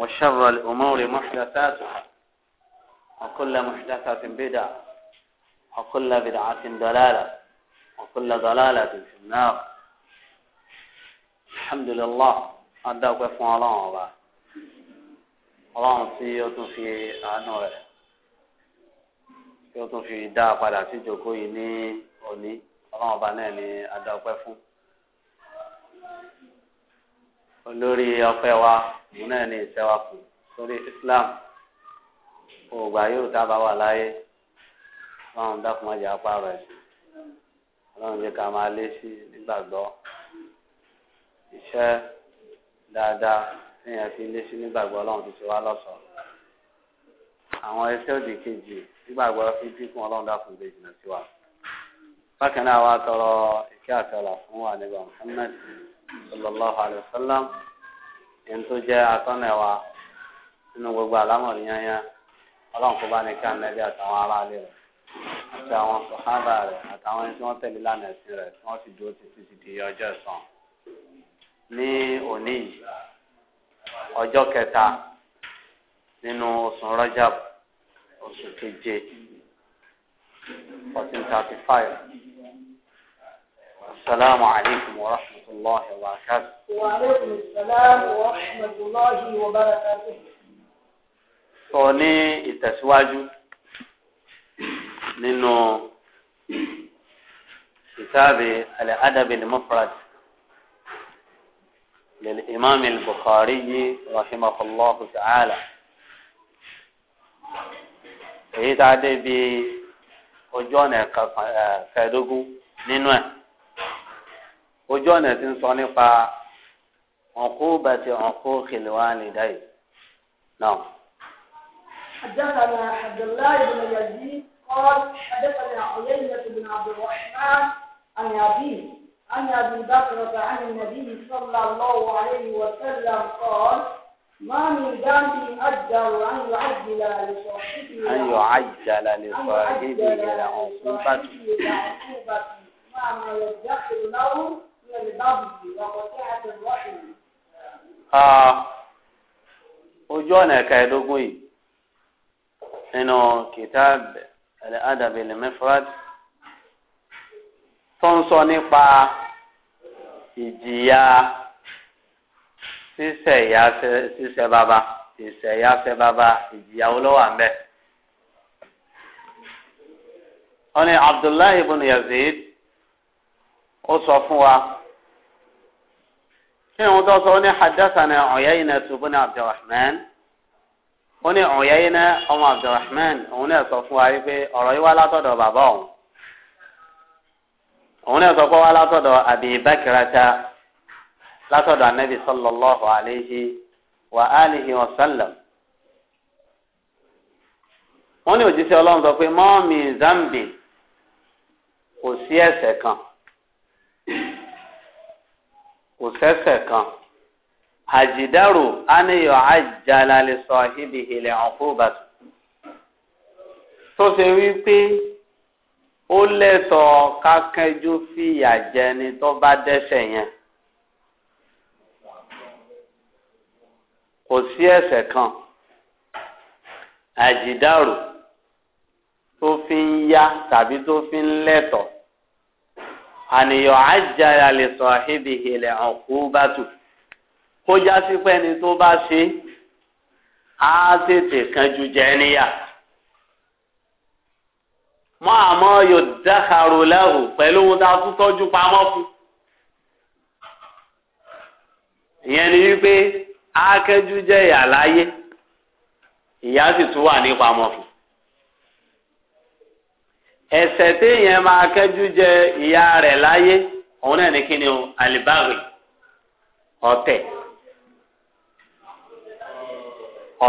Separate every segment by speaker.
Speaker 1: وشر الأمور
Speaker 2: محدثاتها وكل محدثة بدعة وكل بدعة ضلالة وكل ضلالة في النار الحمد لله أدعوك فún Ọlọ́run ọba Ọlọ́run tí ó tún fi àánú rẹ̀ tí ó tún fi dá a padà sí ìjókòó yìí ní òní Ọlọ́run ọba náà ni adáwọpẹ fún olórí ọpẹ́ wa òun náà ní ìṣe wa kù sórí islam òògbà yóò dábàá wà láyé Ọlọ́run dákun ọjà apárọ ẹsìn Ọlọ́run jẹ ká máa lé sí nígbàgbọ́ iṣẹ́ dáadáa téèyàn fi lé sí nígbàgbọ́ Ọlọ́run ti ṣe wá lọsọ àwọn iṣẹ́ òdì kejì nígbàgbọ́ fi dínkùn Ọlọ́run dákun gbé jìnnà sí wa bákan náà wa tọrọ ìkẹ́ àtọlà fún wa nígbà Muhammad sallallahu alayhi wa sallam ẹni tó jẹ́ atọ́nà wa nínú gbogbo àlámọ̀rí yányá ọlọ́run kó bá ní kí ànábì àtàwọn aráalé rẹ̀ àti àwọn sọ̀hábà rẹ̀ àtàwọn ẹni tí wọ́n tẹ̀lé lánà ẹ̀sìn rẹ̀ tí wọ́n sì dúró títí ti di ọjọ́ ẹ̀san ní òní yìí ọjọ́ kẹta nínú oṣù Rajab oṣù keje
Speaker 3: fourteen thirty five. السلام عليكم ورحمة الله وبركاته
Speaker 4: وعليكم السلام ورحمة الله وبركاته
Speaker 2: صوني التسواج ننو كتاب الأدب المفرد للإمام البخاري رحمه الله تعالى èyí tá a dé bi ojú ọ̀nà tí ń sọ nípa ọ̀kú bàtì ọ̀kú kìlìwánì dáì
Speaker 1: náà.
Speaker 4: حدثنا عبد الله بن يزيد قال حدثنا عيينة بن عبد الرحمن عن أبيه عن أبي بكرة عن النبي صلى الله عليه وسلم قال ما من ذنب أجدر أن يعجل لصاحبه أن يعجل لصاحبه العقوبة ما ما يدخر له
Speaker 2: ojú ọ̀nà ẹ̀ka ẹ̀dógún yìí nínú kitab al-adab al-mufrad tó ń sọ nípa ìjìyà ṣíṣẹ̀ bàbá ìṣẹ̀yàṣẹ̀ bàbá ìjìyà olówó àmbẹ́. wọ́n ní abdullahi ibn yazid ó sọ fún wa ìwọ̀n tó sọ ní hadassana Uyayna tubun abdulrahman ó ní Uyayna ọmọ abdulrahman òun náà sọ fún wa wípé ọ̀rọ̀ yìí wá látọ̀dọ̀ bàbá òun òun náà sọ pé wá látọ̀dọ̀ Abi Bakrata látọ̀dọ̀ anabi sallallahu alayhi wa alihi wa sallam wọ́n ní òjíṣẹ́ ọlọ́run sọ pé mọ́ọ̀mì zambi kò sí ẹ̀ṣẹ̀ kan kò sẹ́sẹ̀ kan àjìdárò ánìyàn àjàlálẹ̀ sọ ibi ìlẹ̀ ọ̀kúrúbàtú tó ṣe wípé ó lẹ́tọ̀ọ́ kákẹ́jú fìyà jẹni tó bá dẹ́ṣẹ̀ yẹn kò sí ẹ̀ṣẹ̀ kan àjìdárò tó fi ń yá tàbí tó fi ń lẹ́tọ̀ọ́ àníyàn àjàyà lè sọ àhíbi ilẹ̀ ọ̀kú bá tù kó já sí pé ẹni tó bá ṣe á tètè kanjú jẹ níyà mọ àmọ́ yóò dákàrò lẹ́hùn pẹ̀lú ohun tá a tún tọ́jú pamọ́ fún ìyẹn ni wípé á kẹ́jú jẹ ìyà láyé ìyà sì tún wà ní pamọ́ fún ẹ̀ṣẹ̀ téèyàn máa kẹ́jú jẹ ìyá rẹ̀ láyé òun náà ní kíni o àlìbáwì ọ̀tẹ̀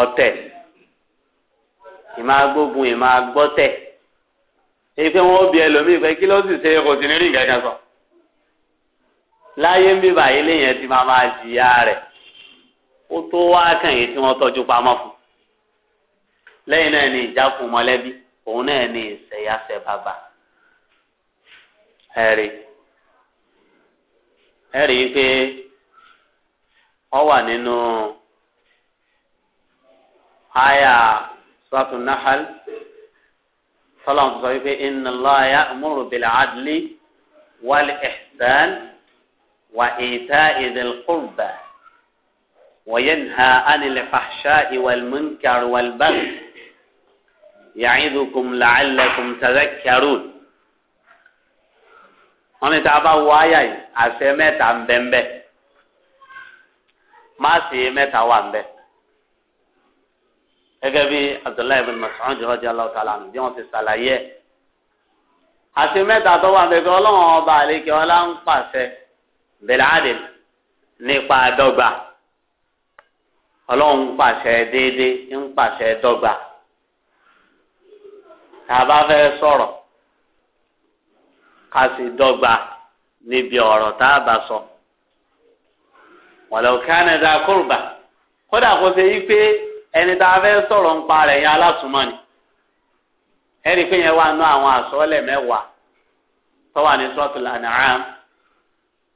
Speaker 2: ọ̀tẹ̀ ìmọ̀ agbógun ìmọ̀ agbọ́tẹ̀ èyí pé wọ́n bí ẹlòmíì pé kí ló sì ṣe kò sí ní rí nǹkan sọ láyé ń bí báyìí léèyàn ti máa máa jìyà rẹ̀ ó tó wá kàn yìí tí wọ́n tọ́jú pamọ́ fún lẹ́yìn náà ni ìjà fún mọ́lẹ́bí òun náà ní ìṣẹ̀yàṣẹ̀ bàbà ẹ̀rí ẹ̀rí pé wọ́n wà nínú àyà sọ́tù nahal sọ́lá tó sọ wípé inna Allaha ya'muru bil adli wal ihsan wa ita'i dhil qurba wa yanha 'anil fahsha'i wal munkari ya'idukum la'allakum tadhakkarun wọ́n ní tá a bá wọ àyà yìí àṣẹ mẹ́ta ń bẹ ń bẹ má sì mẹ́ta wà ń bẹ gẹ́gẹ́ bí abdullahi ibn mas'ud radiyallahu ta'ala anhu bí wọ́n ti ṣàlàyé àṣẹ mẹ́ta tó wà ń bẹ kí ọlọ́run ọba àlekè ọlá ń pàṣẹ bil nípa dọ́gba ọlọ́run ń pàṣẹ déédéé ń pàṣẹ dọ́gba tàbá fẹ́ sọ̀rọ̀ ká sì dọ́gba níbi ọ̀rọ̀ tá a bá sọ. wọ̀lẹ̀ òkèèrè dá kúrùbà kódà kó ṣe yí pé ẹni tá a fẹ́ sọ̀rọ̀ ń pa rẹ̀ yẹn alásùnmọ́ ni ẹ̀rí pé yẹn wà nú àwọn àsọ́ọ́lẹ̀ mẹ́wàá tọ́wà ní suratul an'am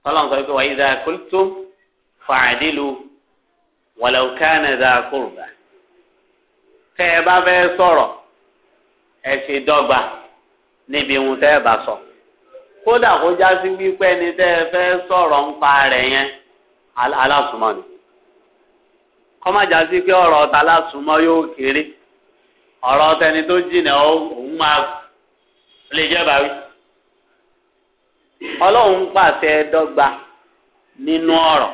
Speaker 2: tọ́lọ́n sọ pé wa idha qultum fa'dilu wọ̀lẹ̀ òkèèrè dá kúrùbà tẹ́ ẹ bá fẹ́ sọ̀rọ̀. ẹ dọ́gba níbi ohun sọ kódà kó já sí wípé ẹni tẹ́ ẹ fẹ́ sọ̀rọ̀ ń pa rẹ̀ yẹn ni kọ́májà sí pé ọ̀rọ̀ ọ̀tá alásùmọ̀ yóò kéré ọ̀rọ̀ ọ̀tẹni tó jìnà òun máa lè jẹ́ bàwí ọlọ́run pàṣẹ dọ́gba nínú ọ̀rọ̀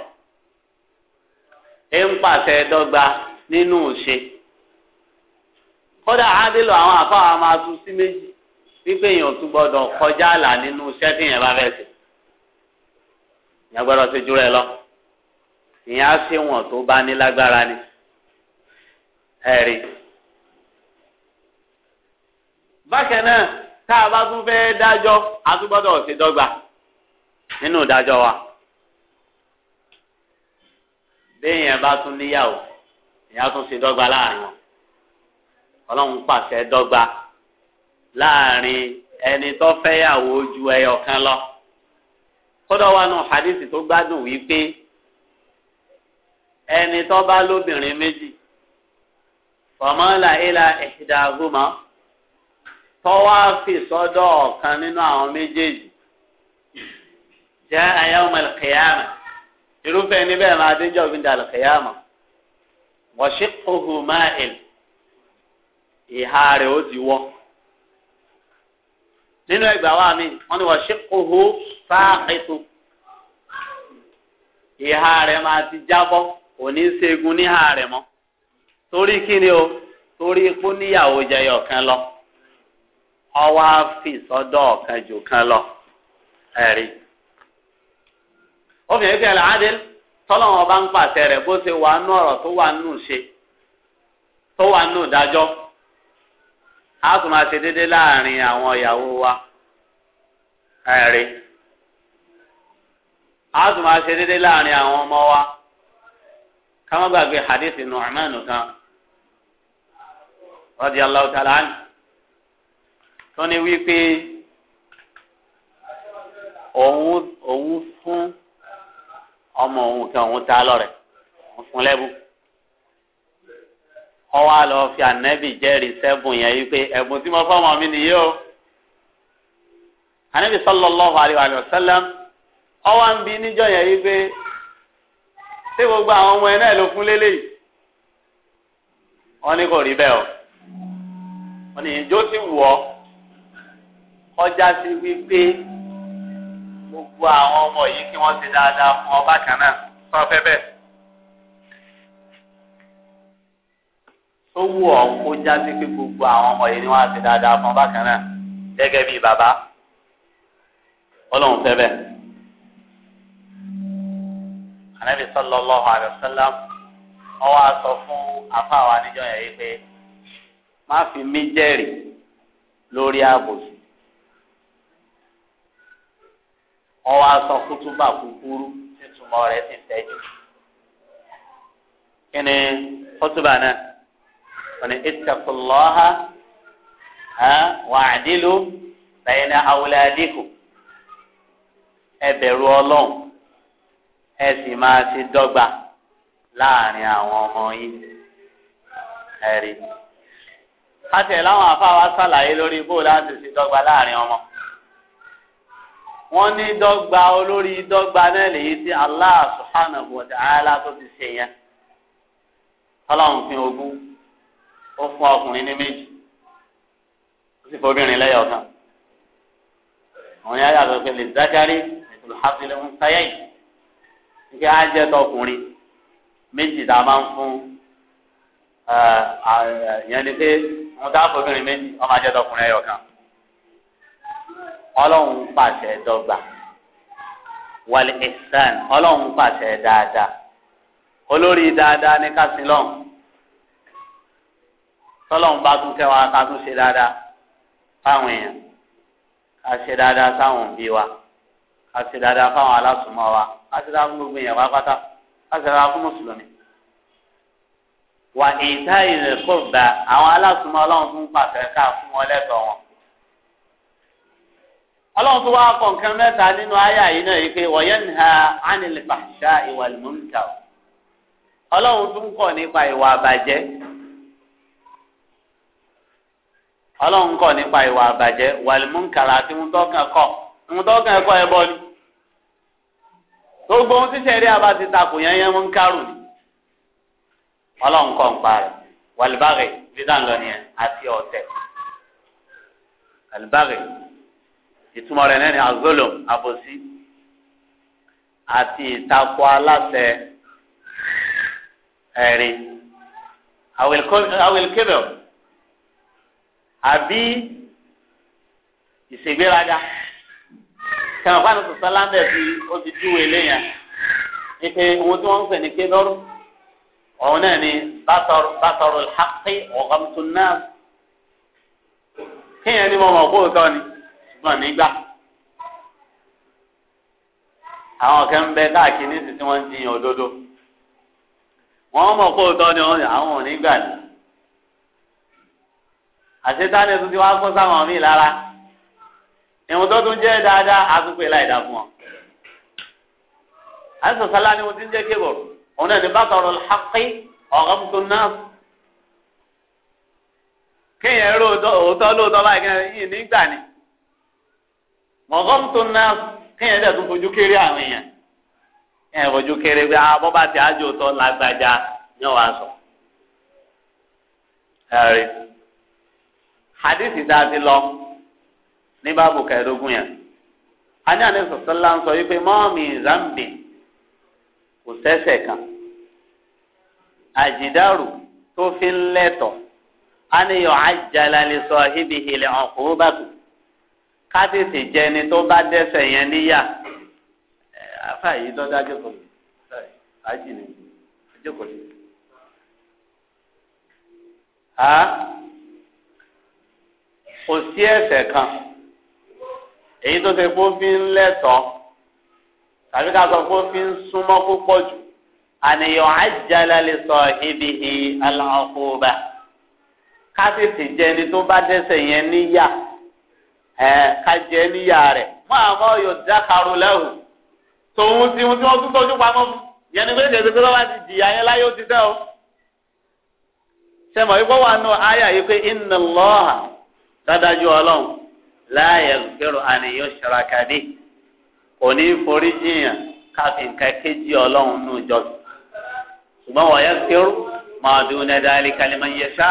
Speaker 2: ẹ ń pàṣẹ dọ́gba kódà ádìlọ àwọn àfa àwọn máa tún méjì wípé èèyàn tún kọjá àlà nínú iṣẹ́ tí bá fẹ́ ṣe èèyàn gbọ́dọ̀ jùlọ lọ ìyẹn wọn tó bá ní lágbára ni bákan náà tá a bá tún dájọ́ nínú ìdájọ́ wa bá tún níyàwó á tún ṣe dọ́gba láàrin ọlọ́run pàṣẹ dọ́gba láàrin ẹni tó fẹ́yàwó ju ẹyọ kan lọ kódà wà nù hadith tó gbádùn wípé ẹni tó bá lóbìnrin méjì fọmọlá ilà ìdàgùmọ tọwá fi sọ́dọ̀ ọ̀kan nínú àwọn méjèèjì jẹ ayọmọ ìkẹyàmẹ irúfẹ́ níbẹ̀ máa déjọ́ gbìndà ìkẹyàmẹ wọ́n ṣe máa èlò. ìhà rẹ̀ ó wọ́. nínú ẹgbàá wa mi wọ́n ní wọ́n ṣe kóhó fáàkìtù ìhà rẹ̀ máa ti jábọ́ òní níhà mọ́ torí kí ni o torí ikú níyàwó jẹyọ kan lọ ọwọ́ ọ̀kan jù kan lọ ẹ̀rí. ó fi hàn pé ẹ̀ tọ́lọ́wọ́n bá ń pàṣẹ rẹ̀ bó ṣe wà a tún máa ṣe déédéé láàrin àwọn ìyàwó wa ẹ̀rí a tún máa ṣe déédéé láàrin àwọn ọmọ wa ká má gbàgbé hadithi Nu'man kan radiyallahu ta'ala anhu tó ní wípé
Speaker 3: òun fún
Speaker 2: ọmọ òun kan òun ta lọ́rẹ̀ òun fún lẹ́bùn. ọwọ́ àlọ́ fi ànẹ́bì jẹ́rìí sẹ́bùn yẹn yìí pé ẹ̀bùn tí mo fọ́mọ mi nìyí o. ànẹ́bì sallallahu ń bi n'ijọ yẹn yìí pé ṣé gbogbo àwọn ọmọ ẹ náà ló fún lélẹ́yìí. wọ́n ní kò rí bẹ́ẹ̀ o. ní ti wù ọ kọjá sí wípé gbogbo àwọn ọmọ yìí kí wọn ti dáadáa fún náà tó wù ọ́ kó jáde pé gbogbo àwọn ọmọ yìí ni wọ́n á ti dáadáa fún bákan náà gẹ́gẹ́ bíi bàbá ọlọ́run fẹ́ bẹ́ẹ̀. anabi sallallahu alayhi wa sallam wọ́n wá sọ fún afáwa níjọ́ yẹn pé má fi mí jẹ́rìí lórí àbòsí. wọ́n wá sọ kútúbà kúkúrú títúmọ̀ rẹ̀ ti tẹ́jú. kí ni kútúbà náà? ọ̀nà ìtàkùlọ́hà ha á dìlú bẹ̀yẹ̀nà àwùládìkù ẹ bẹ̀rù ọlọ́run ẹ sì láàrin àwọn ọmọ yín ẹ̀rí. a tẹ̀ láwọn afáwa ṣàlàyé lórí bó láti ṣe dọgba láàrin ọmọ ní olórí náà lèyí tí ta'ala ti ṣe ó fún ọkùnrin ní méjì ó sì fọbìnrin lẹ́yọ̀ kan àwọn yàrá àgbẹ̀ pé lè zákàrí ètò ìhàfilẹ̀ ń sáyà yìí nígbà á jẹ́ tọkùnrin méjì tá a máa ń fún ìyẹn ni pé wọn dá fọbìnrin méjì wọn máa jẹ́ tọkùnrin ẹyọ kan ọlọ́run pàṣẹ dọ́gba wàlẹ̀ ẹ̀sán ọlọ́run pàṣẹ dáadáa olórí dáadáa ní kásìlọ́ọ̀n tọ́lọ́run bá tún kẹ́ wa ká tún ṣe dáadáa fáwọn èèyàn ká ṣe dáadáa sáwọn òbí wa ká ṣe dáadáa fáwọn aláṣùmọ́ wa ká ṣe dáadáa fún gbogbo èèyàn pátápátá ká ṣe dáadáa fún mùsùlùmí. wà ìta ìrẹ̀kọ̀ gba àwọn aláṣùmọ́ ọlọ́run tún pàṣẹ ká fún wọn lẹ́tọ̀ọ́ wọn ọlọ́run tó wá kọ nǹkan mẹ́ta nínú àyà yìí náà yìí pé wayanha anil fahsha'i wal munkar ọlọ́run tó ń kọ̀ nípa ìwà àbàjẹ́ ọlọ́run kọ̀ nípa ìwà àbàjẹ́ wàlímúnkàrà àti mùtọ́kàn kọ̀ mùtọ́kàn kọ̀ ẹbọ ni gbogbo ohun tíṣẹ́ rí abá ti takò yẹn yẹn ń kárù ni ọlọ́run kọ̀ ń pa rẹ̀ wàlíbàrẹ̀ dídán lọ nìyẹn àti ọ̀tẹ̀ wàlíbàrẹ̀ ìtumọ̀ rẹ̀ náà ni azolo àbòsí àti ìtakò aláṣẹ ẹ̀rí àwìlkébẹ̀ọ́. àbí ìṣègbéraga kẹmọ fáwọn sọsọ lábẹ fi ó ti júwe léyìn ife owó tí wọn ń pè ní kédọrù òun náà ni bàtọrù hàkì ọgọmtún náà kéèyàn mo ni ṣùgbọ́n nígbà àwọn kan bẹ káàkiri ní wọn ń jiyàn òdodo ni àwọn àṣetáni tuntun wa kó sáwọn míì lára ìwọ̀n tó tún jẹ́ dáadáa àtúnpè láìda fún ọ. àìsàn sálá ni mo ti ń jẹ́ kébọ̀ òun náà ní bàtà ọ̀rọ̀ lápẹ́ ọ̀rọ̀ tuntun náà. kéèyàn rò òótọ́ lóòótọ́ báyìí kéèyàn yìí nígbà ni. ọ̀rọ̀ tuntun náà kéèyàn dẹ̀ tún fojú kéré àwọn èèyàn. kéèyàn fojú kéré pé abọ́ ah, bá ti ájò tọ́ lágbájá ní ọ̀ hadithi tá a ti lọ ní báàbù kẹẹ̀ẹ́dógún yẹn a ní àná sọ̀sọ́lá ń sọ wípé mọ́ọ̀mì zambi kò sẹ́sẹ̀ kan àjìdárù tó fi ń lẹ́tọ̀ á ní sọ ibi ìlẹ̀ ọ̀kúrú bàtù ká tètè jẹ tó bá dẹ́ṣẹ̀ yẹn níyà afa yìí lọ́dọ̀ ajẹ́kọ̀ọ́ ajì ni ajẹ́kọ̀ọ́ ha. kò sí kan èyí tó ṣe kó fi ń lẹ́tọ̀ọ́ tàbí sọ kó fi ń súnmọ́ púpọ̀ jù àníyàn àjàlá sọ ibi hi aláǹkóba ká sì ti jẹ ẹni tó bá dẹ́ṣẹ̀ yẹn níyà ẹ̀ ká jẹ níyà rẹ̀ mọ́ àmọ́ yóò dákàrú lẹ́hù tòun tí wọn tún tọ́jú pamọ yẹn ni pé kèsì pé bá ti jìyà yẹn láyé ó o yìí sádájú ọlọ́run láàyè lùfẹ́rù àníyàn ṣàràkàdé kò ní forí jìyàn káfí nǹkan kéjì ọlọ́run nù jọ́sìn ṣùgbọ́n wọ́n fẹ́rù máa dùn ní ẹ̀dá alikalimọ̀ yẹ ṣá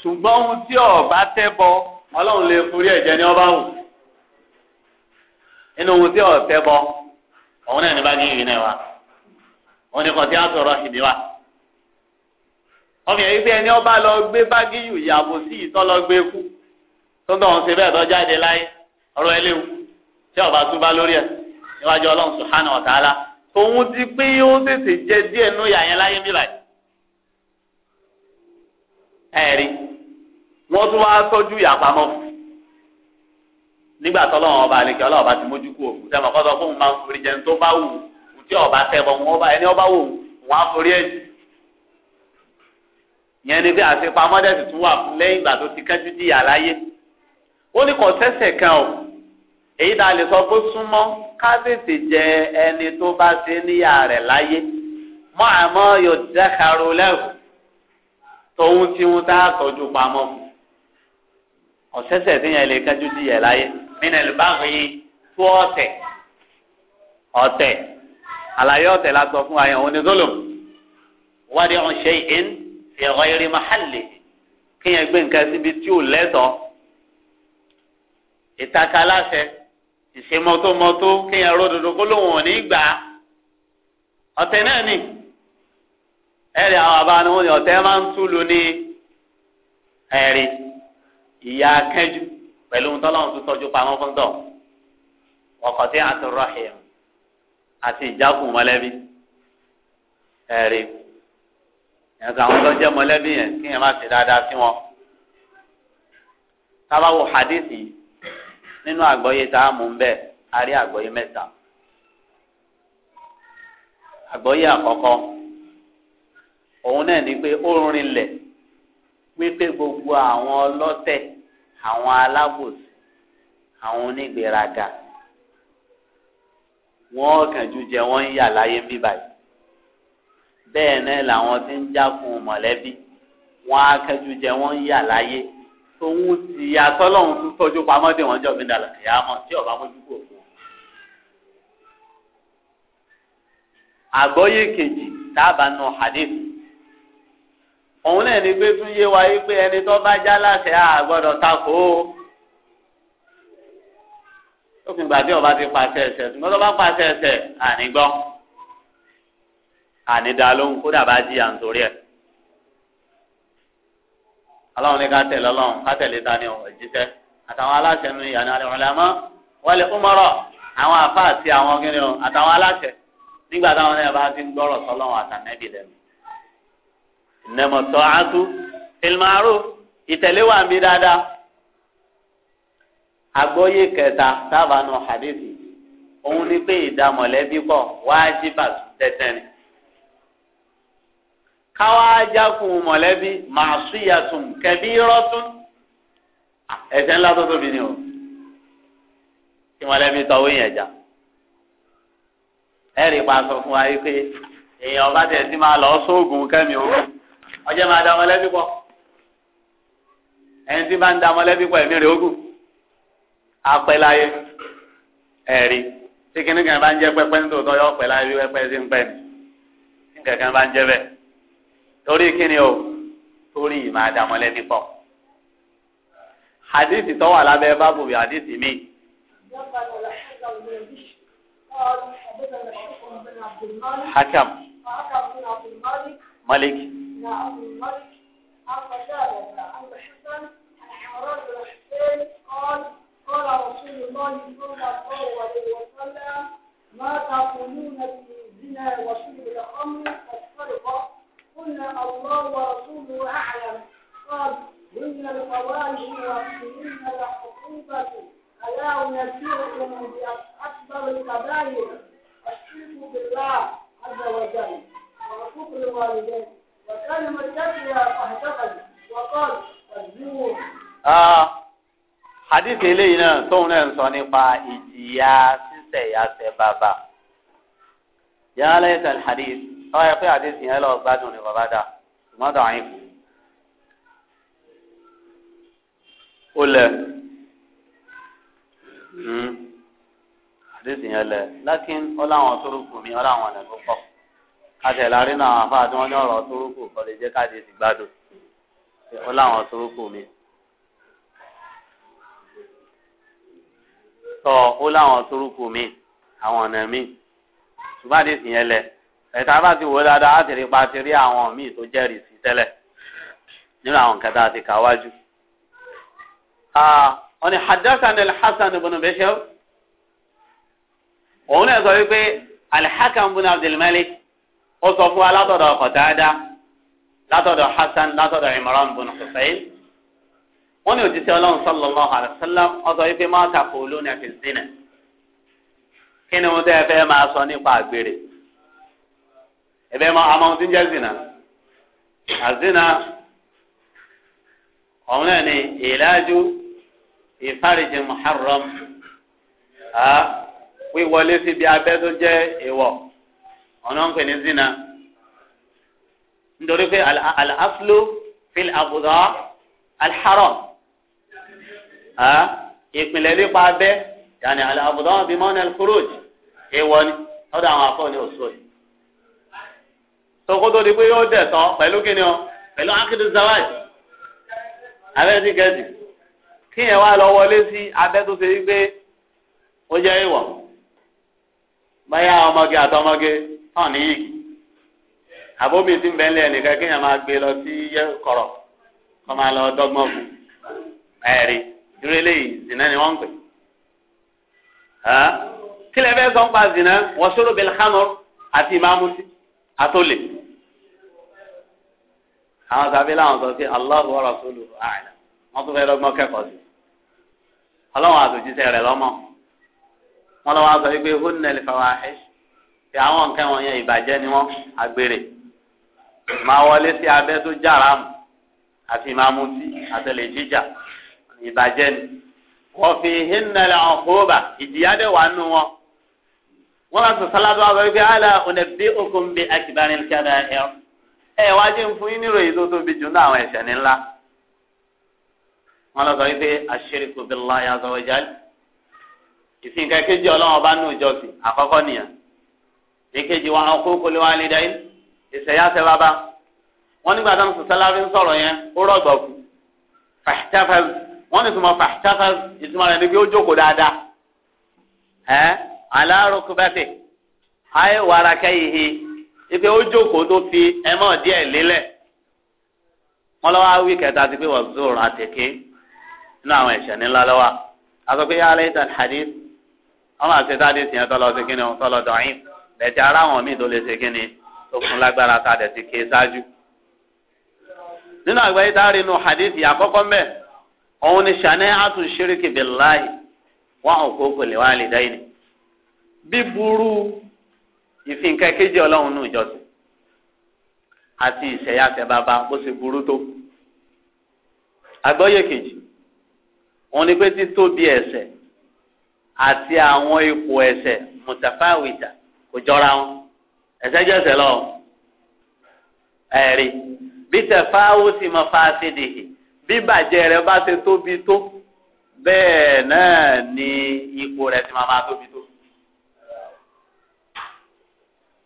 Speaker 2: ṣùgbọ́n ohun tí ọba tẹ́ bọ ọlọ́run lè forí ọba wù nínú ohun tí ọ̀tẹ́ bọ òun náà ní bá ní ìrìn náà wa òun ní tí a sọ̀rọ̀ ọmọ yẹn wípé ẹni ọba lọ gbé bágíyù yàgò sí ìtọ́ lọ gbé kú tó ń tọ́ wọn ṣe bẹ́ẹ̀ tó jáde láyé ọ̀rọ̀ ẹ léwu tí ọba tún bá lórí ẹ̀ níwájú ọlọ́run sùhánà ọ̀tàlá tòun ti pé ó tètè jẹ díẹ̀ nú yà yẹn láyé níbàyí. ẹ̀rí wọ́n tún wá tọ́jú ìyàpamọ́ nígbà tọ́lọ́wọ́n ọba àlekẹ́ ọlọ́ọ̀ba ti mójú kú òkú tẹ́ mọ̀ kọ́tọ́ fóun máa ń forí jẹun tó bá wù ú tí ọba tẹ́ bọ̀ wọ́n ọba ẹni ọba wọ́n á forí ẹ̀jẹ̀ yẹn ni bí àṣepamọ́ dẹ̀ sì tún wà lẹ́yìn ìgbà tó ti kẹ́jú di àlàyé ó ní kò sẹ́sẹ̀ kan o èyí tá a lè sọ bó súnmọ́ ká tètè jẹ ẹni tó bá ṣe níyà rẹ̀ láyé mọ́ àmọ́ yóò dẹ́karo lẹ́rù tòun tí wọn tá a pamọ́ ọ̀sẹ̀sẹ̀ tí yẹn lè kẹ́jú di yẹn láyé nínú ẹ̀lùbáwí tó ọ̀tẹ̀ ọ̀tẹ̀ àlàyé ọ̀tẹ̀ la sọ fún wa yẹn òun ni zolom wádìí ọ̀ṣẹ́ fi ghayri mahalli kéèyàn gbé nǹkan síbi tí ò lẹ́tọ̀ọ́ ìtaka aláṣẹ ìṣemọ́tómọ́tó kéèyàn ródodo kó lóun ò ní gbà á ọ̀tẹ̀ náà nì ẹ̀rì àwọn àbáni wọn ni ọ̀tẹ̀ máa ń túlù ní ẹ̀rì ìyá akẹ́jù pẹ̀lú ohun tọ́lọ́run tó tọ́jú pamọ́ fún tọ̀ ọkọ̀ tí a ti rọ̀ àti ìjákùn mọ́lẹ́bí ẹ̀rì yẹn sọ àwọn tó jẹ́ mọ̀lẹ́bí yẹn kí yẹn má ṣe dáadáa sí wọn. tábàwò hadithi nínú àgbọ́yé tá a mú ń bẹ̀ a rí àgbọ́yé mẹ́ta. àgbọ́yé àkọ́kọ́ òun náà ni pé ó rinlẹ̀ wípé gbogbo àwọn ọlọ́tẹ̀ àwọn alábòsí àwọn onígbèraga wọ́n kàn ju jẹ wọ́n ń yà láyé ń bí báyìí bẹ́ẹ̀ náà làwọn ti ń jákun mọ̀lẹ́bí wọn á kẹ́jú ń yà láyé tòun ti àtọ́lọ́hún tún tọ́jú pamọ́ dé wọn jọ mi dàlọ́ ìyá mọ̀ tí ọba mójú kò fún un. àgbọ́yé kejì tábà nù hadith òun náà ní pé tún yé wa yí pé ẹni tó bá já láṣẹ àgbọ́dọ̀ takò ó ó fi gbàdé ọba ti pàṣẹ ẹsẹ ṣùgbọ́n tó bá pàṣẹ ẹsẹ ànígbọ́n ànídàlóhùn kódà bá jí à ń torí ẹ̀. aláwọn ní ká tẹ̀lé ọlọ́run ká tẹ̀lé ta ni òjíṣẹ́ àtàwọn aláṣẹ nu ìyànà àlẹ́wọ̀lẹ́mọ́ wọ́n lè kúmọ́rọ̀ àwọn afá àti àwọn gíní o àtàwọn aláṣẹ nígbà táwọn náà bá ti ń gbọ́rọ̀ sọlọ́run àtànẹ́bì lẹ́nu. ìnẹ̀mọ̀tọ́ àtú ìlmàrú ìtẹ̀lé wà ń bí dáadáa. àgbọ́yé kẹta sábà nù hadithi òun ni pé ìdámọ̀lẹ́bí pọ̀ wájibat tẹ̀tẹ̀ ni káwá jákun mọ̀lẹ́bí màṣúyàtún kẹbí rọ́tún ẹ̀ṣẹ̀ ńlá tó tóbi ni o kí mọ̀lẹ́bí tọ́wọ́ yẹn jà ẹ̀rì pa sọ fún wa yìí pé èèyàn bá tẹ̀ sí máa lọ sóògùn kẹ́mi o ọjọ́ máa da mọ̀lẹ́bí pọ̀ ẹni tí bá ń da mọ̀lẹ́bí pọ̀ ẹ̀mí rẹ̀ ógùn apẹ́láyé ẹ̀rí tí kìnnìkan bá ń jẹ́ pẹ́pẹ́ nítòótọ́ yọ ọ̀pẹ́láyé pẹ́pẹ́ sí ń pẹ́ ni kìnnìkan bá ń jẹ́ bẹ́ẹ̀. torí kíni o torí ìmáa dá mọ̀lẹ́bí pọ̀ hadith tó wà lábẹ́ bábù bí hadith mi.
Speaker 4: حكم ملك قال قال رسول الله صلى الله عليه وسلم ما تقولون في الزنا وشرب الخمر والسرقه قلنا الله ورسوله أعلم قال هن الفواحش وهن الخطوبة ألا أنبئكم بأكبر الكبائر الشرك بالله عز وجل وعقوق الوالدين وكان متكئا فاعتقد وقال الزور آه
Speaker 2: hadith eléyìí náà tóun náà ń sọ nípa ìjìyà sísẹ̀ yàtẹ̀ bàbà yàrá ẹ̀sẹ̀ hadith àwọn ẹ̀fẹ́ àdéhùn yẹn lọ gbádùn ní bàbá dà ṣùgbọ́n dà yín kù. ó lẹ hmm. àdéhùn yẹn lẹ lákín ọláwọn tórókù mi ọláwọn ọ̀nà tó pọ̀ àtẹ̀lárí náà àfa tí wọ́n ní ọ̀rọ̀ tórókù kọ́ lè jẹ́ káàdì ti gbádùn ọláwọn tórókù mi. tọ́ ó láwọn tórókù mi àwọn ọ̀nà mi ṣùgbọ́n àdéhùn yẹn lẹ ẹ̀ka bá ti wò dáadáa á ti rí pa ti rí àwọn míì tó jẹ́rìí sí tẹ́lẹ̀ nínú àwọn kẹta àti kàwájú. wọ́n ní hadassah alhassan ibn bashir òun náà sọ wípé alhakam ibn abdulmalik ó sọ fún wa látọ̀dọ̀ Qatada látọ̀dọ̀ hassan látọ̀dọ̀ imran ibn hussein wọ́n ní òjíṣẹ́ ọlọ́run sallallahu alaihi wasallam ó sọ wípé má taquluna fi zina kí ni mo tẹ́ fẹ́ máa sọ nípa àgbèrè ẹ̀bẹ̀ mọ àmọ́ ti ń jẹ́ zina àzina ọ̀hún náà ni ìlàjú ìfárijì muharram wíwọlé síbi abẹ́ tó jẹ́ ìwọ̀ ọ̀nà ń pè ní zina nítorí pé al-aslu fil abudha al-haram ìpìlẹ̀ nípa abẹ́ yàní al-abudha bimọ́ni al ìwọ ni ọ̀dọ̀ àwọn afọ́ ni òṣòyì sọkó tó di pé yóò dẹ̀ tán pẹ̀lú kíni o pẹ̀lú akéde zawaj abẹ́ ti kẹ́jì kíyẹn wá lọ wọlé sí abẹ́ tó ṣe wípé ó jẹ́ ìwọ̀ báyà ọmọge àtọmọge hàn ní yìí àbómi ti ń bẹ́ńlẹ̀ nìkan kíyẹn máa gbé lọ sí kọ̀rọ̀ kọ́ máa lọ dọ́gbọ́n fún ẹ̀rí irú eléyìí zìnà ni wọ́n ń pè kílẹ̀ bẹ́ẹ̀ sọ́n pa zìnà wọ́n ṣòro bẹ̀lẹ̀ kánú àti ìmáàmùsí àtòlè àwọn sàbí làwọn sọ sí Allahu wa rasuluhu àìlẹ wọn tún fẹẹ lọ́gbọ́n kẹ́kọ̀ọ́ sí Ọlọ́run àtòjíṣẹ́ rẹ̀ lọmọ wọn lọ wọn sọ wípé hunnal fawahish pé àwọn nǹkan wọn yẹn ìbàjẹ́ ni wọn àgbèrè máa wọlé sí abẹ́ tó jára mu àti máa mutí àtẹlẹ jíjà ìbàjẹ́ ni wọn fi hinnal uquba ìjìyà wà nù wọn wọn bá sọ sálá tó wà wọ wípé ala unabbi'ukum bi akbaril kaba'ir ẹ wá jẹ́ ń fún yín níròyìn tó tóbi jù ní àwọn ẹ̀ṣẹ̀ ní ńlá wọn lọ sọ wípé aṣ-ṣirku billahi azza wa jal ìsìnkà kejì ọlọ́wọ́n bá nù ìjọsìn àkọ́kọ́ nìyẹn èkejì wọn àwọn kókó lé wọn lé dá yín ìṣẹ̀yàṣẹ̀ bàbá wọn nígbà tó ń sọ sálábí ń sọ̀rọ̀ yẹn ó rọ̀gbọ̀ kù fàṣítàfàz wọn ní ìtumọ̀ fàṣítàfàz ìtumọ̀ rẹ̀ ni pé ó jókòó dáadáa ẹ̀ ala rukbatihi ayé wàrà kẹ́yìí ife ó jókòó tó fi ẹmọ díẹ̀ lélẹ̀ wọn lọ wá wí kẹta ti pé wọn zoro àtẹké nínú àwọn ẹ̀ṣẹ̀ ńlá lọ́wọ́ àti pé yàrá ìtàn hadith wọn máa ṣe táàdì tìyẹn tọlọ sí kíni wọn tọlọ dọyìn bẹ́ẹ̀ tí ara wọn míì tó lè ṣe kíni tó kún lágbára tá a dẹ̀ ti ké ṣáájú. nínú àgbáyé tá a inú hadith yìí àkọ́kọ́ mbẹ́ òun ni ṣàní àtúnṣe ríkì bíláì wọn ò kó kò lè wá lè dá yìí ni
Speaker 3: bíburú
Speaker 2: ìfìǹkà kejì ọlọ́run nù ìjọsìn àti ìṣẹ̀yàṣẹ̀ bàbá bó ṣe burú tó. àgbọ́yé kejì òun ni pé títóbi ẹ̀ṣẹ̀ àti àwọn ipò ẹ̀ṣẹ̀ mùtàfáwìtà kò jọra wọn ẹ̀ṣẹ̀ jẹ́ṣẹ̀ lọ ẹ̀rí bí tẹ̀fáwò sì mọ fásidìhì bí bàjẹ́ rẹ̀ bá ṣe tóbi tó bẹ́ẹ̀ náà ni ipò rẹ̀ sì máa máa tóbi tó.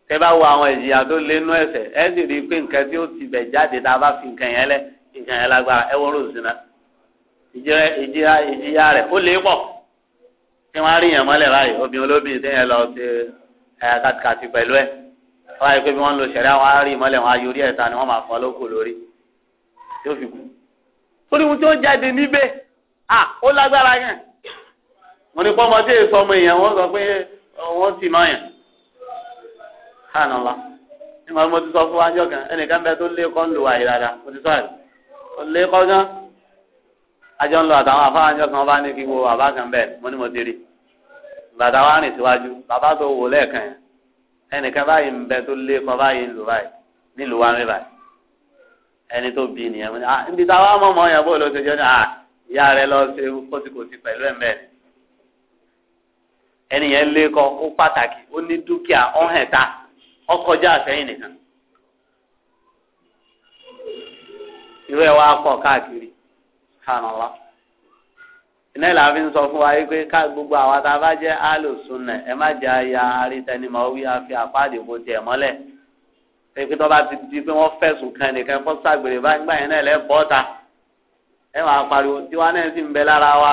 Speaker 2: tẹ bá wo àwọn ìjìyà tó lé nú ẹsẹ̀ ẹ sì rí i pé nǹkan tí ó ti bẹ̀ jáde tá a bá fi nǹkan yẹn lẹ nǹkan yẹn lágbára ẹ wọ́n rò zina ìjìyà ìjìyà ìjìyà rẹ̀ ó lé pọ̀ tí wọ́n á rí yàn mọ́lẹ̀ báyìí obìnrin olóbìnrin tẹ́yẹn lọ sí ẹ̀yà kàtìkàtì pẹ̀lú ẹ̀ wọ́n á rí i pé bí wọ́n lo sẹ̀rí àwọn á rí mọ́lẹ̀ wọn á yorí ẹ̀ta ni wọ́n máa fọ́ lóko lórí yóò fi kú torí ohun tí jáde níbẹ̀ à ó lágbára
Speaker 1: yẹn mo ní pọ́nmọ́tì èso ọmọ èèyàn wọ́n
Speaker 2: sọ pé wọ́n ti máa yàn subhanallah ní màá mo ti sọ fún wájú kan ẹnìkan bẹ tó lé kọ́ ń lò wáyé dáadáa mo ti sọ rẹ̀ ó lé kọ́ gan ajọ́ ń lọ àtàwọn afáwájọ́ kan bá ní kí wo bàbá kan bẹ́ẹ̀ mo ní mo ti rí bàtà wa rìn síwájú bàbá tó wò lẹ́ẹ̀kan yẹn ẹnìkan báyìí ń bẹ tó lé kọ́ báyìí ń lò báyìí nílùú wa ń rí báyìí ẹni tó bí nìyẹn mo ní ah níbi táwa mọ̀ mọ́ yẹn bó ló ṣe ah ìyá rẹ lọ ṣe kóṣìkòṣì pẹ̀lú ẹ̀ mẹ́rin ẹnìyẹn lé kọ́ ó pàtàkì ó ní dúkìá ọ̀hẹ̀ta ọkọjá àfẹ́yìn nìkan irú ẹ̀ wá káàkiri hànàlá iná ìlànà fi ń sọ fún wa pé ká gbogbo àwa tá a bá jẹ́ alòsùnà ẹ má jẹ́ aya arítẹnimọ̀ wí àfi àpáàdé kò tiẹ̀ mọ́lẹ̀ pé tó bá ti di pé wọ́n fẹ̀sùn kan nìkan kó ságbèrè bá gbà yẹn náà lẹ́ bọ́ta ẹ wàá pariwo tiwa náà sì ń bẹ lára wa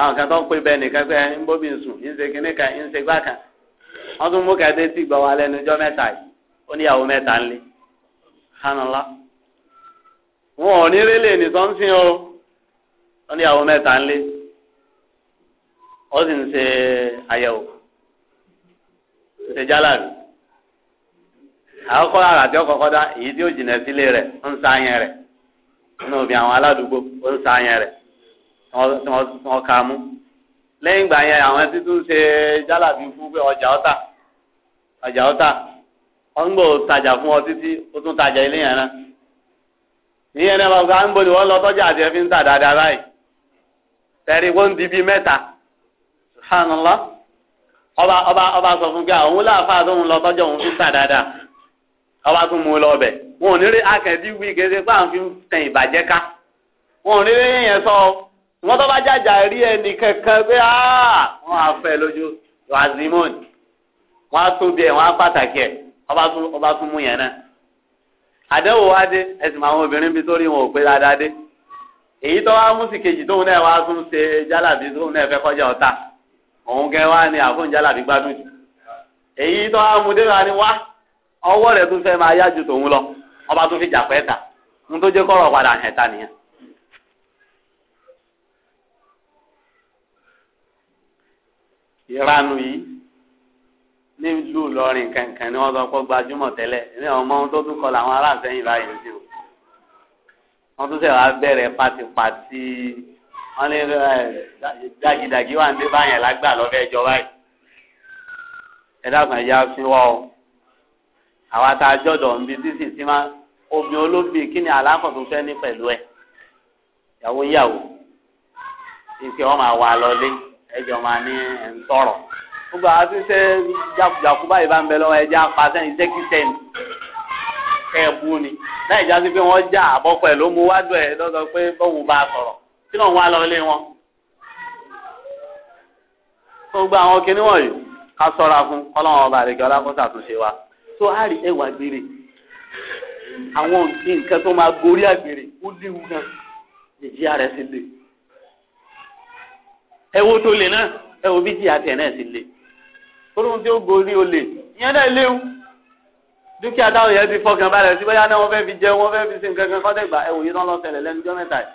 Speaker 2: àwọn kan tó ń pè bẹ́ẹ̀ nìkan pé ń bóbi ń sùn ń ṣe kinní kan ń ṣe gbá kan wọ́n tún mú kẹ́tẹ́ sí gbọ́ wa lẹ́nu ọjọ́ mẹ́ta yìí ó níyàwó mẹ́ta ńlẹ̀ hánàlá wọn ò ní rélé ní sọ́nsìn o ó níyàwó mẹ́ta ńlẹ̀ ó sì ń ṣe àyẹ̀wò ń ṣe jálàbí àkọ́kọ́ àrà tí ó kọ́kọ́ èyí tí ó jìnà sílé rẹ̀ ń sáyẹn rẹ̀ nínú òbí àwọn aládùúgbò ó ń sáyẹn rẹ̀ tí wọ́n kà mú lẹ́yìn ìgbà yẹn àwọn títún ṣe jálàbí fún ọjà ọ̀tà. ọjà ọta ọgbọ fún ọ títí ó tún tajà ilé yẹn náà ìyẹn náà wọn gba ń wọn lọ tọjà àti ẹfin ń dáadáa báyìí wọn di bíi ọba ọba ọba sọ fún pé àwọn láàfáà tó ń lọ òun fi ọba tún mú lọ bẹ wọn ò ní rí wí pé fi ìbàjẹ́ ká wọn ò ní rí yẹn sọ wọn bá jàjà rí ẹnì pé wọn a tóbi ẹ wọn pàtàkì ẹ ọba tún mú yẹn náà wa dé ẹsìn àwọn obìnrin bíi tó rí wọn ò pé dáadáa dé èyí tó wá mú sí kejì tóun náà wá tún ṣe jálàbí tóun náà fẹ́ kọjá ọ̀tá òun gẹ wá ní àfún jálàbí gbádùn jù èyí tó wá mú ni wá tún máa yá ọba tún fi jà ta tó padà nílùú lọrin kankan ni wọn sọ pé gbajúmọ̀ tẹ́lẹ̀ ní ọmọ ohun tó tún kọ làwọn aláàtẹyìn báyìí sí o wọn tún sẹ wàá bẹ̀rẹ̀ pátipátí wọn ní dagidagi wà ní báyẹn lágbà lọfẹ ìjọba yìí ẹ dákun ẹ yá sí àwa tá a jọdọ nbí sísì sí máa omi olóbì kí ni àlákọ̀ tó fẹ́ ní pẹ̀lú ẹ̀ yàwó yàwó ìfẹ́ wọn máa wà lọlé ẹjọ́ máa ní ẹ̀ ń tọrọ gbogbo àwọn tí ń sẹ́ jakujaku báyìí bá ń bẹ lọ́wọ́ ẹja apàṣẹ ìṣẹ́kíṣẹ́ni ẹ̀bù ni láì já sí pé wọ́n já àbọ̀ pẹ̀lú mo wá dùn ẹ̀ lọ́sọ pé bọ́wọ́ bá a sọ̀rọ̀ tí náà wọ́n á lọ ilé wọn. gbogbo àwọn kinní wọ̀nyí ká sọ́ra fún ọlọ́run ọba àdìgẹ́ ọlákọ́sà tó wa tó a rí ẹwà gbére àwọn nǹkan tó máa gorí àgbèrè ó léwu náà ìjìyà rẹ̀ sì le ẹ wo tó le náà ẹ wo bí jìyà tẹ̀ náà sì le tólóhun tí ó gorí olè ìyẹn náà léwu dúkìá táwọn yẹn ti fọkàn balẹ̀ sí bóyá náà wọ́n fẹ́ fi jẹun wọ́n fẹ́ fi sin kankan kọ́ dẹ̀gbà ẹ̀wò yìí náà lọ ṣẹlẹ̀ lẹ́nu jọ́ mẹ́ta yìí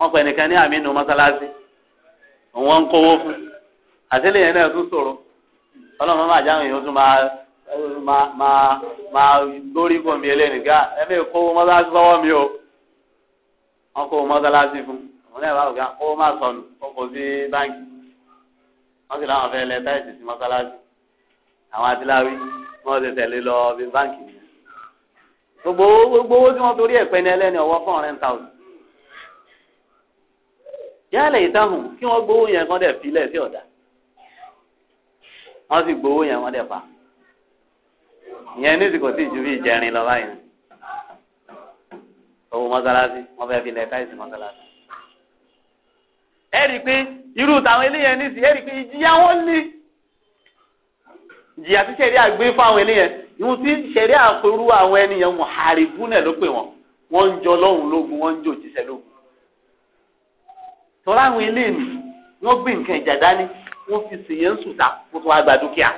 Speaker 2: wọ́n pẹ̀ nìkan ní àmínú mọ́sálásí wọ́n ń kówó fún àtẹ́lẹ̀ yẹn náà tún sọ̀rọ̀ ọlọ́run máa jáwé yìí ó tún máa máa máa gbórí kò mí ẹlẹ́nìkan ẹ̀mí kówó mọ́sálásí lọ́wọ́ mi o wọ́n kówó mọ́sálásí fún òun náà bá wọ́n sì láwọn fẹ́ lẹ táìsì sí mọ́sálásí àwọn adíláwí wọ́n ti tẹ̀lé lọ bí báǹkì ni gbogbo gbogbo owó tí wọ́n torí ẹ̀pẹ́ ní ẹlẹ́ni ọwọ́ fún ọ̀rẹ́ ta òsì yálẹ̀ ìtàhùn kí wọ́n gbowó yẹn kán dẹ̀ filẹ̀ sí ọ̀dà wọ́n sì gbowó yẹn wọ́n dẹ̀ pa
Speaker 3: ìyẹn ní ìsìnkò tí ìjú bí ìjẹrin lọ
Speaker 2: báyìí owó mọ́sálásí wọ́n fẹ́ filẹ̀ táìsì mọ́sálásí. ẹ rí i pé irú tàwọn eléyẹn ní sí ẹ rí i pé ìjìyà wọn lé ìjìyà tí sẹ̀rí àgbé fáwọn eléyẹn ìhun tí sẹ̀rí àforú àwọn ènìyàn wọn àrìbú náà ló pè wọn wọn ń jọ lọ́hùn lógun wọn ń jò jíṣẹ́ lógun. tọ́lá àwọn eléyìí wọ́n gbé nǹkan ìjà dání wọ́n fi sèyàn ń sùtà wọ́n tún wá gba dúkìá.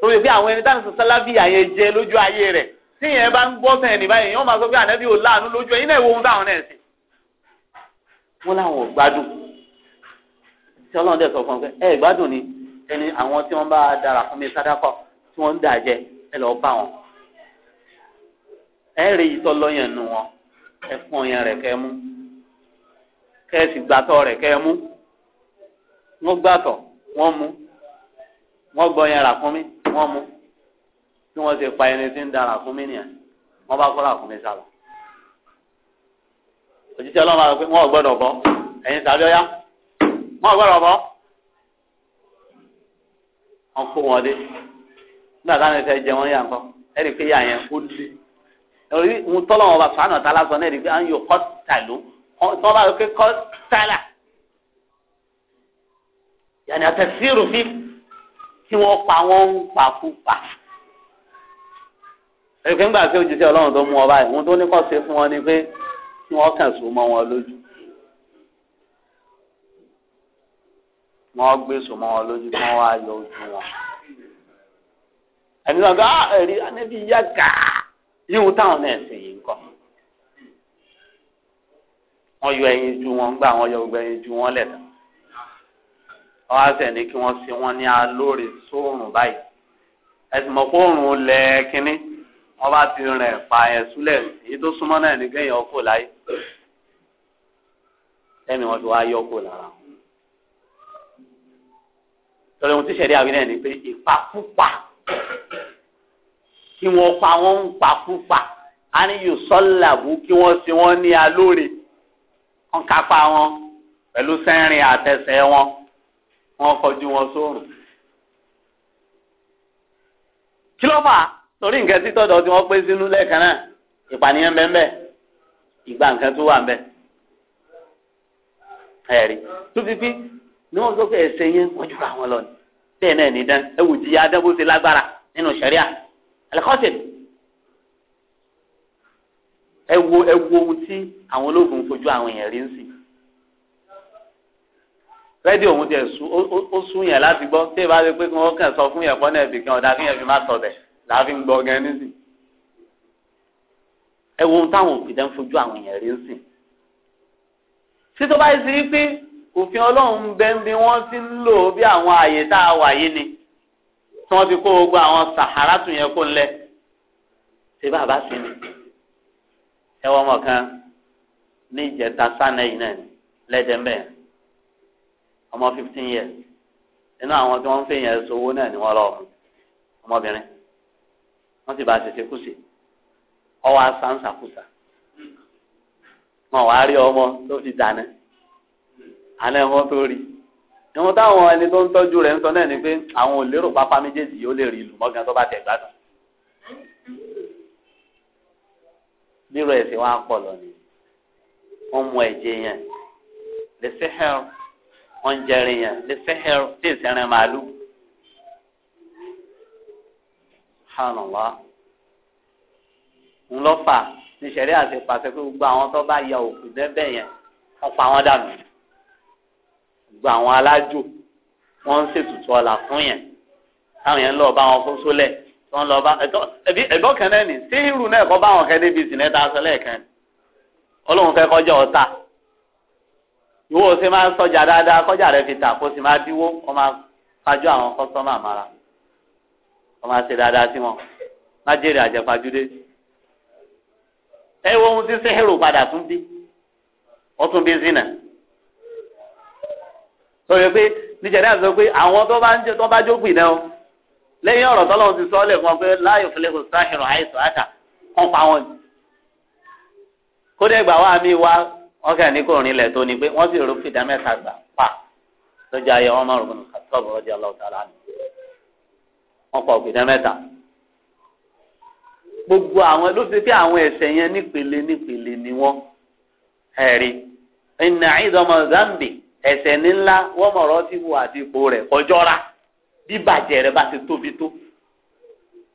Speaker 2: torí pé àwọn ẹni jẹ lójú ayé rẹ̀ tíyẹn bá ń gbọ́ sẹ́yìn níbàyẹn máa wọ́n láwọn ò gbádùn tí ọlọ́run dẹ̀ sọ fún ọ pé ẹ gbádùn ni ẹni àwọn tí wọ́n bá dára fún mi sádàkọ̀ tí wọ́n ń dà jẹ ẹ lọ́ọ́ bá wọn ẹ rí ìtọ́ lọ́yàn nù wọn ẹ fún ọyàn rẹ̀ kẹ́ mú kẹ́ ẹ sì gbàtọ́ rẹ̀ kẹ́ mú wọ́n gbàtọ̀ wọ́n mú wọ́n gbọ́ yẹn rà fún mi wọ́n mú bí wọ́n ṣe pa ẹni tí ń da rà fún mi nìyẹn wọ́n bá kọ́ rà fún mi sálọ òjijì ọlọ́run àwọn pé wọ́n gbọ́dọ̀ bọ́ ẹ̀yin tàbí ọyá wọ́n gbọ́dọ̀ bọ́ wọ́n kó wọn dé
Speaker 3: nígbà
Speaker 2: táwọn ẹ̀fẹ́ jẹ wọ́n yà ńkọ́ ẹ̀rì pé yà yẹn ó lé orí ń tọ́lọ̀ wọn bá sànà tá lásán náà ẹ̀rì pé à ń yọ kọ́tà ló tí wọ́n bá yọ pé
Speaker 4: kọ́tàlà
Speaker 2: yàní àtẹ̀síìrù fi tí wọ́n pa wọ́n ń pa kú pa ẹ̀rì pé ńgbà tí òjijì ọlọ́run tó mú ọ báyìí wọ́n tó ní kọ́ tí wọ́n kàn so mọ́ wọn lójú. wọ́n gbé so mọ́ wọn lójú kí wọ́n wá yọ ojú wọn. ẹni náà gbọ́ ah, ẹ̀rí anábì yá gàá yíwù táwọn náà ṣe yìí kọ́. wọ́n yọ ẹyin ju wọn gbà wọ́n yọ gbogbo ẹyin ju wọn lẹ̀ tán. á sẹ̀ ní kí wọ́n ṣe wọ́n ní alóore sóòrùn báyìí. ẹ̀sìn mọ̀ kó òrùn lẹ̀ kínní ọba ti rìn pààyàn súlẹ̀ èyí tó súnmọ́ náà ní kẹ́yìn ọkọ̀ láyé ẹ̀mí wọn ti wá yọ ọkọ̀ lára wọn. tọ́lẹ̀ ohun tí sẹ̀rí àwìn náà ni pé ìpakúpa kí wọ́n pa wọ́n ń pakúpa á ní yóò sọ́làbù kí wọ́n ṣe wọ́n ní alóore wọ́n kápá wọn pẹ̀lú sẹ́rìn àtẹsẹ̀ wọn wọ́n kọjú wọn sóòrùn. kí ló fà torí nǹkan títọ́jọ́ tí wọ́n pé sínú lẹ́ẹ̀kan náà ìpànìyàn bẹ́ẹ̀ ìgbà nǹkan tó wà bẹ́ẹ̀ ẹ̀rí tó fi fi ni wọ́n sọ pé ẹ̀sẹ̀ yẹn wọ́n jùlọ àwọn lọ ni bẹ́ẹ̀ náà ní dán ẹ wò jìyà dán bó ṣe lágbára nínú sẹ̀ríà ẹ̀lẹ́kọ́sìn ẹ wo ẹ wo ohun tí àwọn ológun fojú àwọn èèyàn rí ń sìn rẹ́díò òun tiẹ̀ sún ó sún yẹn láti gbọ́ tí ìbá rí pé kí wọ́n kàn sọ fún yẹn pọ́n náà ibì kan ọ̀dà kí yẹn fi má sọ bẹ́ẹ̀ láàfin gbọ́ gan nísìn ẹ wo ohun táwọn òfin tẹ́ ń fojú àwọn èèyàn rí sìn sí tó bá yẹ sí pé òfin ọlọ́run bẹ́ ń bí wọ́n ti ń lò bí àwọn àyè tá a wà yìí ni tí wọ́n ti kó gbogbo àwọn sàhárà tún yẹn kó lẹ̀ ṣé bàbá sí ni ẹ wọ́n mọ̀ kan ní ìjẹta sánà yìí náà lẹ́dẹ̀ẹ́mbẹ̀ ọmọ fifteen years inú àwọn tí wọ́n ń fèèyàn ṣòwò náà ni wọ́n lọ́ọ́ ọmọbìnrin wọ́n sì bá ṣẹṣẹ kù sí ọwọ́ asánsàkùsà wọn wàá rí ọmọ tó fi dáná alẹ́ wọn tó rí ìwọ̀n táwọn ẹni tó ń tọ́jú rẹ̀ ń sọ náà ni pé àwọn ò lérò pápá méjèèjì yóò lè rí ìlú mọ́gán tó bá tẹ̀ gbádùn. bírò ẹ̀sìn wa pọ̀ lọ ni wọ́n mú ẹ̀jẹ̀ yẹn lè fẹ́ hẹ́rù wọ́n jẹrin yẹn lè fẹ́ hẹ́rù tí ìsẹ́rin màálù. subhanallah ńlọ́fà ní sẹ̀rí àti pàṣẹ pé gbogbo àwọn tó bá ya òkú dẹ́bẹ̀ yẹn wọ́n pa wọ́n dànù gbogbo àwọn alájò wọ́n ń ṣètùtù ọ̀la fún yẹn táwọn yẹn lọ bá wọn fún sólẹ̀ tí wọ́n lọ bá ẹ̀gbọ́n kan náà nì sí irú náà kọ́ bá wọn kẹ́ débi ìsìn náà tá a sọ lẹ́ẹ̀kan ọlọ́run fẹ́ kọjá ọ̀tá ìwọ ṣe máa ń sọjà dáadáa kọjá rẹ fi tà kó sì máa dínwó kó máa fájọ àwọn kọ́sọ́mà mára. wọ́n máa ṣe dáadáa sí wọn má jèrè àjẹpàjúdé ẹ wo ohun tí sẹ́hẹ̀rù padà tún bí ó tún bí zina sọ̀rọ̀ pé níjẹ̀dá sọ pé àwọn tó bá ń jẹ tó bá jókòó iná o lẹ́yìn ọ̀rọ̀ tọ́lọ́run ti sọ ọ́ ọ pé láyò fúlẹ́kù sáhìrò àìsàn àṣà wọn jù wa mi wá ní kò ni pé sì rò fìdá gbà pa wọn wọ́n pa òkè dán mẹ́ta gbogbo àwọn ló fi pé àwọn ẹ̀ṣẹ̀ yẹn nípele nípele ni wọ́n ẹ̀rí ìnà ìdọmọ zambi ẹ̀ṣẹ̀ nílá wọ́n mọ̀rọ́ ti wù àti ipò rẹ̀ kọjọ́ra bí bàjẹ́ rẹ̀ bá ti tóbi tó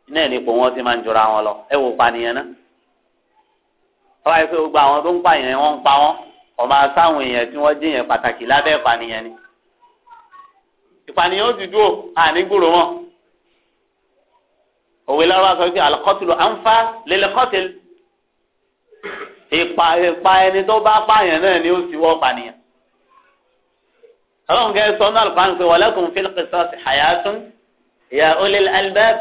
Speaker 2: iná ẹ̀ nípò wọn ti máa ń jọra wọn lọ ẹ wò pànìyàn náà ọba ìfẹ́ gbogbo àwọn tó ń pààyàn wọn ń pa wọn ọmọ asáwọn èèyàn tí wọ́n jẹ́yàn pàtàkì lábẹ́ ìpànìyàn ni ìpànìyàn ó ti dúró àní gbòòrò wọn òwe lọ́wọ́ sọ pé alikọ́tìlù ànfà lélẹ̀ kọ́tìlù ìpa ìpa ẹni tó bá pààyàn náà ni ó sì wọ́ pànìyàn. ọlọ́run kẹ́ sọ náà lùpàǹ pé walakum fil qisas hayatun ya ulil albab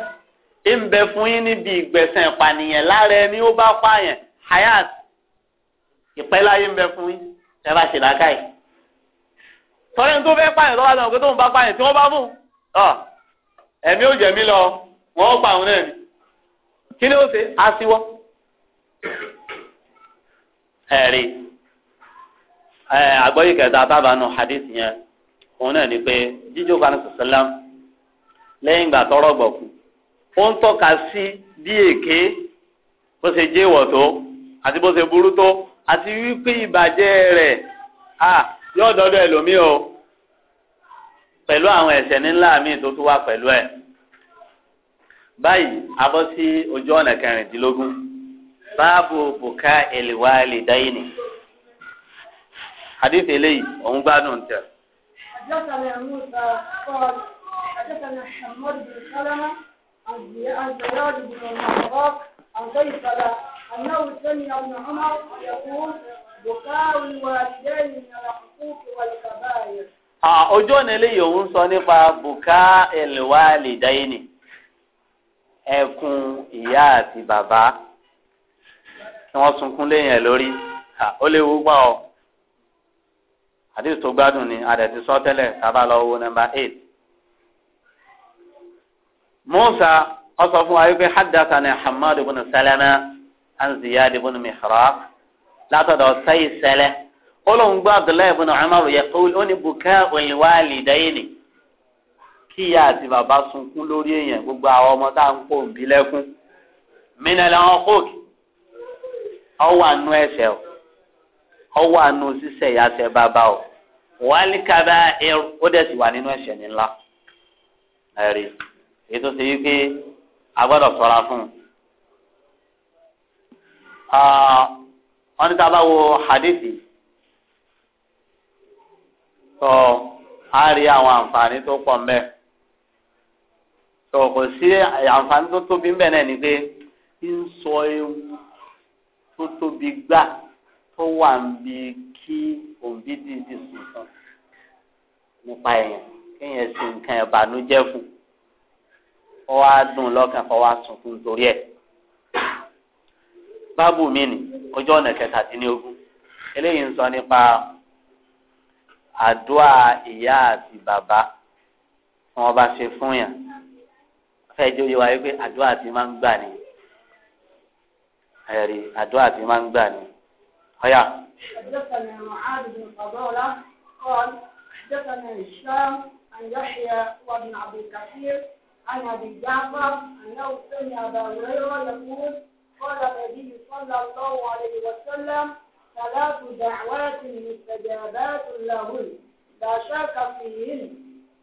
Speaker 2: ń bẹ fún yín níbi ìgbẹ̀sẹ̀ pànìyàn lára ẹni ó bá pààyàn hayat ìpẹ́láyé ń bẹ fún yín ẹ bá ṣe làákàyè. tọ́lẹ́ni tó fẹ́ pààyàn lọ́wọ́ àti àwọn òkè tó bá pààyàn tí wọ́n bá mú ẹ̀mí ò jẹ̀mí lọ wọ́n pa àwọn náà ni kí ló ṣe aṣíwọ́ ẹ̀rí àgbọ́yé kẹta tábàánù hadith yẹn òun náà ni pé jíjó kan sàlám lẹ́yìn ìgbà tọrọ gbọ̀kú ó ń tọ́ka sí bí èké bó ṣe jẹ́ ìwọ̀ tó àti bó ṣe burú tó àti wípé ìbàjẹ́ rẹ̀ yóò dọ́dọ̀ ẹlòmíì o pẹ̀lú àwọn ẹ̀ṣẹ̀ ńlá tó tún wá pẹ̀lú ẹ̀ báyìí abọ́ sí ojú ọ̀nà kẹrìndínlógún báàbò bùkà ìlìwálì dáìní hadith eléyìí òun gbádùn tẹ.
Speaker 4: موسى قال حدثنا حماد بن سلمة عن زياد بن المعراق عن قيصر أنه سمع ابن عمر يقول بكاء الوالدين من الحقوق والكبائر.
Speaker 2: ojú ọ̀nà eléyìí òun sọ nípa bùkà ìlìwálì dáìní ẹkún ìyá àti bàbá tí wọ́n sunkún léyìn ẹ̀ lórí ó léwu gbọ́ ọ àdéhùn tó gbádùn ni adẹ̀ ti sọ tẹ́lẹ̀ tábà lọ wo nọ́mbà eight. Musa ọsọ fún wa wípé haddathana Hamad ibn Salama an Ziyad Mihraq látọ̀dọ̀ sẹ́yìn sẹ́lẹ̀ ó lóun gbọ́ Abdullahi ibn Umar yaqul ó ní bukaa al-walidayni tí ìyá àti bàbá sunkún lórí èèyàn gbogbo àwọn ọmọ tá à ń kó òbí lẹ́kún mínẹ́lẹ̀ wọn kóòkì ọwọ́ àánú ẹ̀ṣẹ̀ o ọwọ́ àánú ṣíṣẹ̀ ìyàṣẹ̀ bàbá o wàhálì kaba ẹrù ó dẹ̀ sì wà nínú ẹ̀ṣẹ̀ ńlá ẹ̀rí èyí ṣe yí a gbọ́dọ̀ sọ́ra fún un. wọ́n ní tá wo hadithi tó a rí àwọn àǹfààní tó pọ̀ mbẹ́ẹ̀ tó kò sí àǹfààní tó tóbi ń bẹ̀ náà ni pé ń sọ ewu tó tóbi gbà tó wà ń bi kí òbí dìde sùn tán nípa èèyàn kéèyàn sì nǹkan ìbànújẹ́ fún ọ wá dùn lọ́kàn kọ́ wá sunkún torí ẹ̀ báàbù mi nì ọjọ́ ọ̀nà kẹtàdínlógún eléyìí ń sọ nípa àdúrà ìyá àti bàbá tí wọ́n bá ṣe fún yàn fẹjọ yẹ wáyé pé àdúrà ti máa ń gbà ní ẹrí àdúrà ti máa ń gbà ní ọyà.
Speaker 4: حدثنا معاذ بن فضالة قال حدثنا هشام عن يحيى وابن عبد الكثير عن ابي جعفر انه سمع ابا هريره يقول قال النبي صلى الله عليه وسلم ثلاث دعوات مستجابات لهن لا شك فيهن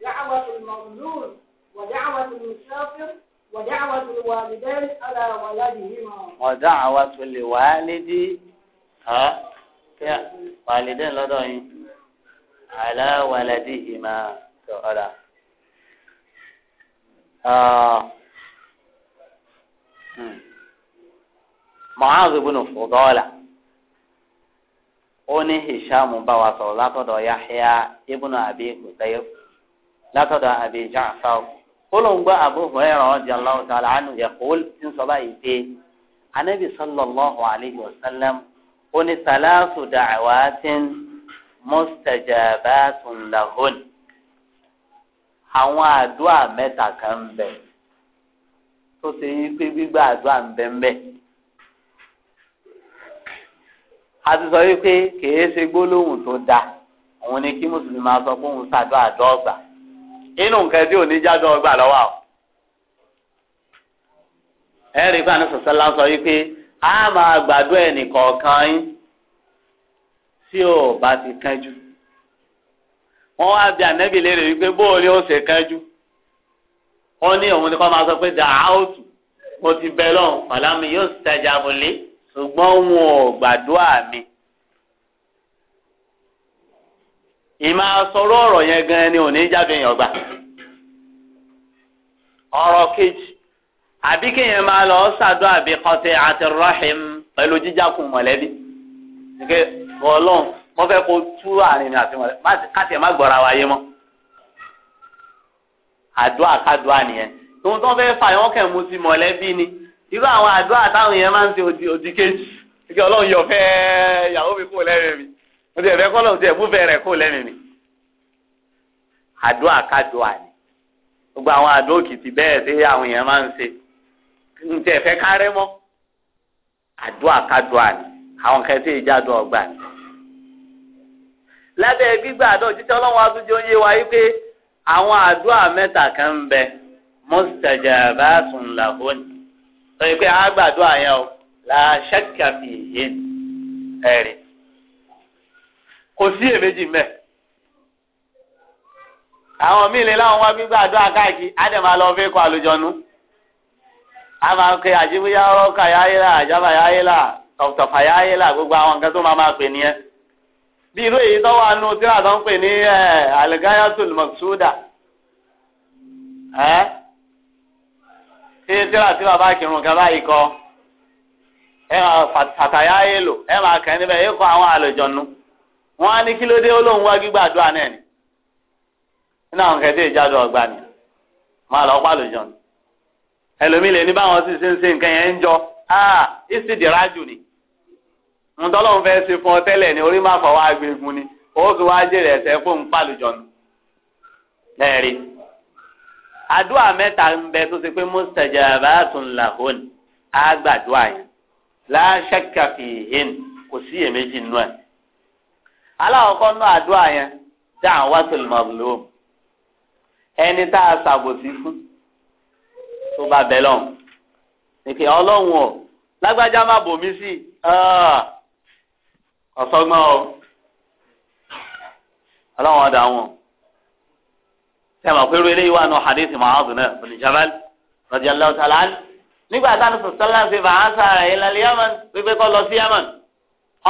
Speaker 4: دعوة المولود ودعوة المسافر ودعوة الوالدين على ولدهما ودعوة
Speaker 2: الوالد ها والدين لدوين على ولدهما سؤالا آه. معاذ بن فضاله ó ní hisham bá wa sọ̀rọ̀ látọ̀dọ̀ yahya ibùnà àbí hùsẹ́yìn látọ̀dọ̀ àbí jaafar olóńgbò Abu Hurairah radiyallahu ta'ala anhu yaqul tí ń sọ báyìí pé anabi sallallahu alayhi wa sallam ó ní salasu da'awatin mustajabatun lahun àwọn àdúrà mẹ́ta kan ń bẹ tó ṣe yí pé gbígbà àdúrà ń bẹ ń a ti sọ wípé kìí ṣe gbólóhùn tó dáa òun ni kí mùsùlùmí máa sọ pé òun ṣàdúrà dọ́gba inú nǹkan tí ò ní jáde ọgbà lọ́wọ́ àwọn. ẹ rí i sọ̀sẹ́ la sọ pé a máa gbàdúrà ẹnìkọ̀ọ̀kan yín tí ò bá ti kánjú. wọ́n wá bí ànẹ́bí léèrè wípé bóò ni ó ṣe kánjú. ó ní òun ni kọ́ máa sọ pé dàáòtù mo ti bẹ lọ́hùn pàlámi yóò ṣẹjà bọ̀lé ṣùgbọ́n wọn ò gbàdúrà mi. ìmọ̀ sọ̀rọ̀ ọ̀rọ̀ yẹn gan ni ò ní jáde yàn gbà ọ̀rọ̀ kejì àbí kéèyàn máa lọ ṣàdó àbí kọ́tẹ́ àti rahim pẹ̀lú jíjákun mọ̀lẹ́bí ṣùgbọ́n ọlọ́run mo fẹ́ kó tú àárín mi àti mọ̀lẹ́bí káṣíẹ̀ má gbọ́ra wáyé mọ́ àdúrà kádùá nìyẹn tòun tó fẹ́ fà wọ́n kẹ̀ sí mọ̀lẹ́bí ni irú àwọn àdúrà táwọn yẹn máa ń ṣe òdì kejì ṣùgbọ́n ọlọ́run yọ fẹ́ yàwó mi kú lẹ́rìn mi. mo ti ẹ̀fẹ́ kọ́lọ̀ ti ẹ̀múfẹ́ rẹ̀ kó lẹ́nu mi. àdúrà kádùá gbogbo àwọn àdúrà òkìtì bẹ́ẹ̀ tí àwọn èèyàn máa ń ṣe n ti ẹ̀fẹ́ mọ mọ́ àdúrà kádùá ni àwọn kẹsí ìjádọ ọgbà ni. lábẹ́ gbígbà àdó òjíṣẹ́ ọlọ́run wa yìí àwọn a mẹta kan ń bẹ mustajabatun sọ yìí pé àgbàdo fi kò sí èméjì mẹ́ àwọn míì lè láwọn wá gbígbà àdúrà káàkiri ádẹ́mà lọ fẹ́ kọ àlùjọ́nu a máa pe àjíbíyá ọkà yáyélà àjábà gbogbo àwọn nǹkan tó máa máa pè nìyẹn bí irú èyí tó wà nù tíra tó ń pè ní àlùgáyàtul mọ̀súdà tí tíra tí bàbá kírun kan báyìí kọ ẹ wọn á ní kí ló dé olóhùn wá gbígbàdúrà náà ni nínú àwọn kẹtẹ ìjádọ ọgbà ni máa lọ pàlọ jọ ni ẹlòmíì lè ní báwọn sì ṣe ń ṣe nǹkan yẹn ń jọ áà ìsìdìrà jù ni ntọ́lọ́hún fẹ́ ṣe fún ọ tẹ́lẹ̀ ni orí máa fọwọ́ agbègbè ni ó tún wá jèrè ẹ̀sẹ̀ fún pàlọ jọ ni lẹ́ẹ̀rí àdúrà mẹ́ta ń bẹ tó ṣe pé mustajabatun lahun àgbàdúrà yẹn la shakka fihin kò sí èméjì nù ẹ̀ aláwọ̀kọ́ náà àdúrà yẹn dá àwọn wáṣọlù mọ̀lúwò ẹni tá a ṣàbòsí fún tó bá bẹ̀ lọ́hùn nìkẹ́ ọlọ́run ọ̀ lágbájá má bòmí sí ah, ọ̀sọ́gbọ́n o ọlọ́run ọ̀dà wọn sẹ́wọ̀n pé rẹ́lẹ́ ìwà náà hadith Mu'adh bin Jabal radiyallahu ta'ala nígbà táwọn sọ̀tàn láti fà á sára ìlàlẹ́ yamani wípé kọ́ lọ sí yamani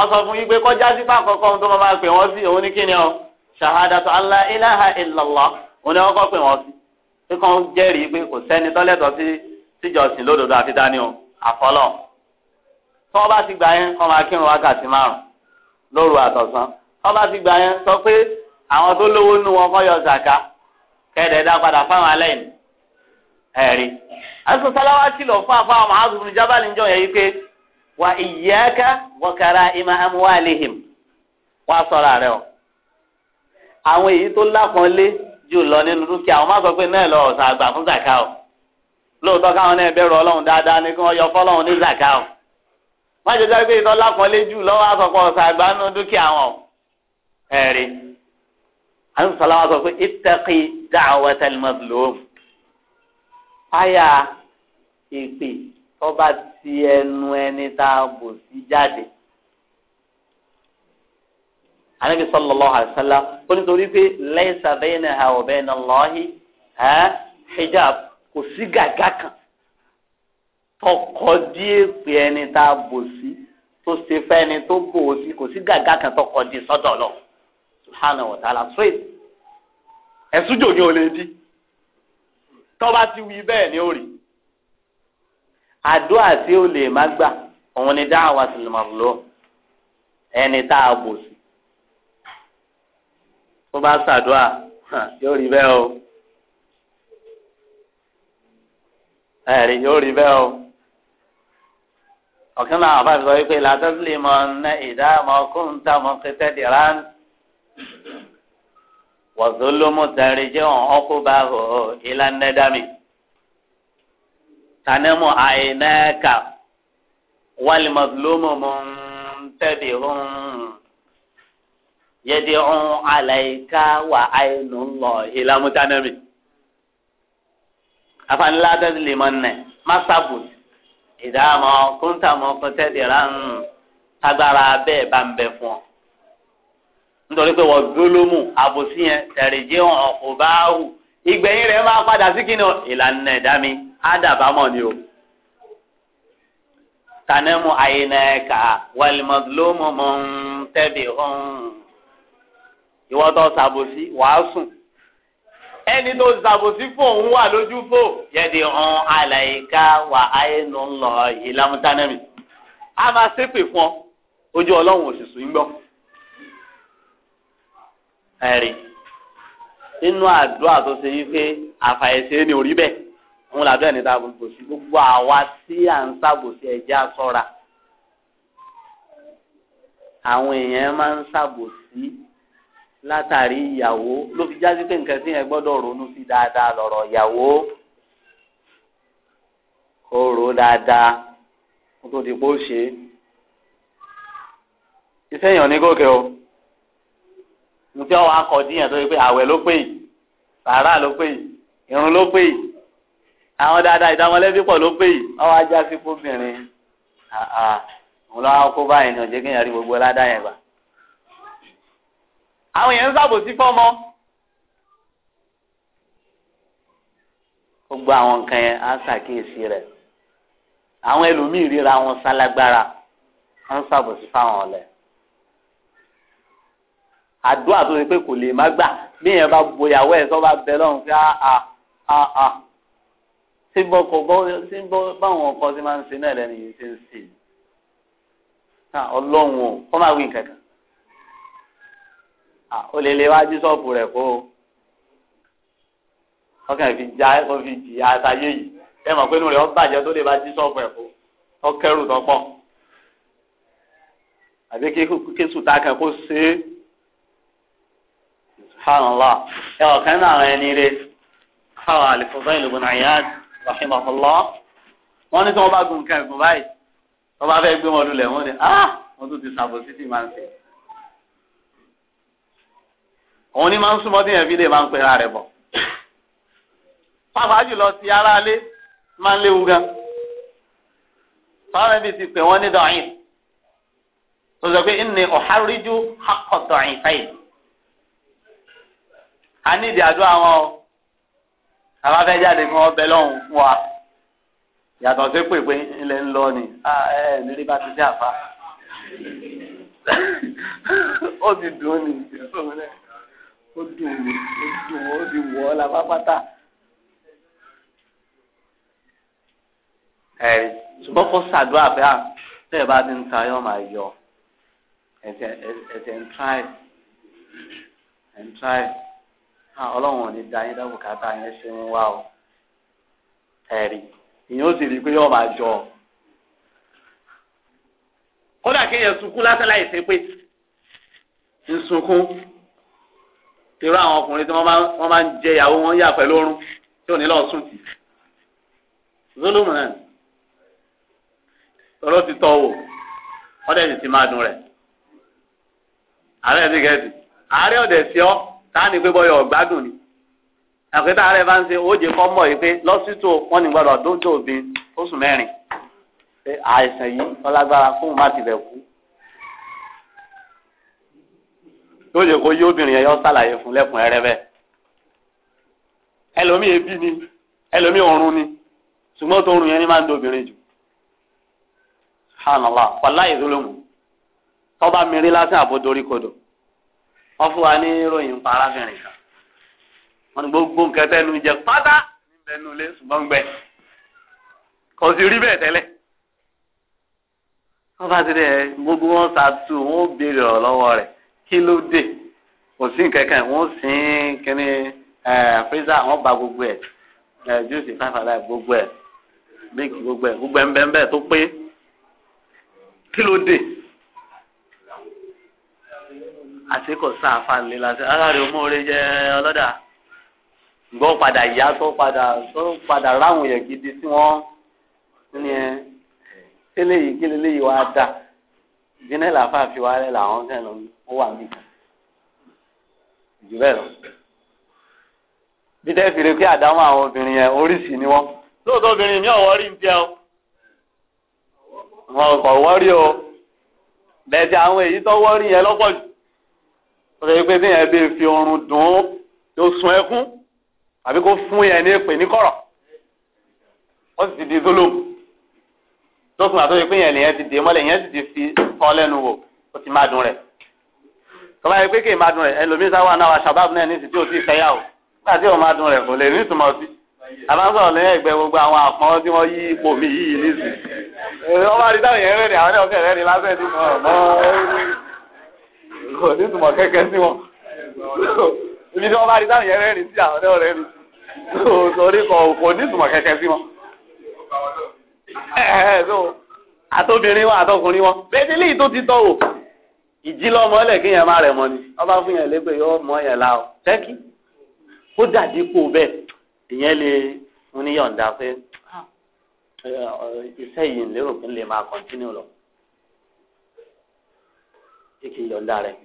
Speaker 2: ọsọ fún yín pé kọjá sípà kọkọ ohun tó máa máa pè wọn sí òun ní kíni ọ ṣahadatu allah ilaha illallah òun ni wọn kọ pè wọn sí pé kàn jẹ́rìí pé kò sẹ́ni tọ́lẹ̀tọ̀ sí síjọsìn lódodo àfi dání o àfọlọ tí wọn bá ti gbà yẹn kọ máa kírun wákàtí márùn lóru àtọ̀sán tí wọn bá ti gbà yẹn sọ pé àwọn tó lówó nù wọn kọ yọ zaka kẹdẹ dá padà fáwọn aláìní ẹ̀rí àti sọ sáláwá kìlọ̀ fún àfáwọn màhàzùn jábàlì ń jọ yẹn yí pé wa iyyaka wa kara'ima amwalihim wá sọ̀rọ̀ rẹ o àwọn èyí tó lápọ̀nlé jù lọ nínú dúkìá àwọn má sọ pé náà lọ ọ̀sán àgbà fún zaka o lóòótọ́ káwọn náà bẹ̀rù ọlọ́run dáadáa ni kí wọ́n yọ fọ́lọ́run ní zaka o má jẹ́ jẹ́ pé ìtọ́ jù lọ́wọ́ àsọpọ̀ ọ̀sán àgbà nínú dúkìá wọn ẹ̀rí àwọn wa sọ pé ittaqi da'watal mazlum àyà ìpè tọ́ba ti ẹnu ẹni tá a bò sí jáde. Ànábi sallallahu alaihi wasallam ó nítorí pé laysa bainaha wa baina Allahi hijab kò sí gàgá kan tọkọ dí èpè ẹni tá a bò sí tó ṣe fẹ́ ẹni tó bò ó sí kò sí gàgá kan tọkọ dí sọ́dọ̀ lọ subhanahu wa ta'ala straight ẹ̀sùn jòjò lè di tọ́ba ti wí bẹ́ẹ̀ ni ó rí àdúrà tí ó lè má gbà òun ni dáhàwá sílùmọ̀lọ́ ẹni tá a bò sí. tó bá ṣàdúrà yóò rí bẹ́ẹ̀ o ẹ̀rí yóò rí bẹ́ẹ̀ o ọ̀kan náà àbá sọ wípé làtọ́sílẹ̀mọ̀ ní ìdáàmú kúńtà mọ́kẹ́tẹ́ dìrán wọ́n tó ló tẹ̀rí jẹ́ òun ọkọ̀ bá hó ìlànà dámì tanemu àyìnẹ́ka wàlìmọ̀tòlómù mọ̀ntẹ́bì hùn yẹ́dí hùn àlàyíká wà àyìnú lọ ìlàmú tanemi. afanilá tẹ́sí lèmọ́ nẹ̀ masabu ìdáàmọ́ kúntàmọ́ kọ́tẹ́dìrà ń tagbára bẹ́ẹ̀ bá ń bẹ fún ọ nítorí pé wọ́n gbólómù àbòsí yẹn tẹ̀rẹ̀jẹ́ hàn ọ̀kọ̀ bá hù rẹ̀ máa padà sí kí ìlànà ẹ̀dá mi ádàbámọ̀ ni o tanemu àyìnẹ̀ka wàlìmọ̀dúlómù mọ̀ ń tẹ̀bi hàn ìwọ́n tó ṣàbòsí wàá sùn ẹni tó ṣàbòsí fún òun wà lójú fò yẹ́dì hàn àlàyéká wà áyẹnu ńlọ ìlàmútánẹ́mì a máa ṣépè fún ọ ojú ọlọ́run òṣìṣú ń gbọ́ ẹ̀rí inú àdúrà tó ṣe yí pé àfàìṣe ni ò rí bẹ́ẹ̀ òun làbẹ́ ní ta gbogbo sí gbogbo àwa tí à ń ṣàbòsí ẹja sọ́ra àwọn èèyàn máa ń ṣàbòsí látàrí ìyàwó ló fi jáde pé nǹkan tí yẹn gbọ́dọ̀ ronú sí dáadáa lọ́rọ̀ ìyàwó kó rò dáadáa kó tó di pé ó ṣe iṣẹ́ èèyàn ní gòkè o mo ti ọwọ́ akọ̀ díyàn tó yẹ pé àwẹ̀ ló pè yìí sàárà ló pè yìí irun ló pè yìí àwọn dáadáa ìdámọ̀lẹ́bí pọ̀ ló pé yìí ọwọ́ ajá sí fóbìnrin òun lọ́wọ́ kó báyìí ní ọ̀jẹ̀ kéèyàn rí gbogbo ọládá yẹn gbà. àwọn èèyàn ń ṣàbòsí fọ́mọ. gbogbo àwọn nǹkan yẹn á ṣàkíyèsí rẹ̀ àwọn ẹlòmíì ríra wọn sálágbára wọn ń ṣàbòsí fáwọn ọ̀lẹ. àdúrà tó ṣe pé kò lè má gbà bí èèyàn bá gboyàwó ẹ̀ sọ́ bá bẹ lọ́run fí á á á á tí bọ́ kò bọ́ tí bọ́ báwọn ọkọ ti máa ń ṣe náà lẹ́nu yìí ṣe ń ṣe ọlọ́run o kọ́ máa wí nǹkan kan ó lè lè wá bíṣọ́ọ̀bù rẹ̀ kó ọkàn fi já ẹ̀kọ́ fi jì àtàyè yìí ẹ mọ̀ pé inú rẹ̀ ó bàjẹ́ tó lè bá bíṣọ́ọ̀bù rẹ̀ kó ọkẹ́rù tó pọ̀ àbí kéṣù tá a kàn kó ṣe é subhanallah ẹ ọ̀kan náà ẹni rẹ̀ káwọn àlùfọ́ báyìí lóògùn àyáàdì. rahimahullah wọ́n ní tí wọ́n bá gun nǹkan báyìí wọ́n bá fẹ́ gbé wọn lulẹ̀ wọ́n ní ah wọ́n tún ti sàbòsí tì máa ń sè òun ni máa ń súnmọ́ díẹ̀ fi máa ń pera rẹ̀ bọ̀ pàápàá jùlọ ti aráalé máa ń léwu gan fáwọn ẹbí ti pè wọ́n ní dọ̀yìn tó sọ pé ní ọ̀hárídú akọ̀dọ̀yìn fẹ́yìn a nídìí àdúrà wọn o. àwọn afẹ́ jáde fún ọbẹ̀ lọ́hùn fún wa yàtọ̀ sí pèpè ilẹ̀ ń lọ ni ẹ nírí bá ti
Speaker 3: dé àfa ó ti dùn ní ó dùn ní ó dùn ó ti wọ̀ ọ́ la pápátá.
Speaker 2: ẹ ṣùgbọ́n kó ṣàdúrà bẹ́ẹ̀ bẹ́ẹ̀ bá ti ń ta yọ̀ máa yọ ẹ̀sẹ̀ ń tíráì ń tíráì. Ah, ọlọ́run ò ní da yín dábò káta yẹn ṣe ń wá o ẹ̀rí ìyẹn ó sì rí i pé yóò máa jọ ọ. kódà kéèyàn sunkún lásán láì ṣe pé ń sunkún irú àwọn ọkùnrin tí wọ́n máa ń jẹ ìyàwó wọn yà pẹ̀lú oorun tí ò ní lọ sùn tì. zolomọ náà tọ́lọ́ ti tọ́ wò ọ́dẹ̀ sì ti máa dùn rẹ̀ àárẹ̀ ti gẹ̀ẹ́sì àárẹ̀ ọ̀dẹ̀ sí ọ́ táàní pé bọ́yọ̀ ọ̀gbádùn ni àpẹtà rẹ bá ń ṣe oje kọ́ mọ̀ yìí pé lọ́sítò wọn ní gbọdọ̀ dóńtò bí oṣù mẹ́rin pé àìsàn yìí ọlágbára fún má ti bẹ̀ kú. lóye kó yí obìnrin yẹn yọ sàlàyé fún lẹ́kùn ẹrẹ bẹ́ẹ̀ ebi ni ẹlòmíì ọrùn ni ṣùgbọ́n tó ọrùn yẹn ni máa ń do obìnrin jù hànàlá wàláyé ló lóhùn tọ́ba mìíràn lásán àbódorí kodò wọ́n fún wa ní ìròyìn pa kan wọ́n ní gbogbo nǹkan tẹ́nu jẹ pátá níbẹ̀ nínú ilé ṣùgbọ́n gbẹ kò sì rí bẹ́ẹ̀ tẹ́lẹ̀ wọ́n bá ti dẹ̀ gbogbo wọn ṣàtú wọn ó béèrè ọ̀rọ̀ lọ́wọ́ rẹ̀ kí ló dé kò sí nǹkan wọn ó sìn kíní freezer wọn ba gbogbo ẹ̀ juice five alive gbogbo ẹ̀ bíkì gbogbo ẹ̀ gbogbo ẹ̀ ń bẹ́ẹ̀ tó pé kí ló dé. àti kò sáfà láti jẹ ọlọ́dà gbọ́ padà yá tó padà tó padà ráhùn yẹn gidi tí wọ́n ní ẹ kílé yìí lè wá dà jìnnà làfà fi wá rẹ làwọn kẹ́ lọ ó wà mí jù bẹ́ẹ̀ lọ. fi pé àdámọ́ àwọn obìnrin yẹn oríṣi ni wọ́n lóòótọ́ obìnrin mi ò wọ́rí wọ́n sọ pé bẹ́ẹ̀ bẹ́ẹ̀ fi oorun dùn ó yóò sun ẹkún àbí kó fún yẹn ní èpè ní kọ̀rọ̀ ó sì ti di zolom lókun àtọ́jú pé yẹn lèyẹn ti dè mọ́lẹ̀ yẹn sì ti fi kọ́ lẹ́nu wò ó ti máa dùn rẹ̀ tọ́ba yẹn pé kí n máa dùn rẹ̀ ẹlòmíín sáwà náà wà sábàbù náà ní ti tí o o nígbà tí o máa dùn rẹ̀ kò lè ní sí àbáńsọ̀ lẹ́yìn ẹgbẹ́ gbogbo àwọn àpọ́n tí wọ́n yí ipò mi yìí
Speaker 3: nísìnyí
Speaker 2: wọ́n bá yẹn rẹ̀ àwọn ọ̀kẹ́ rẹ̀ ní lásẹ̀ kò ní ìtumọ̀ kẹ́kẹ́ sí wọn ibi tí wọ́n bá rí táwọn yẹn rẹ́rìn sí àwọn ọ̀rẹ́ rí sórí kan kò ní ìtumọ̀ kẹ́kẹ́ sí wọn. àtobìnrin wọn àtọkùnrin wọn bẹ́ẹ̀ ní tó ti tọ́ o ìjì lọ́mọ ẹlẹ́ kí yẹn má rẹ̀ mọ́ ni wọ́n bá fún yẹn lépè yọ mọ́ yẹn la o tẹ́kì ó dàdí kó bẹ́ẹ̀ ìyẹn lè fún níyọ̀ǹda pé iṣẹ́ yìí lérò pé ń lè máa kọ́ntínú lọ. ṣé kì yọ̀ǹda rẹ̀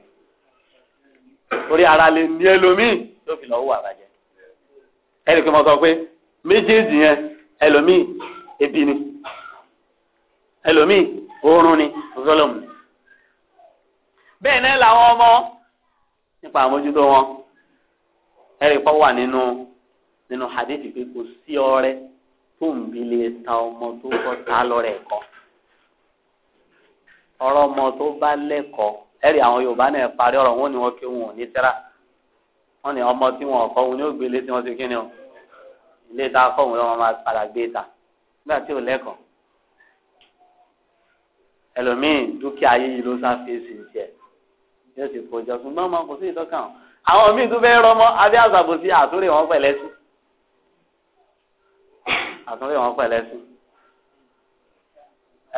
Speaker 2: orí ara lè ní ẹlòmíì tó fi lọ́wọ́ àbàjẹ́ ẹnì pé mo sọ pé méjèèjì yẹn ẹlòmíì ebi ni ẹlòmíì oorun ni
Speaker 4: bẹ́ẹ̀ náà làwọn ọmọ
Speaker 2: nípa àmójútó wọn ẹnì pọ́ wà nínú nínú hadith pé kò sí ọrẹ tó ta ọmọ tó ta kọ́ ẹ̀rí àwọn yorùbá náà parí ọ̀rọ̀ wọn ni wọ́n ké wọn ò ní tẹ́ra wọ́n ní ọmọ tí wọn kọ́ wọn ní ògbé ilé tí wọ́n ti kí ni o ilé tá a kọ́ wọn lọ́wọ́ máa padà gbé ta nígbà tí ò lẹ́kọ̀ọ́ ẹlòmíì dúkìá yìí ló sáfèsì tiẹ̀ yóò ti kojọ ṣùgbọ́n ọmọ kò sí ìtọ́kàn àwọn míì tún fẹ́ rọmọ abẹ́ àzàbòsí àtúrè wọn pẹ̀lẹ́ sí àtúrè wọn pẹ̀lẹ́ sí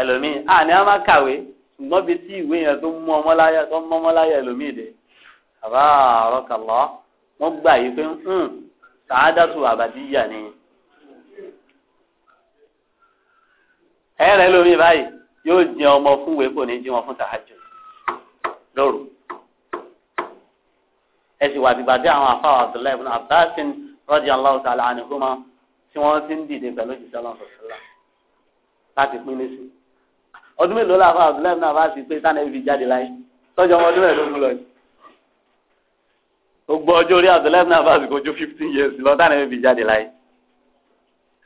Speaker 2: ẹlòmíì àní á má kàwé ṣùgbọ́n bí tí ìwé yẹn tó mú ọmọ láyà tó mú ọmọ láyà lómìí dé àbá àrọ́kàlọ́ wọ́n gbà yìí pé ń hmm, sàádàtù àbàdíyà ni. ẹ̀rẹ̀ lómi báyìí yóò jẹ ọmọ fún wèé kò ní jí wọn fún tàájù lóru. ẹ sì wà dìgbà tí àwọn afáwà Abdullahi ibn Abbas radiyallahu ta'ala anhuma tí wọ́n ti ń dìde pẹ̀lú ìṣẹ́lẹ̀ ọ̀sọ̀ọ̀sọ̀lá láti pín lẹ́sìn ọdún mélòó la fa abdullahi náà bá ti pé sani fi jáde láyé tọjọ ọmọ ọdún mẹ́ẹ̀ẹ́dógún lọ yìí gbogbo ọjọ́ orí abdullahi náà bá ti kojú fifteen years lọ sani fi jáde láyé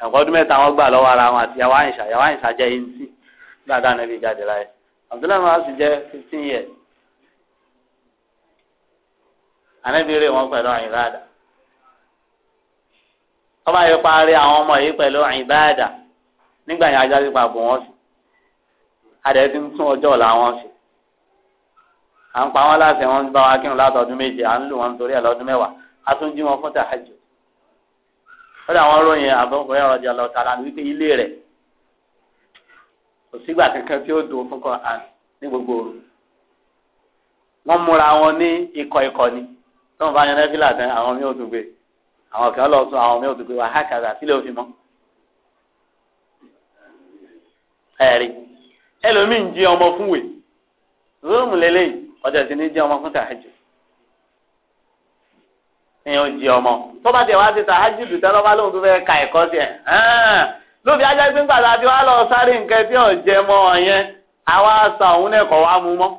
Speaker 2: ẹ̀kọ́ ọdún mẹ́ta wọn gbà lọ́wọ́ ara wọn àti yàwá àyìnṣà yàwá àyìnṣà jẹ́ eighty nígbà sani fi jáde láyé abdullahi náà sì jẹ́ fifteen years anábìrì wọn pẹ̀lú àyìnbáàdà ọba yìí parí àwọn ọmọ yìí pẹ̀lú àyìnbáàdà nígbà yẹn ajá sí pàbò wọn sí adẹ ti ń tún ọjọ́ ọ̀la wọn ṣe à ń pa wọn láti wọn ń bá wa kírun látọdún méje à ń lù wọn nítorí ẹ lọ́dún mẹ́wàá a tún jí wọn fún tàhájù ó dà wọn ròyìn àbọ̀kùnrin ọ̀rọ̀ di ọlọ́ta lánàá wípé ilé rẹ̀ kò sígbà kankan tí ó dùn fún kan ní gbogbo òru wọ́n múra wọn ní ikọ̀ ikọ̀ ni tí bá yan nẹ́fìlà tán àwọn mi ò tún gbé àwọn kan lọ sùn àwọn mi ò tún gbé wàhálà kàdà sílẹ̀ òfin mọ́ ẹ̀rí ẹlòmíì ń jí ọmọ fún wè zulmu lélẹ́yìí ọjà sí ní jí ọmọ fún tàhájú èèyàn jí ọmọ tó bá tiẹ̀ wá ti tàhájú dùn tẹ́lọ́ bá tó fẹ́ ka ẹ̀kọ́ tiẹ̀ lóbi ajá gbé gbàdá tí wàá lọ sáré nǹkan tí ò jẹ mọ́ ọ àwa sa òun náà kọ̀ wá mu mọ́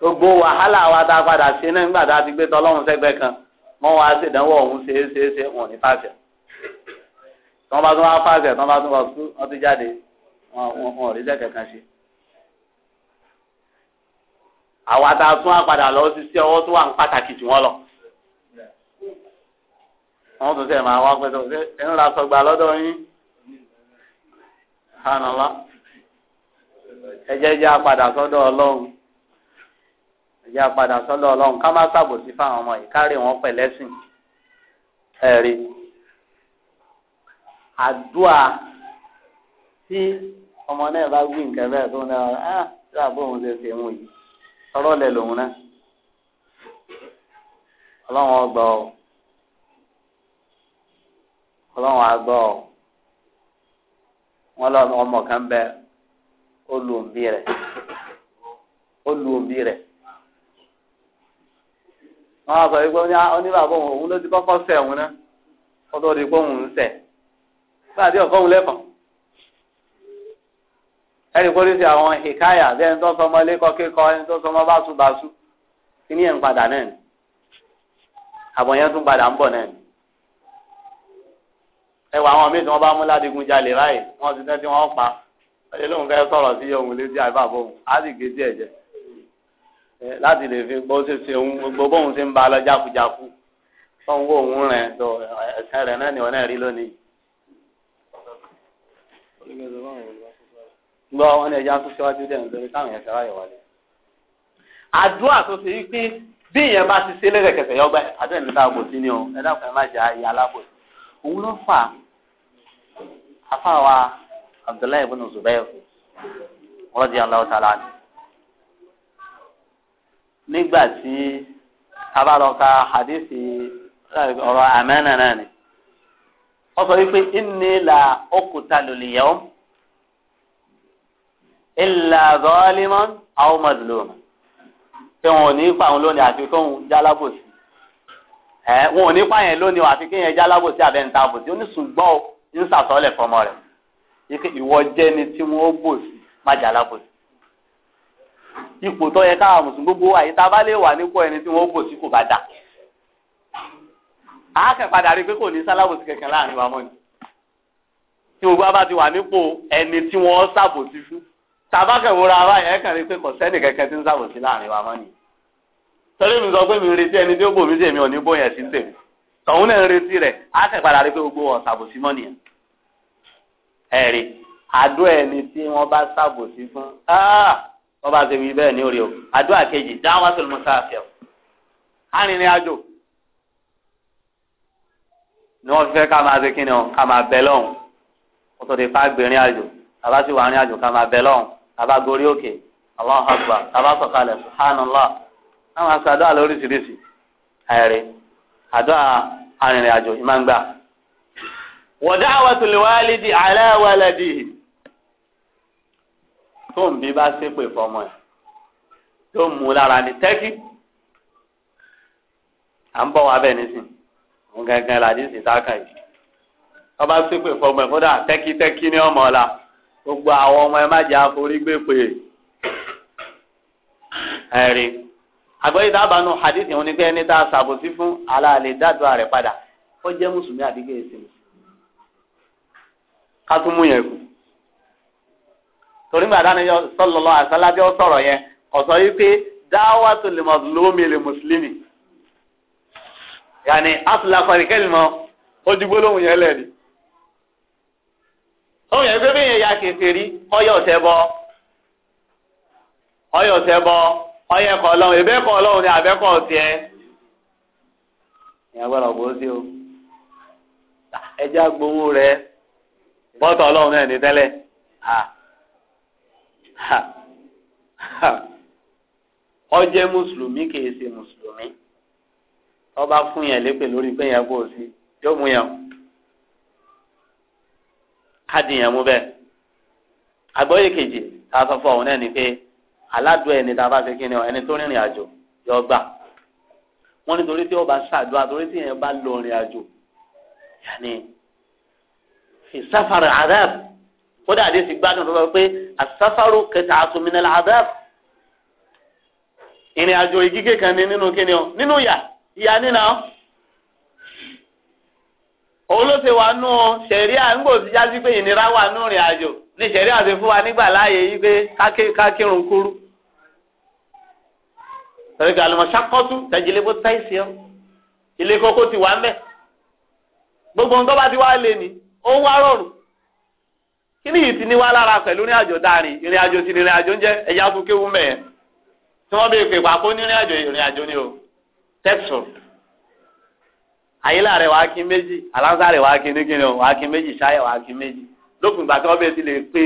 Speaker 2: gbogbo wàhálà wa tá a padà sí náà nígbà ti gbé tọ́lọ́run sẹ́gbẹ́ kan mọ́ wá ṣèdánwò ọ̀hún ṣeé ṣeé ṣe wọn ní fàṣẹ tí wọ́n bá tún wá fàṣẹ tí wọ́n bá tún wọ́n ti jáde wọn wọn rí lẹ́kẹ̀ẹ́ kan ṣe. àwa tá a tún á padà lọ sí sí ọwọ́ tó wà ń pàtàkì jù wọ́n lọ. wọ́n tún sẹ̀ máa wá pẹ́ tó ṣe ẹ̀ ń ra sọgbà lọ́dọ̀ yín. hànàlá ẹ jẹ́ jẹ́ apàdà sọ́dọ̀ ọlọ́run ẹ jẹ́ apàdà sọ́dọ̀ ọlọ́run ká má ṣàbòsí fáwọn ọmọ yìí kárí wọn pẹ̀lẹ́sìn ẹ̀rí àdúà tí ọmọ náà bá wí nǹkan bẹ́ẹ̀ tó náà ah rà bóun ṣe ṣe mú yìí ọ̀rọ̀ lẹ̀ lòun náà ọlọ́run ọgbà ọ ọlọ́run àgbà ọ wọn lọ ọmọ kan bẹ ó lu rẹ ó lu rẹ wọn á sọ wípé oníbàbọ̀ òun ló ti kọ́kọ́ sẹ̀ òun náà di òun sẹ̀ gbàdí ọ̀kọ́ òun lẹ́kọ̀ọ́. ẹni kó lè ṣe àwọn hikaya bí ẹni tó sọmọ lẹkọ kíkọ ẹni tó sọmọ báṣubàṣu kí ni ẹ̀ ń padà náà ni àbọ̀ yẹn tún padà ń bọ̀ náà ni ẹ wọ àwọn míì tí wọ́n bá mú ládìgún jalè báyìí wọ́n ti tẹ́ tí wọ́n pa ẹ lóun fẹ́ sọ̀rọ̀ sí ohun létí àbábọ̀ òun á sì gé díẹ̀ jẹ láti lè fi bó ṣe ṣe ohun gbogbo bóun ṣe ń ba lọ jákujáku tóun kó òun rẹ̀ tó ẹ̀sẹ̀ rẹ̀ náà ni wọn náà rí lónìí gbọ́ wọn ní ẹja tó síwájú dẹ̀ nítorí táwọn yẹn fẹ́ràn yẹn wálé.
Speaker 3: àdúrà tó ṣe
Speaker 2: wípé bí ìyẹn bá ti ṣe lẹ́sẹ̀kẹsẹ̀ yọgbà àdúrà níta kò sí ni o ẹ dákun ẹ má jẹ ayé alábòsí. òun ló fà afáwa Abdullahi ibn Zubair radiyallahu ta'ala anhu. nígbà tí a bá lọ ka hadithi ọ̀rọ̀ àmẹ́nà náà ni wọ́n sọ wípé inni la uqtalu al ìlà zọ́ọ́límọ́n àwọn mọ̀dúlùmọ̀ pé wọn ò ní pa àwọn lónìí àfi kóhun jálábòsí ẹ wọn ò ní pa yẹn lónìí àfi kéèyàn jálábòsí àbẹ̀ǹta àbòsí ó ní ṣùgbọ́n ń sàtọ́lẹ̀ fọmọ rẹ̀ yíké ìwọ jẹ́ ni tí wọ́n bò sí má jálábòsí ipò tó yẹ káwọn mùsùlùmí gbogbo wa yìí tá a lè wà nípò ẹni tí wọ́n bò sí kò bá dà á kàn padà rí i pé kò ní sálábòsí kankan láàrin wa mọ́ ni tí gbogbo wa bá ti wà nípò ẹni tí wọ́n sàbòsí fún tàbákẹ̀ wúra ara yẹn kàn rí pé kò sẹ́ni kẹ̀kẹ́ tí ń sàbòsí láàrin wa mọ́ ni. torí mi sọ pé mi retí ẹni tí ó bòmí sí èmi ò ní bó yẹn sí ń tèmi tọ̀hún náà ń retí rẹ̀ á kẹ̀ padà rí pé gbogbo wọn sàbòsí mọ́ nìyẹn. ẹ̀rí àdó ẹni tí wọ́n bá sàbòsí fún wọ́n bá ṣe wí bẹ́ẹ̀ ní orí o àdó àkejì dáwọ́ tó ló mú sáfẹ́ o. arìnrìn àjò ni wọ́n fẹ́ ká máa ṣe kí ni o ká máa bẹ lọ́hùn-ún kó tàbá gorí òkè Allahu Akbar tàbá sọ̀kalẹ̀ subhanallah àwọn aṣọ àdúrà lóríṣiríṣi àìrè àdúrà arìnrìn àjò ìmáǹgbà. wa da'watul walidi ala waladihi tó ń bí bá ṣépè fọmọ ẹ̀ tó ń mú lára ní tẹ́kì à ń bọ̀ wá bẹ́ẹ̀ nísìnyí òun gangan làdí sí táàkà yìí wọ́n bá ṣépè fọmọ ẹ̀ kódà tẹ́kítẹ́kí ní ọmọ ọ̀la. gbogbo àwọn ọmọ ẹ má jẹ́ àforí gbé pé àgbẹ̀yìn hadith yẹn pé ẹni tá a ṣàbòsí fún aláàlẹ̀ dádùá rẹ̀ padà ó jẹ́ mùsùlùmí àdígbé ẹ̀sìn ká tún mú yẹn kù torí gbàdá ni sallallahu alaihi wasallam ó yẹn ọ̀sọ́ yìí pé da'watul mazlumi lil muslimi yàní asùlà kọ̀ọ̀kẹ́lì mọ́ ojú yẹn ọ̀hún yẹn pé bẹ́ẹ̀ ya kèfèrí ọyọ̀ ọ̀tẹ̀ bọ ọyọ̀ ọ̀tẹ̀ bọ ọyẹ̀ kọ̀ ọlọ́run ìbẹ́ kọ̀ ọlọ́run ni àbẹ́ kọ̀ ọ̀tẹ̀ ìyẹn gbọ́dọ̀ bó sí o ẹjẹ́ agbowó rẹ bọ́tọ̀ ọlọ́run náà ní Ha. ọjẹ́ mùsùlùmí kìí ṣe mùsùlùmí ọba fún yẹn lépè lórí pé yẹn kò sí yóò mú yẹn o káàdì yẹn mú bẹ́ẹ̀ àgbọ́yé kejì tá a sọ fún ọ̀hún náà ni pé aládùn ẹni tá a bá fi kí ni ẹni tó rìnrìn àjò yọ gbà wọ́n ní torí tí ó bá ṣàdúrà torí tí yẹn bá lọ rìn àjò yàní ìsáfàrà àdáb kódà àdé ti gbádùn tó bá pé àsáfàrò kẹta àtúmínàlà àdáb ìrìn àjò ìgígé kan ní nínú kí ọ nínú yà ìyá nínà ọ. òun ló ṣe wà nù sẹ̀ríà ńgbò tí jásí pé ìnira wà nù rìn àjò ní ti fún wa nígbà láàyè yìí pé kákírun kúrú. torí ilé kókó ti wà ń gbogbo nǹkan ti wá lé ó wá rọrùn. kí ni ìtì wá lára pẹ̀lú àjò ìrìn àjò sí ìrìn ni o àyínlá rẹ̀ wàá kí méjì àlànsá rẹ̀ wàá kí nígínní o wàá kí méjì ṣáyẹ̀ wàá kí méjì lópin ìgbà tí wọ́n bẹ̀ ti lè pé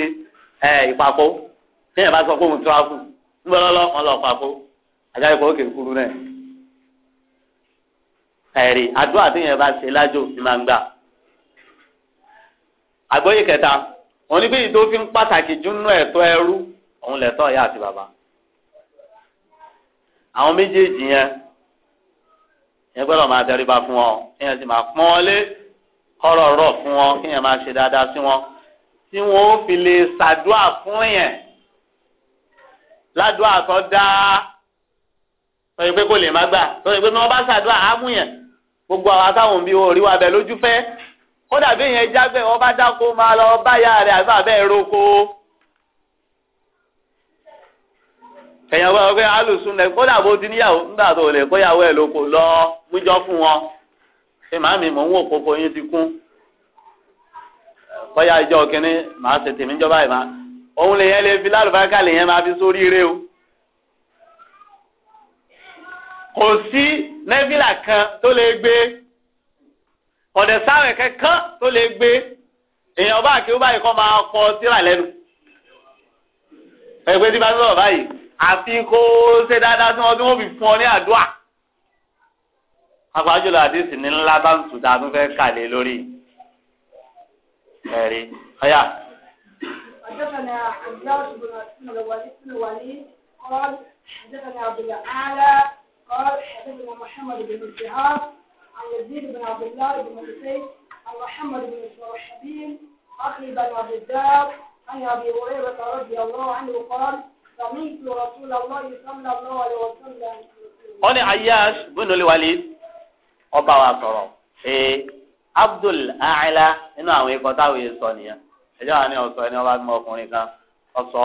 Speaker 2: ẹ̀ ìpapò tí yẹn bá sọ pé òun tó wá kù nígbà lọ́lọ́ wọn lọ papò àjá ikọ̀ òkè kúrú náà ẹ̀rí àdúrà tí yẹn bá ṣe lájò ni máa ń gbà. àgbọ́yé kẹta wọn ní bí ìdó fi ń pàtàkì júnú ẹ̀tọ́ ẹrú òun lẹ̀tọ́ ìyá àti bàbá àwọn méjèèjì yẹn yẹn gbọ́dọ̀ máa tẹríba fún wọn yẹn sì máa pọ́n wọn lé kọ́rọ̀ rọ̀ fún wọn kí yẹn máa ṣe dáadáa sí wọn tí wọn ó fi lè ṣàdúà fún yẹn ládùúà tó dáa tó yẹ pé kò lè má gbà tó yẹ pé bí wọ́n bá ṣàdúà á mú yẹn gbogbo àwọn táwọn òbí orí wa bẹ̀ lójú fẹ́ kódà bí yẹn jágbẹ́ wọn bá dáko máa lọ báyà rẹ̀ àbí àbẹ́ roko kẹyìn ọgbà ọgbẹ alùsùn lẹ kódà bó ti níyàwó nígbà tó lè kóyàwó ẹ lóko lọ mújọ fún wọn ṣé màá mi mò ń wò kókó yín ti kún kọyà ìjọ kínní màá ṣe tèmi jọba ìmá òun lè yẹn lè fi lálùbáríkà lè yẹn máa fi sórí ire o kò sí nẹ́fìlà kan tó lè gbé ọ̀dẹ̀ sáwẹ̀ kankan tó lè gbé èèyàn ọba àkíwú báyìí kọ́ máa kọ síra lẹ́nu ẹgbẹ́ tí bá ń sọ̀rọ̀ báyìí àfi kó ṣe dáadáa tí wọn tí wọn fi fún ọ ní àdúrà agbájọlọ àdéhùn ní ńlá bá ń sùdà tó fẹ́ kàlẹ́ lórí ẹ̀rí ọ̀yà.
Speaker 4: حدثنا عباس بن الوليد بن الوليد قال حدثنا عبد الاعلى قال حدثنا محمد بن الشهاب عن يزيد بن عبد الله بن حسين عن محمد بن شرحبيل اخي بن عبد الدار عن ابي هريره رضي الله عنه قال
Speaker 2: wọ́n ní ayash bínú liwali ọba wa sọ̀rọ̀ ṣe abdul aala nínú àwọn ikọ̀ táwọn yẹn sọ nìyẹn ẹjọ́ àwọn ènìyàn sọ ẹni ọba gbọ́ ọkùnrin kan ọsọ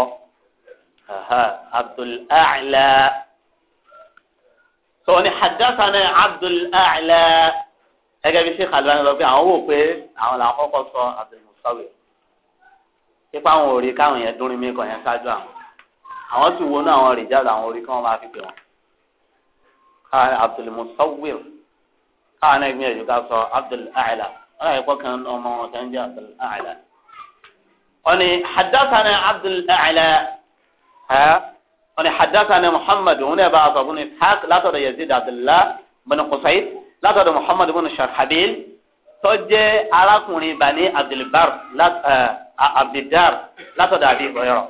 Speaker 2: abdul aala sọ ni hadassana abdul aala ẹgẹ́ bí sheikh alibani lọ pé àwọn wò pé àwọn làwọn kọ́kọ́ sọ abdul musawir ipa àwọn ò káwọn yẹn dúnrin mi kàn yẹn ṣáájú àwọn àwọn sì wọnú àwọn rìjáde àwọn orí kí wọ́n máa fi pè wọ́n káà Abdul Musawwir káà náà gbìyànjú ká sọ Abdul A'la wọn náà kọ́ kan ọmọ wọn kan jẹ́ Abdul A'la wọn ni hadathana Abdul A'la wọn ni hadathana Muhammad wọn náà bá a sọ fún mi haq látọ̀dọ̀ Yazid Abdullah bin Qusayt látọ̀dọ̀ Muhammad bin Sharhabil tọ́jẹ́ arákùnrin Bani Abdulbar eh, Abdidar látọ̀dọ̀ Abi Hurairah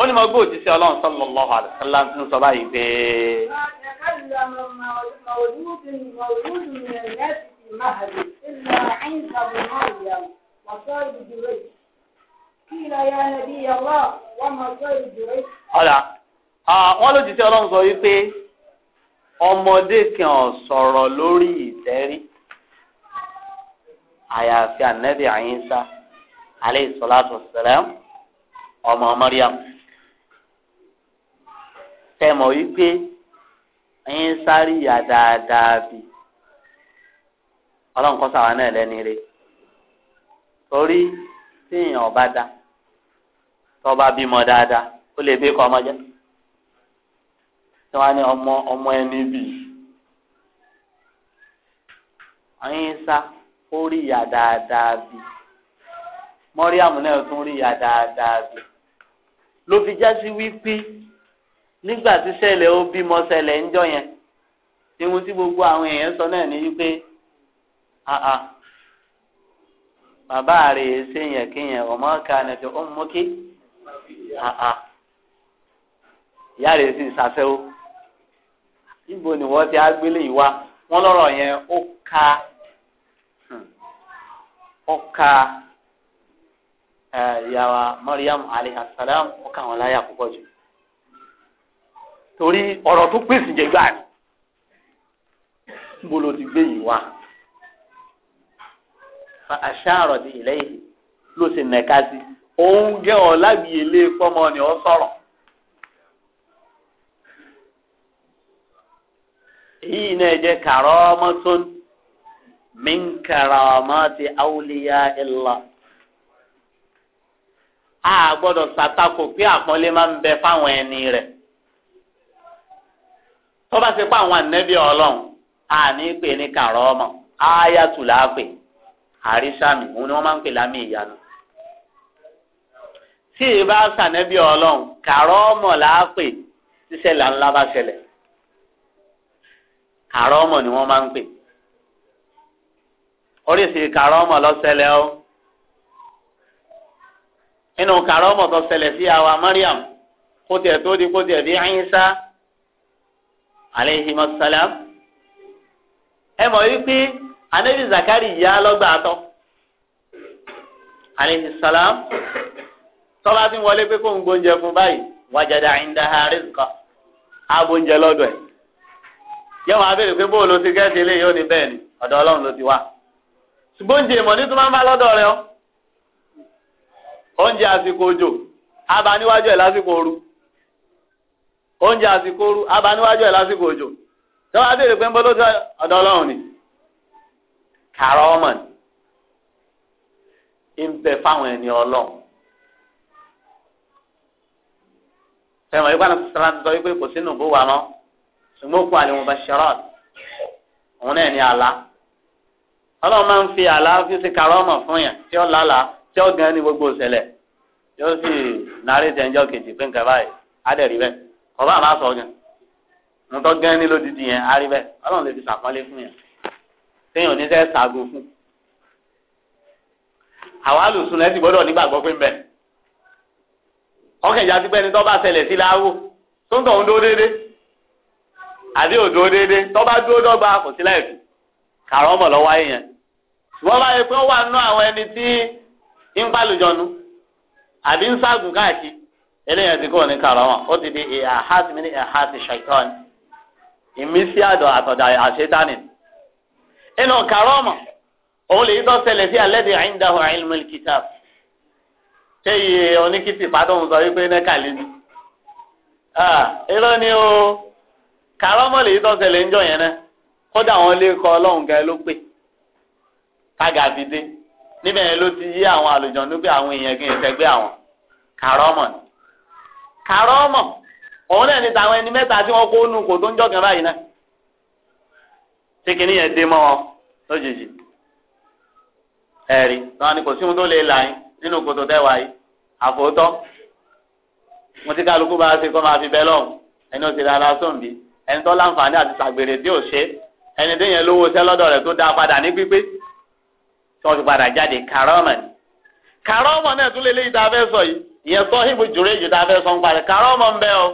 Speaker 2: ó ní mo gbé òjíṣẹ́ ọlọ́run sallallahu alaihi wasallam ń sọ báyìí pé. ọ̀dà wọ́n ló jíṣẹ́ ọlọ́run sọ wípé ọmọdé kan ò sọ̀rọ̀ lórí ìtẹ́rí àyàfi ànẹ́bí àyínsá aleyhi salatu wassalam ọmọ Maryam. tẹmọ̀ wípé ẹ̀yin sáré ìyá dáadáa bi ọlọ́run kọ́ sàwọn náà lẹ́ni rẹ̀ torí téèyàn ọba dá tọ́ba bímọ dáadáa ó lè bí ọmọ jẹ tí wọ́n ní ọmọ ọmọ ẹni bì ẹ̀yin sá ó rí ìyá dáadáa nígbà tí sẹlẹ ó bímọ ṣẹlẹ̀ ńjọ́ yẹn ihun ti gbogbo àwọn èèyàn sọ náà ní wípé àà bàbá rè é séyàn kéèyàn ọmọ kan àti ọmọ kí àà ìyá rè é sì ń ṣàṣẹ́wó níbo ni wọ́n ti á gbélé ìwá wọn lọrọ yẹn ó ka hmm, ó ka eh, ìyàwó Mariam ó láyà torí ọ̀rọ̀ tó pèsè jẹ gbà níbo ló ti gbé yìí wá àṣà àrọ̀ di ìlẹ́yìn ló sì nẹ̀ka sí òun jẹ́ ọ̀làbíyèlé pọ́mọ ni ó sọ̀rọ̀. èyí náà jẹ́ kàrọ́mọ́tún min kàrọ́mọ́tì awúlíyá a gbọ́dọ̀ pé àpọ́nlé máa ń bẹ fáwọn ẹni rẹ̀. tó bá ṣe pé àwọn ànẹ́bí ọlọ́run àní pè ní kàrọ́ọ̀mọ̀ áyàtù láàpè àrísàmì òun ni wọ́n máa ń pè lámì ìyanu. tí ì bá ṣànẹ́bí ọlọ́run kàrọ́ọ̀mọ̀ láàpè tíṣẹ̀lẹ̀ ńlá bá ṣẹlẹ̀ kàrọ́ọ̀mọ̀ ni wọ́n máa ń pè. oríṣi kàrọ́ọ̀mọ̀ ló ṣẹlẹ̀ o nínú kàrọ́ọ̀mọ̀ tó ṣẹlẹ̀ sí àwa Mariam kó tiẹ̀ tó di kó tiẹ̀ bí Ayinṣá aleyhi masalam ẹ mọ̀ wípé anabi zakari ya lọ́gbà tọ́ aleyhi salam tọ́lá ti ń wọlé pé kó ń gbóúnjẹ fún báyìí wàjàdà ìndaha rìzùkọ́ agbóúnjẹ lọ́dọ̀ ẹ̀ yẹ wọn abẹ́rẹ́ pé bóòlù ti kẹ́sì eléyìí ó ní bẹ́ẹ̀ ni ọ̀dọ̀ ọlọ́run ló ti wá ṣùgbọ́n oúnjẹ ìmọ̀ ní tó máa ń bá lọ́dọ̀ rẹ ọ́ oúnjẹ àsìkò òjò abà ẹ̀ lásìkò ooru oúnjẹ àsìkò ooru abáníwájú ẹ̀ lásìkò òjò tí wọ́n á béèrè ọ̀dọ̀ ọlọ́run ni kàrọ́ ọmọ ni ń bẹ fáwọn ẹni ọlọ́run. sẹ́wọ̀n ìgbà náà sọ́ra ti sọ wípé kò sínú bó wa mọ́ ṣùgbọ́n kó àlè wọn bá ṣẹ́rọ̀ òun náà ní àlá ọlọ́run máa fi àlá fi ṣe kàrọ́ ọmọ fún yẹn tí ó tí ó gan kejì báyìí á dẹ̀ ọba àbá sọ gan mo tọ́ gán ní lódìdí yẹn ọlọ́run lè fi sàpọ́nlé fún yẹn téèyàn fún àwọn alùsùn náà ti gbọ́dọ̀ nígbàgbọ́ pé ń bẹ̀ ọkàn ìjà ti pẹ́ ni tọ́ bá ṣẹlẹ̀ sí láàwò tó ń dúró ò dúró tọ́ bá dúró dọ́gba kò sí láìpẹ́ kàrọ́ àwọn ẹni tí ń pàlùjọ́nu àbí ń káàkiri. ya ti kúrò ní karama ó ti di ìhàásí mi ní ìhàásí ṣaitan ìmísí àdó àtọ̀dá àṣetánì inú karama òun lè tọ́ ṣẹlẹ̀ sí alẹ́dẹ̀ àyíndàhùn ilmul kitab ṣé oníkìtì pàtó sọ wípé ni o karama lè tọ́ ṣẹlẹ̀ ńjọ yẹn náà kódà wọn lè kọ ló kága fi dé níbẹ̀ ti yí àwọn àlùjọ nígbà àwọn èèyàn kì í ṣẹgbẹ́ haramu òun náà ni tàwọn ẹni mẹ́ta tí wọ́n kó nù kò tó ń jọ̀gàn báyìí náà ṣé kìíní yẹn dé mọ́ ọ lójijì ẹ̀rí náà ni kò sí ohun tó lè là yín nínú kòtò tẹ́wàá yìí àfòótọ́ mo ti kálukú bá a ṣe kọ́ máa fi bẹ́ lọ́hùn ẹni ó ti rà lásán bí ẹni tó láǹfààní àti ṣàgbèrè tí ò ṣe ẹni tó yẹn lówó iṣẹ́ lọ́dọ̀ rẹ̀ tó dá padà ní pípé tí wọ́n fi padà jáde kàrọ́ọ̀mọ̀ ni kàrọ́ọ̀mọ̀ náà tún lè léyìí tá a fẹ́ sọ yìí ìyẹn sọ híbu jùrẹ́ ìjì tá a fẹ́ sọ ń parí kárọ́ ọmọ ń bẹ́ o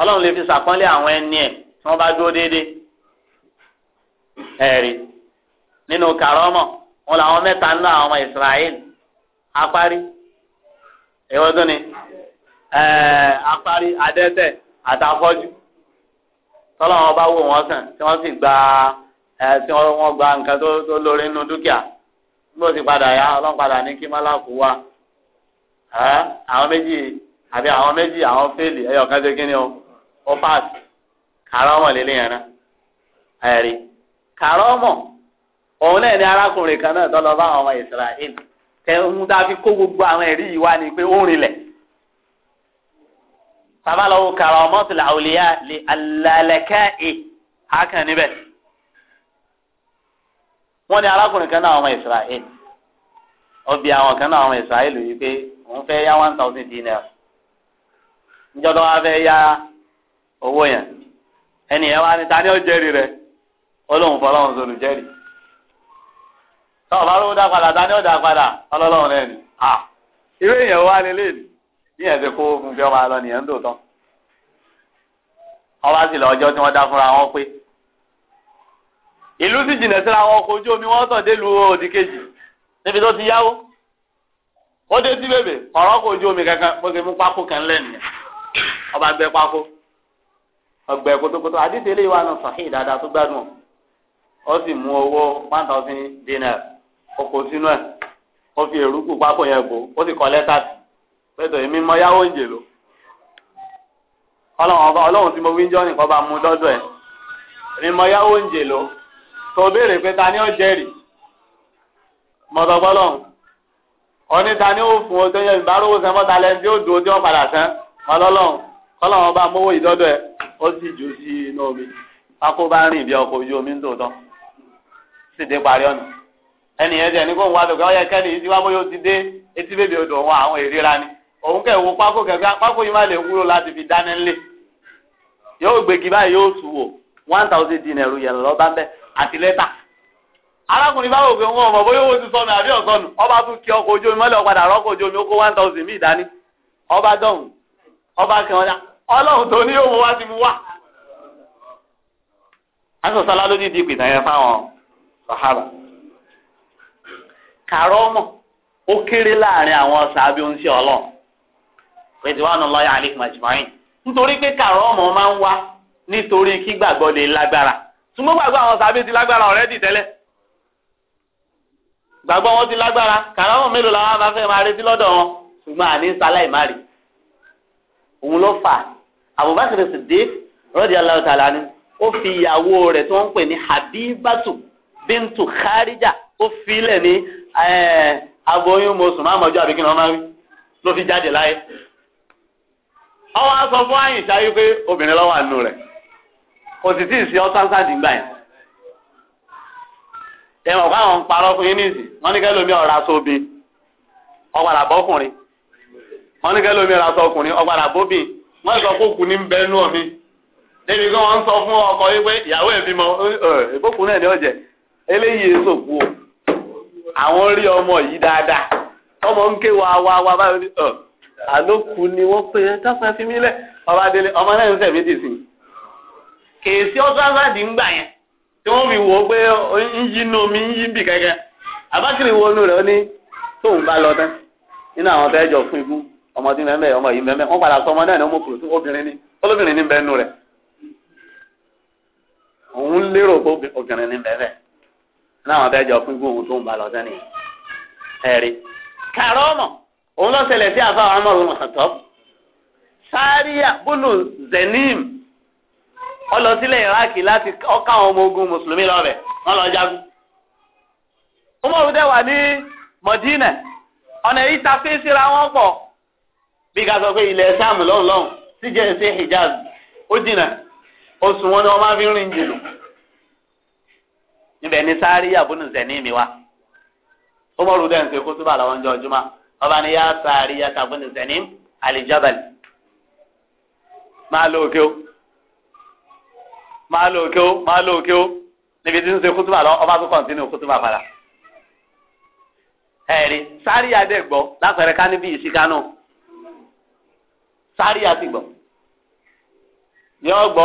Speaker 2: ọlọ́run lè fi sàpọ́nlé àwọn ẹni ẹ̀ tí wọ́n bá dúró déédéé ẹ̀rí nínú ọmọ wọn làwọn mẹ́ta àwọn ọmọ Israel apárí tó ni apárí adẹ́tẹ̀ àtàfọ́jú bá wò wọ́n sàn tí wọ́n sì gba tí wọ́n gba nǹkan tó lórí dúkìá àwọn méjì àbí àwọn méjì àwọn fẹ́ẹ̀lì ẹ̀yọ̀ kan ṣe kíni o ó yẹn ná òun náà ní arákùnrin kan náà bá ọmọ Israel tẹ̀hún dábí kó gbogbo àwọn yìí wá ni pé ó rinlẹ̀ sabalawo karamọtul awuliya li alalaka'i hakan níbẹ̀ wọ́n ní arákùnrin kan náà ọmọ Ọ àwọn kan náà àwọn ìsirayẹlì yìí pé òun fẹ́ yá one thousand dinar níjọ́dọ̀ wá fẹ́ yá owó yẹn ẹnì yẹn wá ní ta ni ó jẹ́rìí rẹ̀ ọlọ́run fọlọ́run sọ̀rọ̀ jẹ́rìí tọ́ọ̀ bá dá padà ta ni ó dá padà ọlọ́run rẹ̀ ni à irú èèyàn wá ní ẹ̀sìn kó fún nìyẹn ń ọba wọ́n dá ìlú sì jìnnà síra wọn kojú omi wọn tọ̀ dé lu òdì níbi tó ti yáwó ó dé sí bèbè ọ̀rọ̀ kò ju omi kankan bó ṣe mú pákó kan lẹ́nu ọba gbẹ pákó ọgbẹ kótókótó àdìsí eléyìí wà náà sàhíì dáadáa tó gbádùn ó sì mú owó one thousand dinar oko sínú ẹ ó fi èrúkú pákó yẹn bò ó sì kọ lẹ́tà sí pẹ̀tọ̀ èmi mọ yáwó ń jèlò ọlọ́run ọba ọlọ́run tí mo wí ń jọ́ nìkan bá mú lọ́dọ̀ ẹ̀ èmi mọ yáwó ń jèlò tó béèrè pé ta ni ó jẹ́rìí mọ̀tọ́gbọ́lọ́hún ọ̀nìta ni ó fún ọ sẹ́yìn ìbáròwò sẹ́yìn mọ́ta lẹ́yìn tí ó dùn ó tí wọ́n padà sẹ́n ọlọ́lọ́hún kọ́lọ́hún mówó ìdọ́dọ̀ ẹ̀ ó sì jù sí inú omi pákó bá rìn bí ọkọ̀ ojú omi ń tò tán sì dé parí ọ̀nà ẹnì yẹn tẹ̀ ní kó wá tó kẹ́ kẹ́ni yìí tí wá bóyá ó ti dé etí bèbè odò wọn àwọn ìríra ni òun kẹ́ wo pákó kẹ́kẹ́ pákó yìí má lè wúlò láti fi dáná ńlẹ̀ yóò gbégi báyìí yóò tù one thousand dinar yẹn lọ́ọ́ bá ń bẹ́ àti lẹ́tà arákùnrin bá wò pé wọn ọmọ bóyá owó ti mi àbí ọ̀sọ́nù ọba tún kí ọkọ̀ ojú omi mọ́lẹ̀ ọ̀padà rọ́kọ̀ ojú omi ó kó one thousand míì dání ọba dọ̀hùn ọba tó ní wá ti mú wá. ló ní yẹn fáwọn ó kéré láàrin àwọn sàábí oúnjẹ wà nù nítorí pé máa ń gbàgbọ́ wọn ti lágbára kàràmọ̀ mélòó làwọn máa fẹ́ máa retí lọ́dọ̀ wọn ṣùgbọ́n àní sáláì má rí òun ló fà Abubakar Siddiq radiyallahu ta'ala ni ó fi ìyàwó rẹ̀ tí wọ́n ń pè ní Habibatu bintu Kharija ó filẹ̀ ní aboyún mosùn má mọ̀jọ́ àbí kí ni wọ́n máa wí ló fi jáde láyé ọwọ́ á sọ fún àyìnṣá yìí pé obìnrin lọ́wọ́ àánú rẹ̀ kò sì tí ì sí ọ́ sáńsáǹdì gbà yẹn tẹ̀wọ̀n fáwọn ń parọ́ fún yín nìsí wọ́n ní kẹ́lómi ọ̀rá sóbi ọ̀gbàrà bọ́kùnrin wọ́n ní kẹ́lómi ọ̀rá sọkùnrin ọ̀gbàrà bóbì wọ́n sọ kókù ní bẹ́ẹ̀nù ọ̀mí débi kí wọ́n ń sọ fún ọkọ yìí pé ìyàwó ẹ̀ bímọ ìbókù náà ni ó eléyìí èso kú o àwọn rí ọmọ yìí dáadáa ọmọ ń ké wa wa wa báyọ̀ ní àlókù ni wọ́n pè é tọ́sán fi mí lẹ̀ ọba délé ọmọ náà ń sẹ̀ mí sí kèsì ọ̀sán sáà ń gbà yẹn tí wọ́n fi wò pé mi bì kẹ́kẹ́ abákìrì wo inú rẹ̀ ó ní tóun bá lọ tán nínú àwọn tẹ́ jọ fún ikú ọmọ mẹ́mẹ́ ọmọ yìí mẹ́mẹ́ wọ́n padà sọ ọmọ náà ní ọmọ kùrù tí obìnrin ní olóbìnrin ní bẹ́ẹ̀ nù rẹ̀ òun lérò pé obìnrin ní bẹ́ẹ̀ nínú àwọn tẹ́ jọ fún ikú òun tóun bá lọ tán zenim ó lọ sílẹ̀ iraki láti ọkà àwọn ọmọ ogun mùsùlùmí lọ́bẹ̀ wọ́n lọ jagun. umaru dẹ̀ wà ní Madina ọ̀nà yìí ta fi síra wọn pọ̀ bí ká sọ pé ilẹ̀ sáàmù lọ́hùn lọ́hùn síjẹ́ sí Hijaz ó jìnà oṣù wọn ni wọ́n máa fi rìn jìnnà. níbẹ̀ ni sáré àbúnú zẹ̀ní mi wá umaru ń ṣe kótóbà làwọn jọ ọjọ́ ọba ni yá sáré yá sàbúnú zẹ̀ní máa lo òkè o. ma lò oke o máa lò ókè ó níbi tí ń ṣe kútùbà lọ ọba tó kọ̀ǹtínú kútùbà padà. ẹ̀rí sáré adé gbọ́ lápẹẹrẹ ká níbi sáré àti gbọ́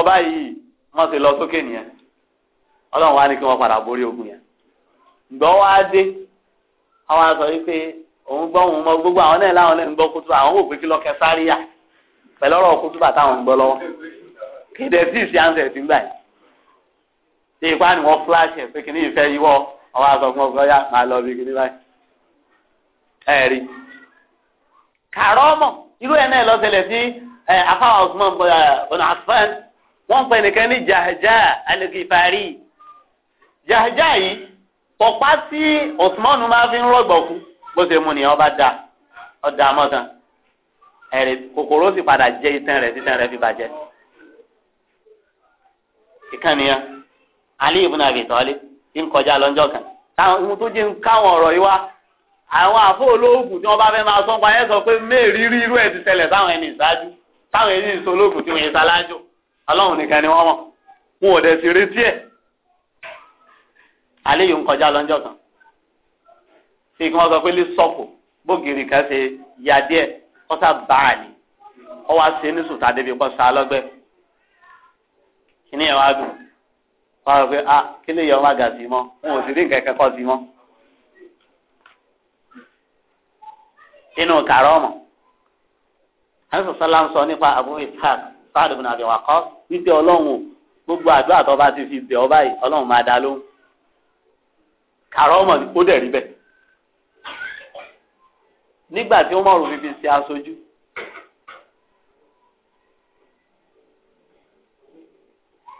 Speaker 2: báyìí wọ́n ti lọ sókè nìyẹn ọlọ́run wá ní kí wọ́n padà borí ogun yẹn gbọ́ wá dé àwọn yìí pé òun gbọ́ òun mọ gbogbo àwọn náà láwọn náà ń gbọ́ àwọn pé kí sáré pẹ̀lú ọ̀rọ̀ táwọn ń kéde sí ìsì ànsẹ̀ tí ń gbà yìí ṣé ipá ni wọ́n flash ẹ̀ pé kìíní ìfẹ́ yíwọ́ ọwọ́ aṣọ fún ọgbọ́n yá máa lọ bí kìíní báyìí ẹ̀ rí. kàrọ́mọ̀ irú ẹ̀ náà lọ́sẹ̀lẹ̀ sí afáwà Usman ọ̀nà Affan wọ́n pè nìkan ní jàjà alẹ́kìfàrí jàjà yìí pọ̀pá tí Usman máa fi ń rọ̀gbọ̀ fún bó ṣe mú nìyẹn ọba da ọ̀dà mọ́tàn ẹ̀rẹ̀ kòkòrò sì padà jẹ́ itan rẹ̀ títan rẹ̀ fi bàjẹ́. ìkan nìyẹn Ali ibn Abi Talib ti ń kọjá lọ́jọ́ kan táwọn tó jẹ́ káwọn ọ̀rọ̀ yìí wá àwọn tí wọ́n bá fẹ́ máa sọ pé irú ẹ̀ ti táwọn ẹni táwọn ẹni tí wọ́n yẹn ọlọ́run nìkan ni wọ́n mọ̀ wọn ò dẹ̀ retí ẹ̀ alẹ́ yìí ń kọjá lọ́jọ́ kan fi kí wọ́n sọ pé bógiri kan ṣe díẹ̀ kọ́sà báàlì ọwọ́ kíní yẹn wá dùn wọ́n rò pé ah kíní yẹn wá gà sí mọ́ wọn ò sì rí nǹkan kẹ́kọ̀ọ́ sí mọ́ inú kàrọ́ mọ̀ àníṣe sọ́lá ń sọ nípa Abu Ishaq Sa'd ibn Abi Waqqas wípé ọlọ́run gbogbo àdúrà tó bá ti fi bẹ̀ ọ́ báyìí ọlọ́run máa dá lóhùn kàrọ́ ọmọ ó dẹ̀ rí bẹ́ẹ̀ nígbà tí ó mọ̀rún fífi ṣe aṣojú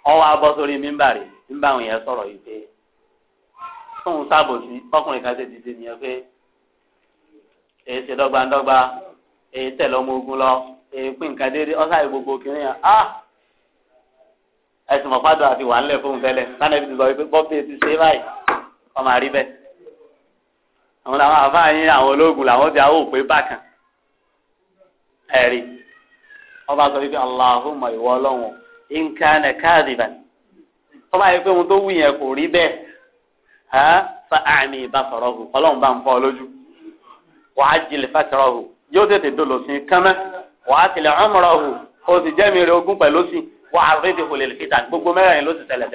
Speaker 2: ọwọ́ abọ́ sórí mímbàrí nígbà àwọn èèyàn sọ̀rọ̀ yìí pé tóun sábò ọkùnrin kan ṣe dìde nìyẹn pé èyí ṣe dọ́gbandọ́gba èyí tẹ̀lé ọmọ ogun lọ èyí pín nǹkan déédéé ọ́sà gbogbo kìnìún yẹn ah ẹ̀sùn àti wà ńlẹ̀ fóun tẹ́lẹ̀ sanabi ti sọ pé bọ́bí ti ṣe báyìí ọmọ àrí bẹ́ẹ̀ àwọn làwọn àfáàyín àwọn ológun làwọn ti àwọn òpè bákan ẹ̀rí ọba sọ wípé aláhùnmọ̀ ìwọ ọlọ́run nǹkan ẹ̀káàdìbà tọ́ba yìí pé ohun tó wù yẹn kò rí bẹ́ẹ̀ fa àmì ìbáfọ̀rọ̀ ọlọ́run bá ń fọ́ ọ lójú wàá jìlẹ̀ fàtọ̀rọ̀ yóò tètè dolo sí kánmẹ́ wàá tilẹ̀ o sì jẹ́ mi rẹ ogún pẹ̀lú sí wàá rí ti hùlẹ̀ fìtà gbogbo mẹ́rin ló sì bẹ́ẹ̀.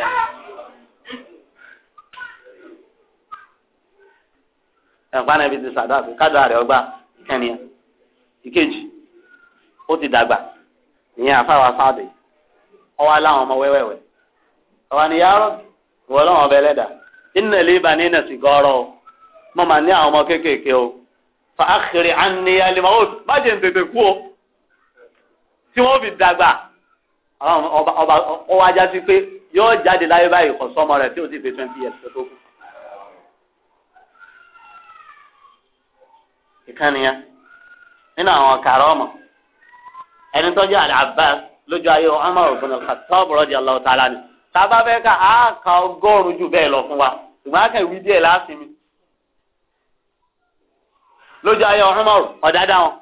Speaker 2: ti sàdá àti kádà ọgbà ìkejì ó ti dàgbà ìyẹn sáàdì ọwọ́ aláwọn ọmọ wẹ́wẹ́wẹ́ ọwọ́ ni yàrá ìwọ lọ́wọ́ ọbẹ̀ lẹ́dà iná ilé ibà ní iná sì o mo mà ní àwọn ọmọ kéékèèké o fa àkèrè àníyàn máa ó má jẹ́ ń kú o tí wọ́n fi dàgbà ọba ọba ọwọ́ sí pé yóò jáde láyé báyìí kọ̀ sọ́mọ rẹ̀ tí ò ti fi twenty years tó tó kù. ìkànnìyàn nínú àwọn kàrọ́ọ̀mù ẹni tó jẹ́ lójú ayé Umar ibn al-Khattab radiyallahu ta'ala ni tábà fẹ́ ká a ka ọgọ́rùn jù bẹ́ẹ̀ lọ fún wa ṣùgbọ́n a kàn wí díẹ̀ láàfin mi lójú ayé Umar ọ̀dádá wọn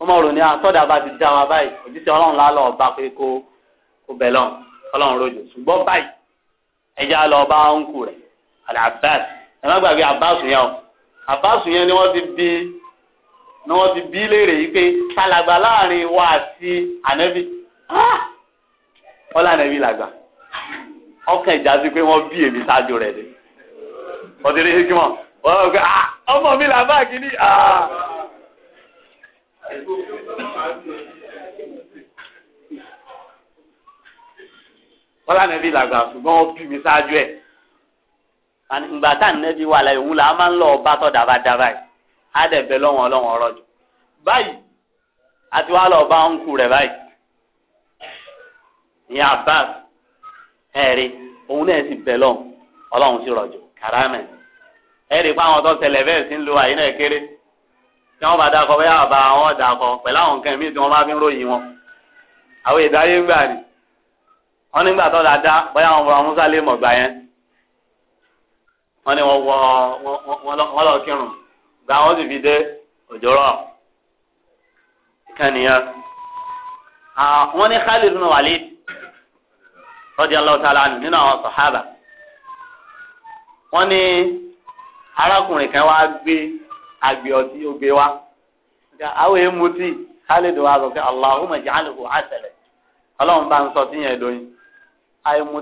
Speaker 2: Umar ní àtọ́dà bá ti dá wa báyìí òjíṣẹ́ ọlọ́run lálọ́ ọba pé kó kó bẹ̀ lọ́n ọlọ́run rojo ṣùgbọ́n báyìí ẹja lọ bá ọ̀nkù rẹ̀ Al-Abbas má gbàgbé Abbas yẹn o Abbas yẹn ni wọ́n ti bí. ni wọn ti bí léèrè yìí pé láàrin wa àti ànẹ́bí ah! wọ́n lànẹ́bí làgbà ọkàn ìjà sí pé wọ́n bí èmi ṣáájú rẹ̀ ni wọ́n ti rí hikimọ̀ wọ́n pé ah!
Speaker 3: ọmọ mi làbá kìíní ni. Ah!
Speaker 2: lànà bí làgbà ṣùgbọ́n wọ́n bí mi ṣáájú ẹ̀. ìgbà tá wà láyé òun là á máa ń á dẹ̀ bẹ lọ́wọ́n ọlọ́wọ́n ọ̀rọ̀ jù báyìí àti wàá lọ bá ń kú rẹ̀ báyìí ní Abbas ẹ̀rí òun náà sì bẹ lọ́wọ́n ọlọ́wọ́n sì rọ̀jò kàrámẹ̀ ẹ̀rí pé àwọn tó ṣẹlẹ̀ bẹ́ẹ̀ sí ń lo àyín náà kéré tí wọ́n bá dákọ̀ bẹ́ẹ̀ àbá àwọn dákọ̀ pẹ̀lú àwọn nǹkan míì tí wọ́n bá fi ń ròyìn wọn àwọn ìdáyé gbà ni wọ́n nígbà tó dáadáa bóyá àwọn ọmọ Musa lè mọ̀ gbà yẹn wọ́n ní wọ́n wọ́ wọ́n lọ kírun gba wọn sì fi dé òjò rọ kànìyàn wọn ní Khalid bin O radiyallahu ta'ala anhu nínú àwọn sàhábà wọn ní arákùnrin kan wá gbé agbè ọtí ó wá àwọn èèmù tí Khalid wa sọ pé Allahumma ja'alhu bá ń sọ tí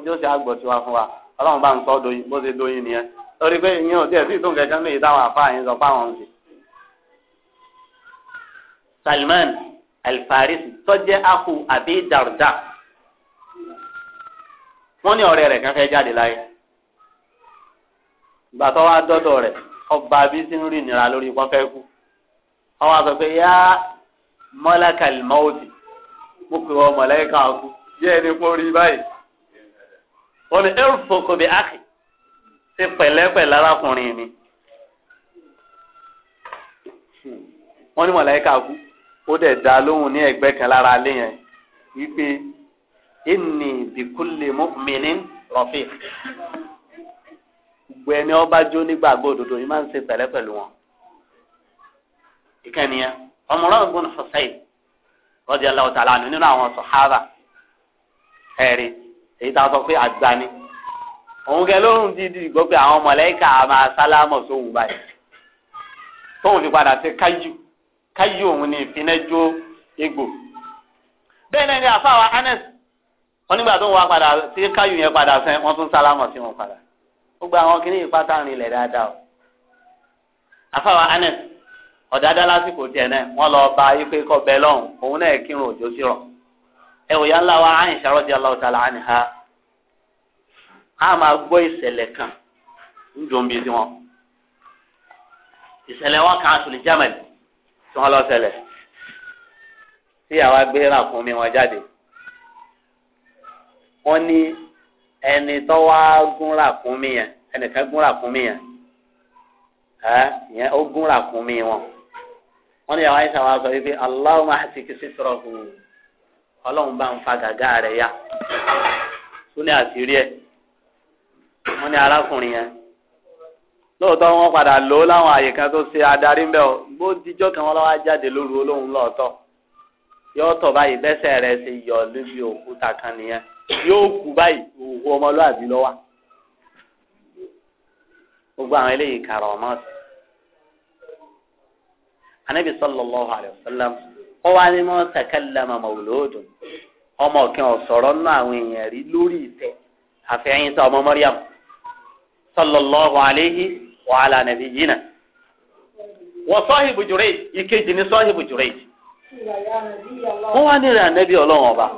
Speaker 2: ó ṣe àgbọ̀ tiwa fún wa ọlọ́run bá ń sọ doyin bó ṣe nìyẹn. torí pé ìyẹn ò tiẹ̀ sí ìtún kankan ní ìdáhùn àfa yẹn sọ fáwọn ọ̀sẹ̀. Salman Al-Farisi tọ́jẹ́ akú àbí Darda wọ́n ní ọ̀rẹ́ rẹ̀ kan fẹ́ jáde láyé ìgbà tó wá dọ́dọ̀ rẹ̀ ọba abísí ń rí ìnira lórí wọn fẹ́ kú ọwọ́ àgbẹ̀ pé yá mọ́lákàlì mọ́ọ̀tì mo pè wọ́n mọ̀lẹ́kà kú yé ẹni kó rí báyìí wọ́n ní ẹ̀rù fòkò ákì ṣe pẹ̀lẹ́pẹ̀lẹ́ arákùnrin ni, wọ́n ní mọ̀lẹ́kà kú ó dẹ̀ dá lóhùn ní ẹ̀gbẹ́ kan lára alẹ́ yẹn wípé inni bikulli mu'minin rafiq gbogbo ẹni ọba jó nígbàgbọ́ òdodo yìí máa ń ṣe pẹ̀lẹ́ pẹ̀lú wọn
Speaker 3: ìkànnìyàn Umran
Speaker 2: ibn Husayn radiyallahu ta'ala nínú àwọn sàhábà ẹ̀rí èyí tá a sọ pé àgbà ni òun kẹ lóhùn dídì gbọ́ pé àwọn mọ̀lẹ́kà á máa sálámọ̀ sóhun báyìí tóun fi padà sí káyù káyù òun ni ìfinẹ́jọ́ egbò bẹ́ẹ̀ náà ni àfáwà Anas wọn nígbà tó ń wá padà sí káyù yẹn padà sẹ́ wọ́n tún sálámọ̀ sí wọn padà ó gba àwọn kìnìún pátá rìn ilẹ̀ dáadáa o àfáwà Anas ọ̀dádá lásìkò tiẹ̀ náà wọ́n lọ bá ipe kọ́ bẹ́ẹ̀ lọ́hùn òun náà kírun òjò sírọ̀ ẹ̀ òyà ńlá wa Aisha radiyallahu anha a máa gbọ́ ìṣẹ̀lẹ̀ kan ń dùn bí tiwọn ìṣẹ̀lẹ̀ wọn kan àtúnlẹ̀ germany tí wọ́n lọ ṣẹlẹ̀ tí àwa gbé ràkúnmí wọn jáde wọ́n ní ẹni tó wá gún ràkúnmí yẹn ẹnìkan gún ràkúnmí yẹn ìyẹn ó gún ràkúnmí wọn wọ́n ní àwọn àìsàn wa sọ wípé Allahumma àtìkì sí tọrọ hù ọlọ́run bá ń fa gàgá rẹ̀ yá tún wọ́n ní arákùnrin yẹn lóòótọ́ wọ́n padà lò ó láwọn àyè kan tó ṣe adarí ńbẹ́ o bó kan wọ́n lọ́wọ́ jáde lóru olóhùn lọ́ọ̀tọ̀ yóò tọ̀ báyìí bẹ́sẹ̀ rẹ̀ ti yọ lóbi òkúta kan nìyẹn yóò kú báyìí òwò ọmọlúwàbí lọ́wọ́ gbogbo àwọn eléyìí kàrọ̀ ọmọ sí wá ní ọmọ àwọn èèyàn rí lórí ọmọ sallallahu alayhi wa ala nabiyyina wa sahibu Jurayj ìkejì ní ọba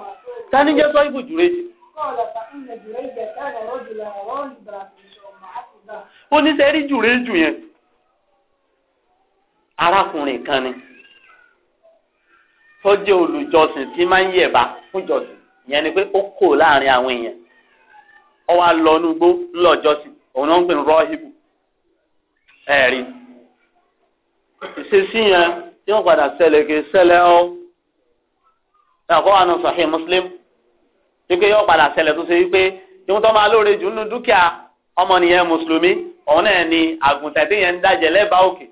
Speaker 2: arákùnrin kan ni tó jẹ́ olùjọsìn tí máa ń yẹ̀bá fún jọsìn yẹn ni pé ó kò láàrin àwọn èèyàn ó wá lọ onu náà ń pè Eri. rọ́ọ̀hìbù ẹ̀rí ìṣesí yẹn tí wọ́n padà ṣẹlẹ̀ kì í ṣẹlẹ̀ ọ́ ẹ̀kọ́ àna sahih muslim wípé yóò padà sele tó ṣe pe, ìwọ́n tó máa lóore jù nínú dúkìá ọmọnìyàn mùsùlùmí òun náà ni àgùntàn tí yẹn ń dájẹ́ lẹ́bàá òkè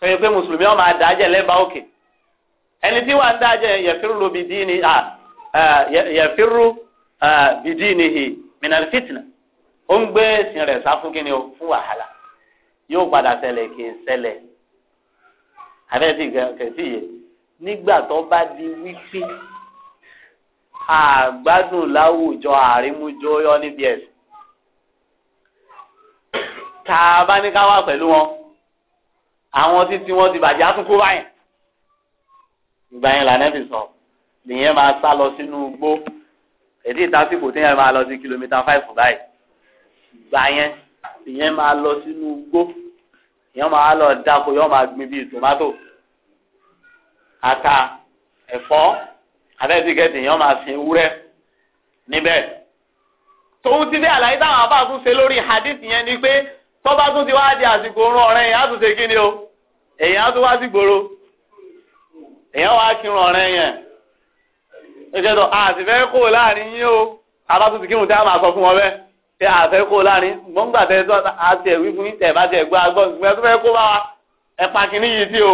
Speaker 2: tó yẹ pé mùsùlùmí ó máa dájẹ́ lẹ́bàá òkè ẹni tí wàá ń dájẹ́ yẹ̀fírú lo ó ń gbé ẹ̀sìn rẹ̀ sá fún kíni o fún wàhálà yóò padà ṣẹlẹ̀ kì í ṣẹlẹ̀ àbẹ́sì kẹ̀sì yẹ nígbà tó bá di wípé àgbádùn láwùjọ àrímújó yọ níbi ẹ̀sìn tá a bá ní ká wà pẹ̀lú wọn àwọn títí wọn ti bàjẹ́ àtúnkó báyìí ìgbà yẹn là nẹ́bì sọ nìyẹn máa sá lọ sínú igbó èdè ìtàsíkò téèyàn máa lọ sí kìlómítà fáìfù báyìí gbà yẹn ìyẹn máa lọ sínú igbó ìyẹn máa lọ dáko yọ máa gbin bíi tòmátò ata ẹ̀fọ́ abẹ́tíkẹ́tì ìyẹn máa sin ewúrẹ́ níbẹ̀ tòun ti dé àlàyé táwọn àbá tún ṣe lórí hadith yẹn ni pé tọ́ba tún ti wá di àsìkò orun ọ̀rẹ́ yẹn á tún ṣe kí ni o èèyàn tún wá sí gbòòrò èèyàn wá kírun ọ̀rẹ́ yẹn ó ṣe tó àtìfẹ́ kò láàrin yín o àbá tún ti kírun tí a máa sọ fún wọn bẹ́ẹ̀ ṣe àfẹ́ kó láàrin gbọ́ngbà tẹ a àti ẹ̀wí fún yín tẹ̀bá tẹ̀ gbọ́ agbọ́n ṣùgbọ́n tó fẹ́ kó bá wa ẹ̀pa kìíní yìí sí o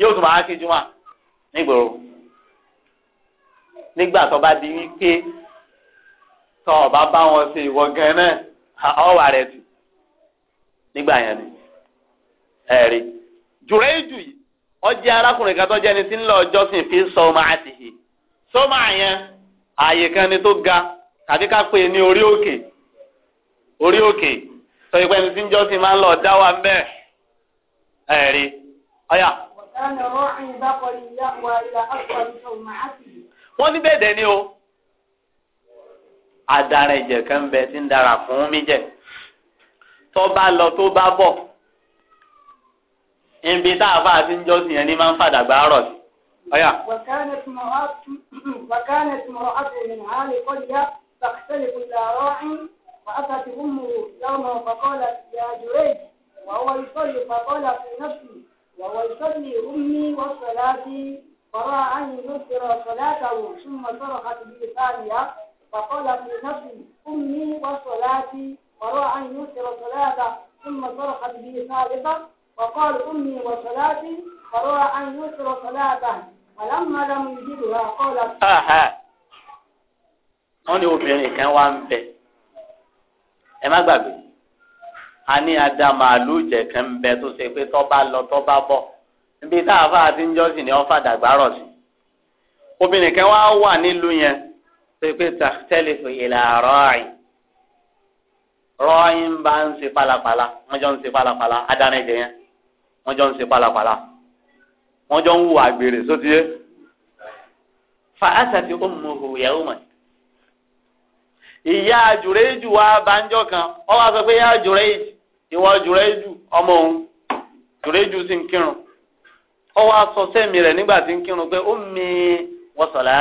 Speaker 2: yóò tún máa kíjú wọn nígboro. nígbà tó bá di wípé tó o bá bá wọn ṣe ìwọ gan náà ọwà rẹ tù nígbà yẹn ni ẹ rí jùrẹ́ ìjù yìí ọjẹ́ arákùnrin kan tó jẹ́ ni tí ń lọ ọjọ́sìn fi sọ ọmọ àtìhì sọ́mà yẹn àyè kan ni tó ga tàbí ká pè é ní orí òkè. orí òkè sọ ìpẹ́ ní tí ń jọ́ sí máa ń lọ dá wa ń bẹ́ẹ̀ ẹ̀ rí ọ̀yà. wọ́n ní bẹ́ẹ̀ dẹ́ ni o adara ìjẹ kan bẹ tí ń dara fún mi jẹ tó bá lọ tó bá bọ̀ ibi tá a fà ti ń jọ́sìn yẹn ní máa ń fàdàgbà rọ̀ sí. ọ̀yà.
Speaker 4: wàkánẹ̀ tìmọ̀ àtúnmọ̀ àtúnmọ̀ àlè kọ́ ìyá bàkítẹ́lẹ̀ kò فأتت أمه يوما فقالت يا جريج وهو يصلي فقال في نفسي وهو يصلي أمي وصلاتي فرأى أن ينكر صلاته ثم صرخت به ثانية فقال في نفسي أمي وصلاتي فرأى أن ينكر صلاته ثم صرخت به ثالثة فقال أمي وصلاتي فرأى أن ينكر صلاته فلما لم يجدها قالت
Speaker 3: آه.
Speaker 2: wọ́n ní obìnrin kan ẹ má gbàgbé a ní ada màálù jẹ kan bẹ tó ṣe pé tó bá lọ tó bá bọ̀ níbi tá a fà á ti ń jọ́sìn ní ọ́fà dàgbárọ̀ sí obìnrin kan wá wà nílùú yẹn tó ṣe pé tàtẹ́lifù ìlà rọ́ọ̀ì rọ́ọ̀ì ń bá ń ṣe pálapàla wọ́n jọ ń ṣe pálapàla adánájẹ yẹn wọ́n jọ ń ṣe pálapàla wọ́n jọ ń wù àgbèrè sótìyé fa àṣà ti ó mú òhùn yahoo mọ̀ ìyá àjùrẹ́jù wa banjọ́ kan ọ wá sọ pé ìyá àjùrẹ́jù ìwọ àjùrẹ́jù ọmọ òun àjùrẹ́jù sì ń kírun ọ wá sọ sẹ́mi rẹ̀ nígbà tí ń kírun pé ó mi wọ́n sọ̀lá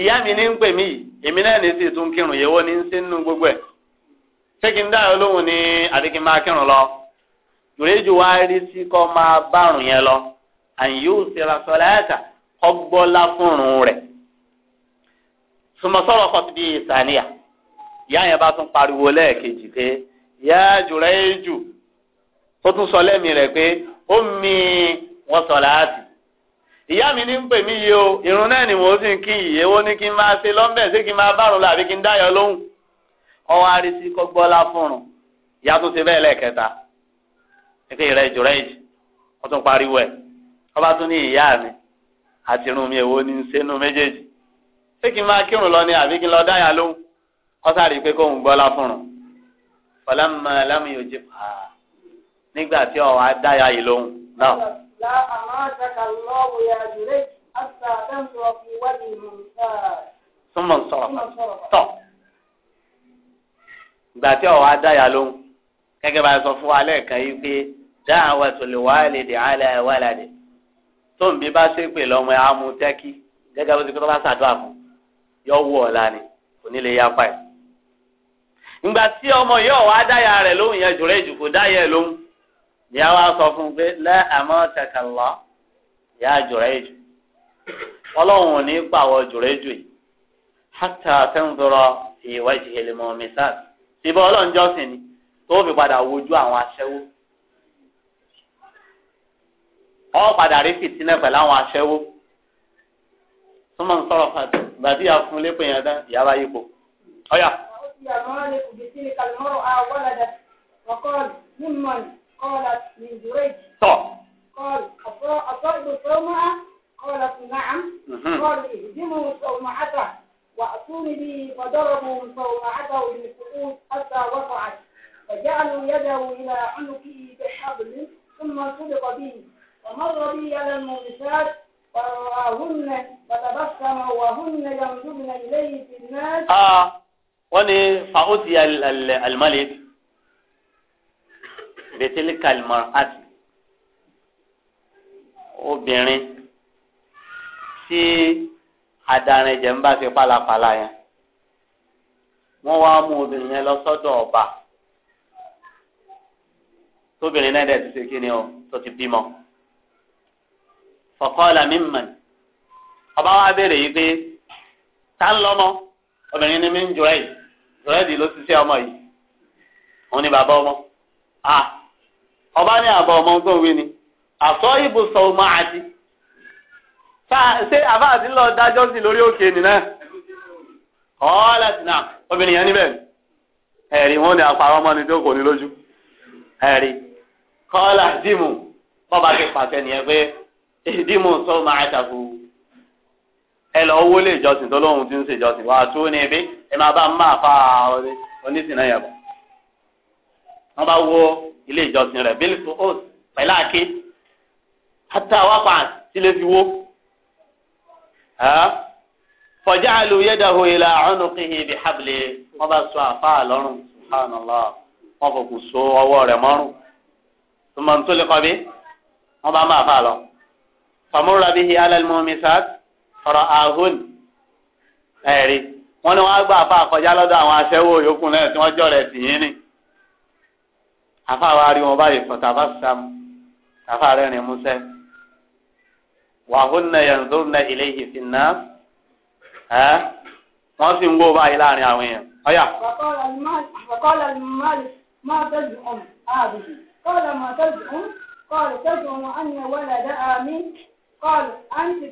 Speaker 2: ìyá mi ní ń pè mí yìí èmi náà ní sì tún kírun ní ń nínú gbogbo ẹ̀ ṣé kí n dá olóhùn ní lọ àjùrẹ́jù wa rí sí kọ́ máa yẹn lọ àyè sọmọsọrọ kọtù bíi sàníyà ìyá yẹn bá tún pariwo lẹ́ẹ̀kejì pé ìyá jùlọ yẹn jù ó tún sọ lẹ́mìí rẹ̀ pé ó mi wọ́n sọ láàtì ìyá mi ní ń pè mí yìí o irun náà ni mò ń sìn kí yìí èwo ni kí n máa ṣe lọ́nbẹ̀ sí kí n máa bárun làbí kí n dáyọ lóhùn ọwọ́ arísí kọ́gbọ́lá fúnrun ìyá tún ṣe bẹ́ẹ̀ lẹ́ẹ̀kẹta pé ìrẹ́ jùlọ yẹn pariwo ẹ̀ ọba tún ní ìyá mi àti irun mi èwo ni ń ṣe nú méjèèjì ṣé kí n máa kírun lọ ni àbí kí n lọ dáyà lóhùn ọ̀sà rí i pé kóhùn gbọ́lá fúnrun fọlámà lámì yóò jẹ fà á nígbà tí ọ̀ wá dáyà yìí lóhùn náà.
Speaker 4: la amataka
Speaker 2: súnmọ̀ ń sọ̀rọ̀ tọ̀ ìgbà tí ọ̀ wá dáyà lóhùn gẹ́gẹ́ bá a sọ fún wa lẹ́ẹ̀kan yìí pé da'watul walidi ala waladi tó ń bí bá ṣépè lọ́mọ ẹ̀ á mú tẹ́kí gẹ́gẹ́ bó ti kọ́ tó bá ṣàdúrà fún yọ ọla ni kò ní lè yapa ẹ̀. ìgbà tí ọmọ yóò wá dáyà rẹ̀ lóhùn yẹn jùlọ èjì kò dáyà ẹ̀ lóhùn ni a wá sọ fún un pé lẹ́ àmọ́ lọ yà á jùlọ èjì ọlọ́run ò ní pàwọ jùlọ èjì yìí ìwà ni tó àwọn ọ padà rí fìtínà àwọn tó máa ń sọ̀rọ̀ fún àti gbàtí yà fún lépo yẹn dán ìyá bá yípo. ọ̀yà.
Speaker 4: فضربوا صومعته بالسقوط حتى وقعت فجعلوا يده إلى عنقه ثم به بي فرآهن فتبسم وهن ينظرن إليه
Speaker 2: آه wọ́n ní fàótì alimalik bẹ́tẹ́lí kalimar àti obìnrin tí adarinjẹ ń bá fi pálapàla yẹn wọ́n wá mú obìnrin yẹn lọ sọ́dọ̀ ọba tóbìnrin náà dẹ̀ ti ṣe kí ni o tó ti bímọ fọkọ́ọ̀là mímọ̀ ọba wa béèrè yìí pé tá ń lọ́mọ obìnrin ni mí ń jùrẹ́ yìí jùrẹ́ yìí ló ti ṣe ọmọ yìí òun ni bàbá ọmọ à ọba ní àbọ̀ ọmọ tó wí ni àtọ́ ibùsọ̀ ọmọ àti ṣé àbá àti lọ dájọ́ sí lórí òkè nìyẹn kọ́ọ̀lá sí náà obìnrin yẹn níbẹ̀ ẹ̀rí wọn ni àpárọ̀ ọmọ ni tó kò ní lójú ẹ̀rí kọ́ọ̀lá dìmú bọ́ba ti pàṣẹ nìyẹn pé ìdímù sọ máa ṣàkó ẹ lọ owó lè jọsìn tó lóhun tí ń ṣe jọsìn wàá tó ní ibi ẹ máa bá máa fa onísìnà yẹn bọ wọn bá wo ilé ìjọsìn rẹ bílí fún oṣù pẹ̀lú àké ata wákà sílé fi wó fọjá àlù yẹdàhó ilà ọ̀nù kìhì bí hábìlì wọn bá sọ àfa lọ́rùn subhanallah wọn kò kù so ọwọ́ rẹ̀ mọ́rùn tó máa ń tó wọn bá máa fa lọ famurra bihi alal mumisat ọ̀rọ̀ ahun ẹ̀rí wọn ni wọn gbà àfa àkọjá lọ́dọ̀ àwọn aṣẹ́wó yòókù náà tí wọ́n jọ rẹ̀ tì í nì àfa wa rí wọn báyìí fọ̀tà bá sàmù àfa rẹ̀ rìn músẹ́ wàhùn náà yẹn tó náà ilé yìí fi ná ẹ́ wọ́n sì ń wó báyìí láàrin àwọn èèyàn ọ̀yà.
Speaker 4: wàkọ́lá ni máa tẹ̀sí ọ̀hún ààbò kọ́lá máa tẹ̀sí ọ̀hún kọ́lá tẹ̀sí ọ̀hún àníyàn wọlé قال أنت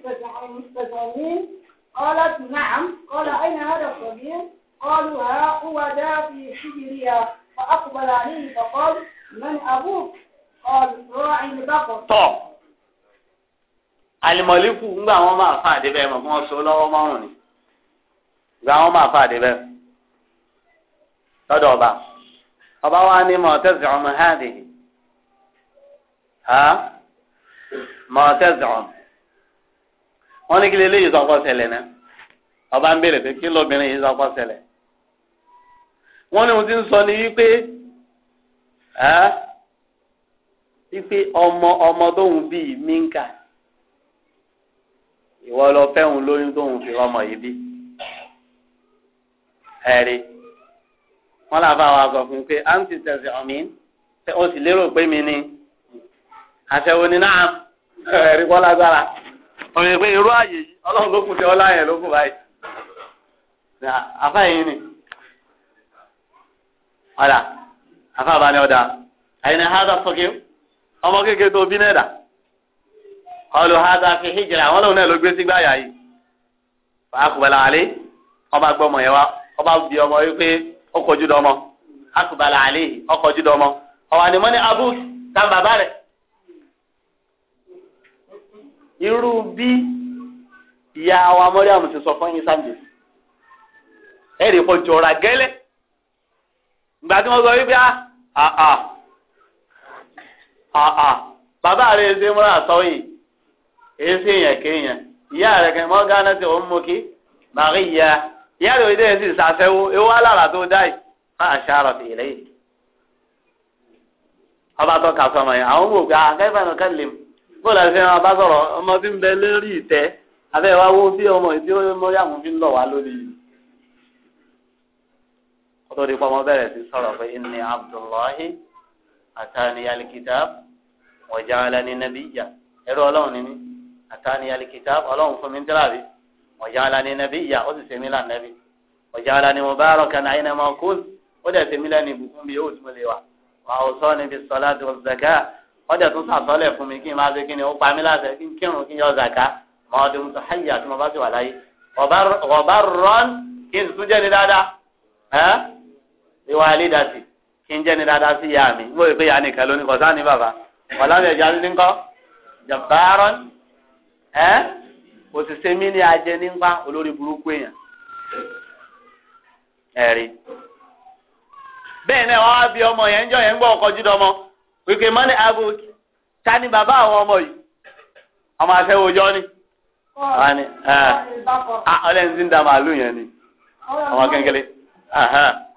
Speaker 4: تزعمين قالت نعم قال أين هذا الطبيب؟ قالوا ها هو ذا في حجرها فأقبل عليه فقال من أبوك قال راعي البقر طب
Speaker 2: alimọliku ńgbà wọn máa fa àdébẹ mọ kí wọn so lọ́wọ́ márùn ni ńgbà wọn máa fa àdébẹ lọ́dọ̀ ọba ọba wa ni mọtẹsán hàn dèhì ha mọtẹsán wọ́n ní kí lè léyìí sọ́kọ́ ṣẹlẹ̀ náà ọba ń béèrè pé kí lóbìnrin yìí sọ́kọ́ ṣẹlẹ̀
Speaker 3: wọ́n ní ohun tí ń sọ ni wípé
Speaker 2: wípé ọmọ ọmọ tóun bí mínká ìwọ lọ fẹ́hùn lóyún tóun fi ọmọ yìí bí ẹ̀rí wọ́n làbá wa sọ fún un pé àǹtí tẹ̀sí ọ̀mí ó sì lérò pé mi ni àṣẹwò ni náà ẹ̀rí kọ́ lágbára. ọ pé irú àyè yìí ọlọ́run ló kún sí ọlá yẹn ló kún báyìí àfa yìí ni ọ̀dà àfa haza ọ̀dà àyìn náà hádà sọ́kì ọmọ kékeré tó bí hádà fi hijira àwọn ọlọ́run náà ló gbé sígbà yà yìí fàákùbẹ̀lẹ̀ àlẹ́ ọba gbọ́mọ yẹn wá ọba bí ọmọ yìí pé ó kọjú dọmọ àkùbẹ̀lẹ̀ àlẹ́ ọkọjú dọmọ ni tá bàbá rẹ̀. irú bí ìyá wa mọ́ríàmù ti sọ fún yín sáǹdé ẹ̀rì kò jọra gẹ́lẹ́ ìgbà tí wọ́n sọ wípé àà ah, àà ah, ah, bàbá rẹ̀ ṣe múra sọ́yìn èyí sí èèyàn kéèyàn ìyá rẹ̀ kẹ́ mọ́ gánà tí òun mú kí màrí ìyá ìyá rẹ̀ òde sì ṣàṣẹ́wó ewu alára tó dáì máa ṣàrọ̀ sí ilé yìí ọba tó kà sọmọ yẹn àwọn gbogbo akẹ́fẹ́ nìkan lè mú bó la ṣe máa bá sọ̀rọ̀ ọmọ tí ń bẹ lórí ìtẹ́ abẹ́ wa wo bí ọmọ ìdí ọmọ yà mú fi ń lọ wá lórí yìí. ọtọ́ di pọ́ ọmọ bẹ̀rẹ̀ sí sọ̀rọ̀ pé inni abdullahi atani alikitab wa ja'alani nabiyya ẹ̀rọ ọlọ́run ni mí atani alikitab ọlọ́run fún mi ń tẹ́lá rí wa ja'alani nabiyya ó sì ṣe mí lànàbí wa ja'alani mubarakan aynama kuntu ó dẹ̀ ṣe mí lẹ́nu ìbùkún bí yóò ọjà tó sàtọ́lẹ̀ fún mi kí n máa ṣe kí ni ó pa mí láṣẹ kí n kírun kí n yọ zàká mọ ọdún tó hàyè àti mo bá ti wà láyé ọba rán kí n tún jẹ́ ni dáadáa ẹ́ ìwà àlídàsí kí n jẹ́ ni dáadáa sí ìyá mi mo rò pé nìkan lónìí kọ̀ọ̀sán ní bàbá ọ̀làmì ẹ̀jẹ̀ àti nìkan jàbáárọ̀ ẹ́ òṣìṣẹ́ mi ní ajẹ olórí burúkú èèyàn ẹ̀rí bẹ́ẹ̀ náà wọ́n á bí ọmọ yẹn ń jọ yẹn ń gbọ́ ọkọ̀ jídọ́mọ́ wípé mọ́ni abud ta ni bàbá àwọn ọmọ yìí ọmọ àfẹ́wò jọ ni wọ́n ni ah, ọlẹ́ni tí ń da màálù yẹn ni ọmọ kékeré.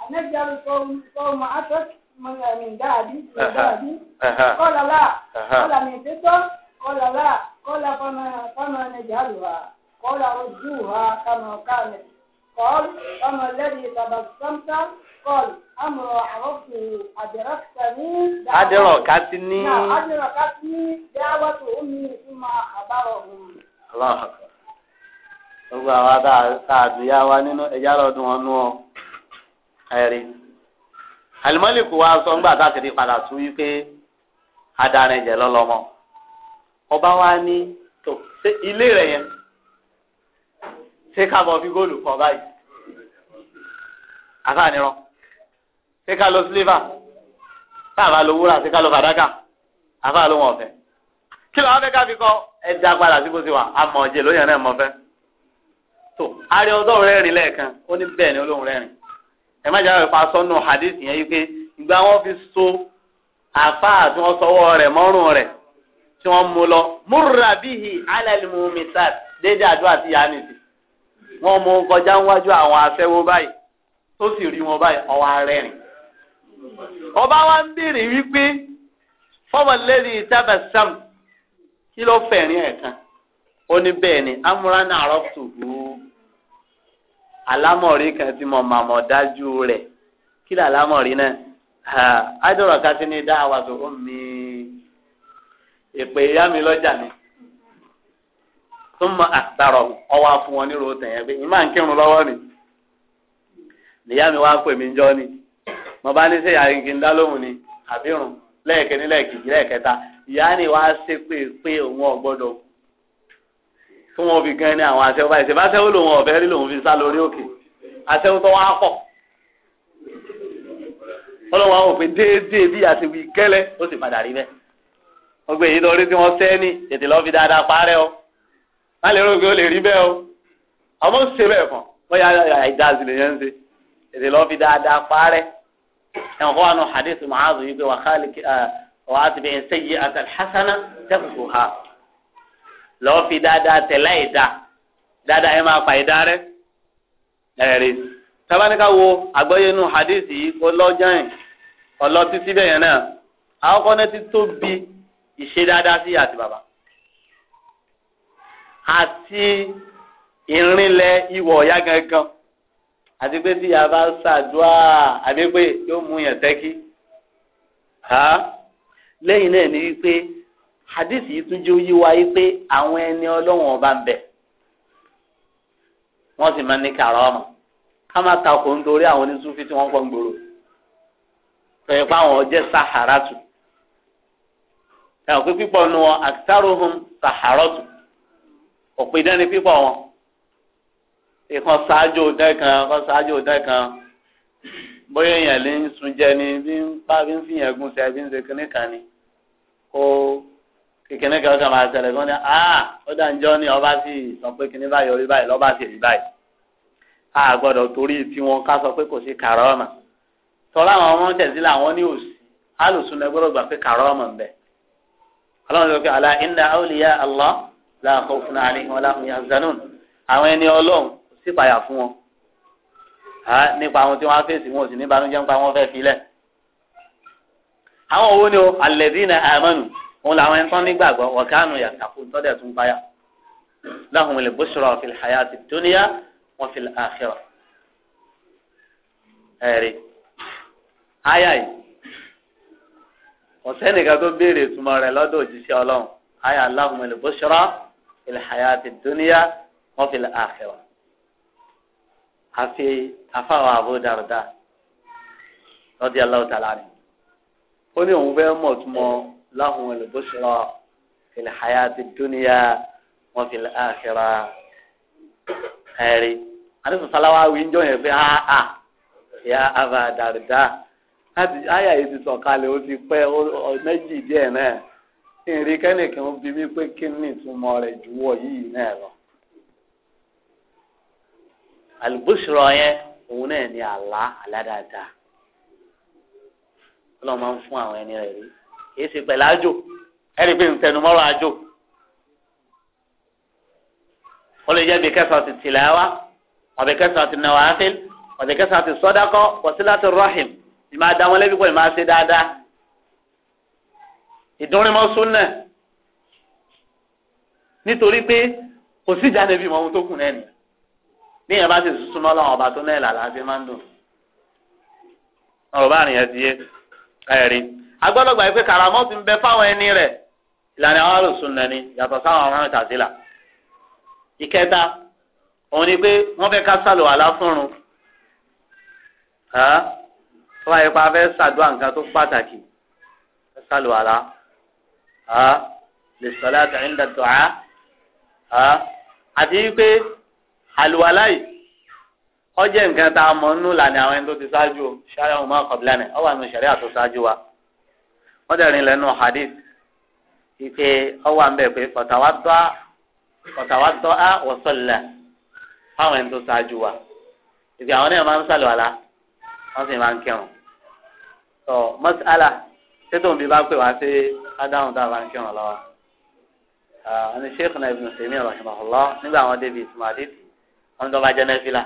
Speaker 4: anẹ́jọ́rù sọ ma atọ́sí mi ní dáàbí mi dáàbí kọ́lá láà kọ́lá mi tẹ́tọ́ kọ́lá láà kọ́lá fọ́nà ẹ̀jẹ̀ àlùwà kọ́lá ojú wa kàmọ́ kàmẹ́ kọ́ ọmọ lẹ́yìn tàbá sọ́mtà. قال أمر عرفته أدركتني أدركتني نعم أدركتني دعوة أمي ثم أخبرهم
Speaker 2: الله أكبر gbogbo àwa tá a dùn yá wa nínú ẹja lọdún ọnú ọ ẹrí alimọlìkù wa sọ ńgbà tákìrí padà tún wípé adarin jẹ lọlọmọ ọba wa ní tó ṣe ilé rẹ yẹn ṣé kábọ fi góòlù kọ báyìí àfààní rán ṣé ká lo silver táàbà lo wúrà ṣé ká lo fàdákà àfa ló wọn fẹ́ kí ló wá fẹ́ ká fi kọ ẹja padà sí bó ti wà àmọ̀ ọ̀jẹ̀ lóyún náà mọ̀ fẹ́ tó ààrẹ ọlọ́run rẹ́rìn lẹ́ẹ̀kan ó ní bẹ́ẹ̀ ni ọlọ́run rẹ́rìn ẹ má jáwé pa sọ́nù hadith yẹn yìí pé ìgbà wọn fi so àfa tí wọn sọwọ́ rẹ̀ mọ́rùn rẹ̀ tí wọ́n mú lọ múra bíhi alẹ́lùmú àdúrà tí yá nìsí wọ́n mú kọjá níwájú àwọn aṣẹ́wó báyìí tó sì rí wọn báyìí ọwọ́ arẹ́rìn ọba wa ń béèrè wípé fọwọ́lẹ́rì tábàsám kí ló fẹ̀rín ẹ̀kan bẹ́ẹ̀ ni alámọ̀rí kan tí mo màmọ́ dájú rẹ̀ kí ló alámọ̀rí náà adọ̀rọ̀ ní dá àwa tó mi èpè ìyá mi lọ́jà mi súnmọ́ àtàrọ̀ ọwọ́ fún wọn nírò tẹ̀yẹ́ pé lọ́wọ́ ìyá mi mo bá ní sẹ àyìnkì ń dá lóhùn ni àbírùn lẹ́ẹ̀kẹ́ni lẹ́ẹ̀kejì lẹ́ẹ̀kẹta ìyá ni wàá ṣe pé pé òun ọgbọ́dọ̀ tí wọ́n fi gan ni àwọn aṣẹ́wó báyìí ṣèbá aṣẹ́wó lòun ọ̀fẹ́ rí lòun fi sá lórí òkè aṣẹ́wó tó wá pọ̀ ọlọ́run àwọn òfin déédéé bí àti wí kẹ́lẹ́ ó sì padà rí bẹ́ẹ̀ wọ́n gbé èyí lórí tí wọ́n sẹ́ ní ètè lọ́ọ́ fi dáadáa parẹ́ o má lè rò ó lè rí bẹ́ẹ̀ o àwọn ń ṣe bẹ́ẹ̀ fún wọ́n yà àìdáàsì lè yẹn ń ṣe ètè lọ́ọ́ fi dáadáa parẹ́ ẹn kó wàánu hadith mu'adhu yìí pé wà khaliq wà á ti bẹ̀yẹn sẹ́yìn àti hasana tẹ́kùtù ha lọ́ọ́ fi dáadáa tẹ̀lá ìdá dáadáa ẹ máa fa ìdá rẹ ẹ̀rí tabaníkà wo àgbọ́yé nu hadith yìí kó lọ́jọ́ yìí ọlọ́tí síbẹ̀ yẹn náà àwọn kọ́nẹ́ ti tóbi ìṣe dáadáa sí àti bàbá àti ìrìnlẹ̀ ìwọ̀ ọ̀yá gangan àti pé tí a bá ṣàdúrà àbí pé yóò mú yàn tẹ́kí. lẹ́yìn náà ni wípé hadith yìí tún jẹ́ oyé wa wípé àwọn ẹni ọlọ́wọ̀n ọba ń bẹ wọ́n sì máa ń ní kàrọ́ ọmọ ká má takò nítorí àwọn onísúfí tí wọ́n pọ̀ ń gbòòrò tọ̀yẹ̀ pé ọjẹ́ saharatu ẹ̀ ọ̀pẹ pípọ̀ nu wọn aktaruhum saharatu ọ̀pẹ ìdánilẹ́pípọ̀ wọn ìkan ṣáájú òdẹ kan ìkan ṣáájú òdẹ kan bóyá èèyàn lè ń sun jẹ ni bí ń bá bí ń fi yẹn gún sẹ bí ń ṣe kinní kan ni kó kinní kan kan máa ṣẹlẹ̀ kan ní à ah, ó dà ń jọ ní ọba sì sọ pé kinní báyìí orí báyìí lọ́ba sì rí báyìí a gbọ́dọ̀ torí tiwọn ká sọ pé kò sí kàrọ́ọ̀mà tọ́lá àwọn ọmọ tẹ̀sí làwọn ní òsì alùsùn lẹ gbọ́dọ̀ gbà pé kàrọ́ọ̀mà ń bẹ ọlọ́run sọ pé àlà sípayà fún wọn ha nípa àwọn tí wọn á fèsì wọn ò sì ní banújẹ́ nípa wọn fẹ́ẹ́ filẹ̀ àwọn owó ni o alladhina amanu òun làwọn ẹni tán nígbàgbọ́ wa kanu yattaqun tọ́dẹ̀ tún báyà lahumul bushra fil hayati dunya wa fil akhirah ẹ̀rí àyà yìí ọ̀sẹ́nìkan tó béèrè ìtumọ̀ rẹ̀ lọ́dọ̀ òjíṣẹ́ ọlọ́run àyà lahumul bushra fil hayati dunya wa fil akhirah àfi afáwọn Abu Darda lọ́dí aláwọ̀ tààlà ni ó ní òun fẹ́ mọ̀ túmọ̀ láhùn ẹlẹ́bùsùlọ̀ fìlẹ̀ hayá ti dúníyà wọn fìlẹ̀ àṣírà ẹ̀rí àdéhùn sáláwá wí ń jọ yẹn pé áà ah, ah, ya Abu Darda láti àyà yìí ti sọ̀kalẹ̀ ó ti pẹ́ méjì díẹ̀ náà ìrìn kẹ́nìkan bí mi pé kí ni ìtumọ̀ rẹ̀ jùwọ̀ yìí náà lọ àlùbùsùrọ̀ yẹn òun náà ní àlá àládáadáa ọlọ́run máa ń fún àwọn ẹni rẹ̀ rí kì í ṣe pẹ̀lú àjò ẹni pé ntẹnumọ́rọ̀ àjò ó lè jẹ́ bí kẹsàn-án ti tìláwá ọ̀bẹ kẹsàn-án ti nàwáfíl ọ̀bẹ kẹsàn-án ti sọ́dákọ́ wọ̀sílátì rọ́hìm ìmọ̀ àdáwọn lẹ́bí pẹ̀lú máa ṣe dáadáa ìdúnrímọ́ súnà nítorí pé kò sí ìjà níbi ìmọ̀ ohun tó kù náà ni bí yẹn bá sì súnmọ́ lọ́wọ́ ọba tó náà làlá fi máa ń dùn ọ̀rọ̀ bá rìn yẹn ti yé ẹ̀rí agbọ́dọ̀ gbà pé karamọ́ ti ń bẹ fáwọn ẹni rẹ̀ ìlànà àwọn àrùsùn nàní yàtọ̀ sáwọn ọ̀rọ̀ ìtàsílà ìkẹta òun ni pé wọ́n fẹ́ ká sàlùwàlá fúnrun tó bá yẹ fẹ́ sàdúrà nǹkan tó pàtàkì fẹ́ sàlùwàlá lè sọlá àtàrí ń dàtọ̀ á àti pé àlùwàlá yìí ọjẹ́ nǹkan tá a mọ̀ nínú ìlànà àwọn ẹni tó ti ṣáájú o ṣáájú àwọn ọmọ ọkọ̀bílánì ọ wà nínú ìṣẹ̀rí àtò ṣáájú wa wọ́n dẹ̀rin lẹ́nu hadith ìpè ọ wà ń bẹ̀ pé ọ̀tàwátọ́ á wọ̀sọ̀lẹ̀ fáwọn ẹni tó ṣáájú wa ìpè àwọn náà máa ń ṣàlùwàlá wọ́n sì máa ń kírun tọ́ mọ́sálà tẹ́tọ̀ bí bá pè wá sí ádáhùn tá a máa ń kírun lọ́wọ́ ẹni sheikh náà ibn Taymiyyah rahimahullah nígbà àwọn débi ìtumọ̀ àdéhùn wọn tó bá jẹ́ nẹ́fìlà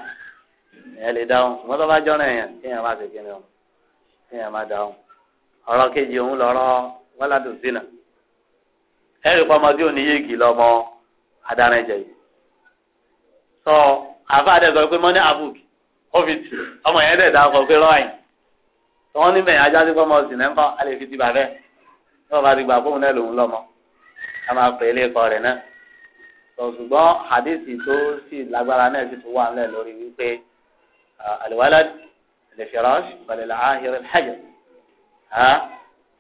Speaker 2: ẹ lè dáhùn wọn tó bá jọ́nà èèyàn kéèyàn má ṣe kíni o kéèyàn má dáhùn ọ̀rọ̀ kejì òun lọ́rọ̀ wọ́ládùn sínà ẹ̀rì pọ́mọdé òní yéègì lọ́mọ adarẹ́jẹ yìí sọ àfáàdé sọ pé mọ́ní abuk ọ́fíìsì ọmọ yẹn dẹ̀ dáhùn pé rọ́ọ̀yìn wọ́n níbẹ̀ yẹn ajá sí pọ́mọ sínà ńkọ́ alẹ́ fi ti bàbẹ́ tí ti gbà fóun náà lòun lọ́mọ ká máa pè é lé ẹ̀kọ́ rẹ̀ náà ṣùgbọ́n hadithi tó sì lágbára náà sì tún wà ńlẹ̀ lórí wípé alwalad al-firash balẹ̀ ahir al-hajar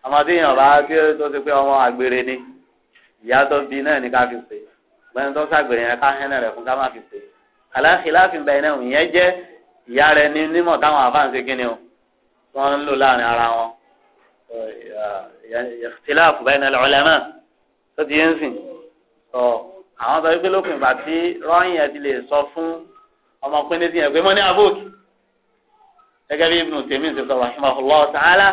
Speaker 2: ọmọdé yẹn ọba tí tó ti pé ọmọ àgbèrè ni ìyá tó bí náà ní ká fi pè gbẹ́ni tó ṣàgbèrè yẹn ká hẹ́nà rẹ̀ fún ká má fi pè aláfíláfin bẹ́ẹ̀ náà ìyẹn jẹ́ ìyá rẹ̀ ní nímọ̀ táwọn afáǹsẹ̀ kínní o wọ́n ń lò láàrin ara wọn ìyẹn ìyẹn ìtìláàfù bẹ́ẹ̀ náà lọ́lẹ́mọ̀ tó ti yẹn ń sìn àwọn sọ wípé lópin ìgbà tí rọ́yìn ẹ ti lè sọ fún ọmọ pínlẹ̀ tí yẹn pé mọ́ ní abóòkì gẹ́gẹ́ bí ibùdó tèmi ṣe sọ rahimahullah ta'ala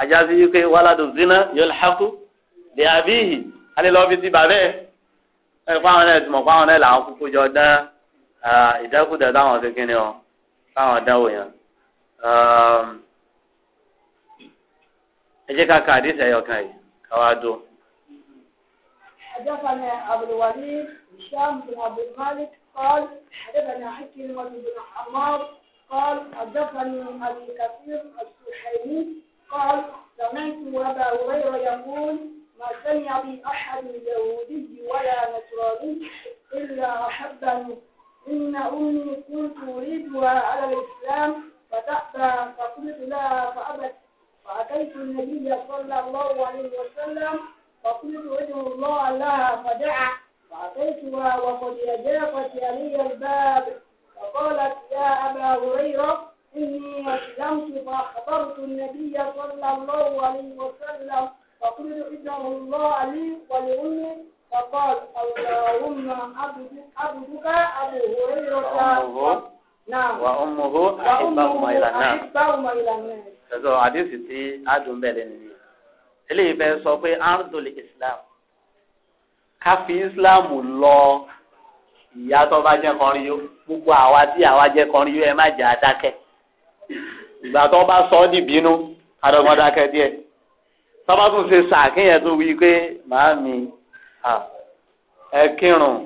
Speaker 2: ajásí wípé wàládùn zina yulhaqu bí abiyihi alilọ́bi ti bàbẹ́ ẹ fáwọn náà ti mọ̀ fáwọn náà làwọn kúkú jọ dán ìdákùdà táwọn ṣe kíni ọ táwọn dánwò yẹn ẹ jẹ́ ká ka àdìsẹ́ ẹ̀yọ̀kan yìí káwá dùn.
Speaker 4: حدثنا أبو الوليد هشام بن أبو مالك قال حدثنا حكيم بن عمار قال حدثني أبي كثير السحيمي قال سمعت أبا هريرة يقول ما سمع بي أحد يهودي ولا نصراني إلا أحبني إن أمي كنت أريدها على الإسلام فتأبى فقلت لها فأبت فأتيت النبي صلى الله عليه وسلم فقلت ادعوا الله لها فدعا فأتيتها وقد أجافت علي الباب فقالت يا أبا هريرة إني أسلمت فأخبرت النبي صلى الله عليه وسلم فقلت ادعوا الله لي ولأمي فقال اللهم عبدك عبدك أبو هريرة
Speaker 2: نعم وأمه أحبهما إلى النار.
Speaker 4: أحبهما إلى النار.
Speaker 2: Àdìsí tí Adùn bẹ̀rẹ̀ nìyí eléyìí fẹ́ sọ pé ardul islam ká fi islam lọ ìyá tó bá jẹ́ kọrin yó gbogbo àwa tí àwa jẹ́ kọrin yó ẹ má jà á dákẹ́ ìgbà tó bá sọ ọ́ dìbínú adọ́gbọ́n dákẹ́ díẹ̀ tọ́ba tún ṣe sàkínyẹn tó wí pé màámi ẹ kírun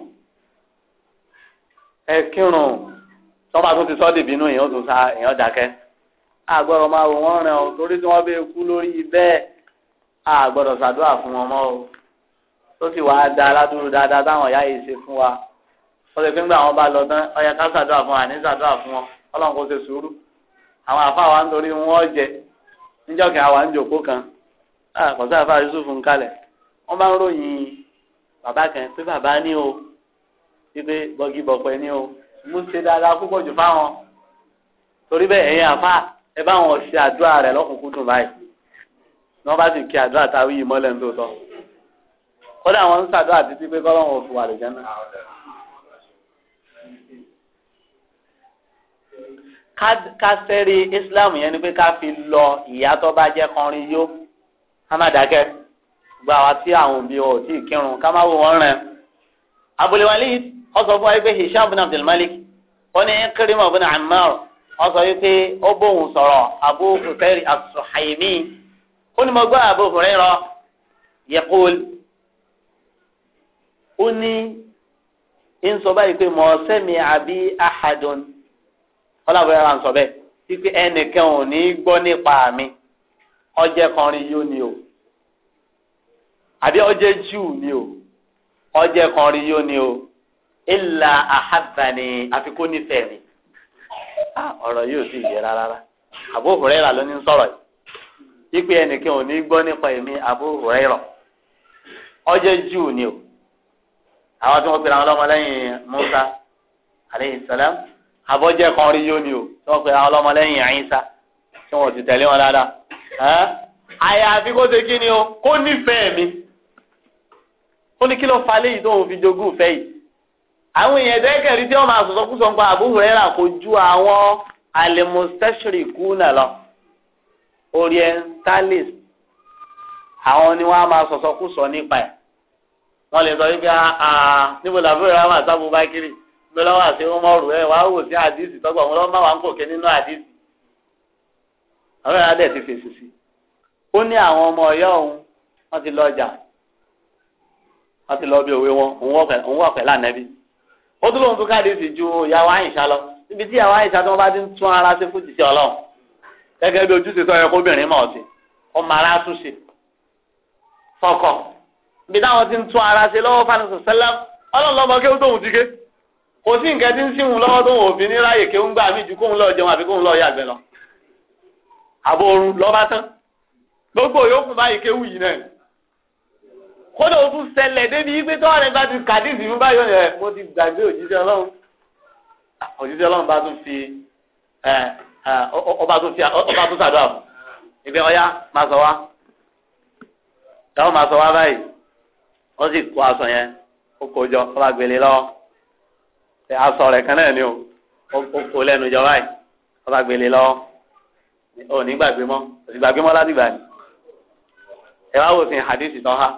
Speaker 2: ẹ kírun tọ́ba tún ti sọ́ dìbínú èèyàn tún sa èèyàn dákẹ́ àgbọ̀rọ̀ máa wò wọ́n rìn ọ́ torí tí wọ́n bẹ kú lórí bẹ́ẹ̀ a gbọ́dọ̀ ṣàdúrà fún wọn o tó sì wàá da aládùúrú dáadáa táwọn ìyá yìí ṣe fún wa wọ́n ti fi ń gbà wọ́n bá lọ tán ọyẹ ká ṣàdúrà fún wa ní ṣàdúrà fún wọn ọlọ́run kò ṣe sùúrù àwọn àfáà wa ń torí wọn jẹ níjọ́ kí àwa ń jòkó kan àkọsí àfáà Yusuf ń kalẹ̀ wọ́n bá ń ròyìn bàbá kan pé bàbá ní o wípé bọ́gìbọ̀pẹ̀ ní o mú ṣe dáadáa púpọ̀ jù fáwọn torí bẹ́ẹ̀ ẹ̀yin àfáà ẹ bá wọn ṣe àdúrà rẹ̀ lọ́kùnkúndùn báyìí wọ́n bá sì kí àdúrà táwí yìí mọ́lẹ̀ ń tó tọ́ kódà wọ́n ń ṣàdúrà títí pé kọ́lọ́run ò fi wà lẹ́jẹ̀ náà. ká sẹ́rí Islam yẹn ni pé ká fi lọ ìyá tó bá jẹ́ kọrin yó ká má dákẹ́ gba àwa tí àwọn òbí ò tí ì kírun ká má wò wọ́n rẹ̀. Abul Walid ó sọ fún wa pé Hisham bin Abdul Malik ó ní Kirima bin Ammar ó sọ pé ó bóun sọ̀rọ̀ Abu Husayr as ó ní mo gbọ́ Abu Hurairah yaqul ó ní ń sọ báyìí pé mọ̀ sẹ́mi àbí ahadun ọlábùrẹ́ ra ń sọ bẹ́ẹ̀ wípé ẹnìkan ò ní gbọ́ nípa mi ọjẹ́ kọrin yóò ní o àbí ọjẹ́ jù ní o ọjẹ́ kọrin yóò ní o ìlà àhàbàní àfikún nífẹ̀ẹ́ mi ah, ọ̀rọ̀ yóò sì yẹ rárá Abu Hurairah ló ní sọ̀rọ̀ yìí ipe ẹnìkan ò ní gbọ́ nípa èmi Abu Hurairah ọjọ́ júù ni o àwọn tí wọ́n pèrè àwọn ọlọ́mọlẹ́yìn Musa aleyhi salam abọ́jẹ́ kan rí yóò ni o tí wọ́n pèrè àwọn ọlọ́mọlẹ́yìn Àyínsá tí wọ́n ti tẹ̀lé wọn dáadáa àyàfi kó ṣe kí ni o kó nífẹ̀ẹ́ mi ó ní kí ló fa léyìí tó ń fi jogún fẹ́ yìí àwọn èèyàn dẹ́kẹ̀rí tí wọ́n máa sọ̀sọ́kúsọ̀ ń pa Abu Hurairah kò ju àwọn al-mustashriquna lọ orientalist àwọn ni wọn a máa sọsọkúsọ nípa ẹ wọn lè sọ wípé àà ah, ah, níbo làbúrò rẹ máa sábò bá kiri níbo lọ́wọ́ àti ọmọọrù ẹ wàá wò sí àdìsí tọ́gbà wọn lọ́wọ́ máa wà ń kòkè nínú àdìsí àwọn ìyá dẹ̀ ti fèsì sí ó ní àwọn ọmọ ọ̀yọ́ òun wọ́n ti lọ ọjà wọ́n ti lọ bí òwe wọn òun wọ̀ pẹ̀lú ànẹ́bí ó tún lóun tún káàdì sí ju ìyàwó àyìnṣá lọ níbi tí ìyàwó àyìnṣá tó wọn bá ti ń tún ara sí fún jìṣẹ́ ọlọ́run gẹ́gẹ́ bí ojúṣe tó yẹ kóbìnrin mọ̀ sí ọmọ ara tún fọkọ bí táwọn ti ń tún ara ṣe lọ́wọ́ fani sọ̀sẹ́lá ọlọ́ọ̀lọ́mọ kéwú tóun ti ké kò sí nǹkan tí ń síhun lọ́wọ́ tóun òfin ní ráyè kéwú gbà mí ju kóun lọ́ọ́ jẹun àbí kóun lọ́ọ́ yàgbẹ́ lọ. àbò oorun lọ́ba tán gbogbo yòókù báyìí kéwú yìí náà kódà ó tún ṣẹlẹ̀ débi wípé tọ́ọ̀rẹ́ bá ti kàdíìsì fún báyọ̀ yẹn mo ti gbàgbé òjíṣẹ́ ọlọ́run òjíṣẹ́ ọlọ́run bá tún fi ọba tó fi ọba tó sàdúrà fún ibi ọya máa sọ wá táwọn máa sọ wá báyìí wọ́n sì kó aṣọ yẹn ó kó jọ ọba gbélé lọ́wọ́ aṣọ rẹ̀ kan náà ni o ó kó lẹ́nu jọ báyìí ọba gbélé lọ́wọ́ ò ní gbàgbé mọ́ ò sì gbàgbé láti gbà ní. ẹ wá wò sí hadithi tán ha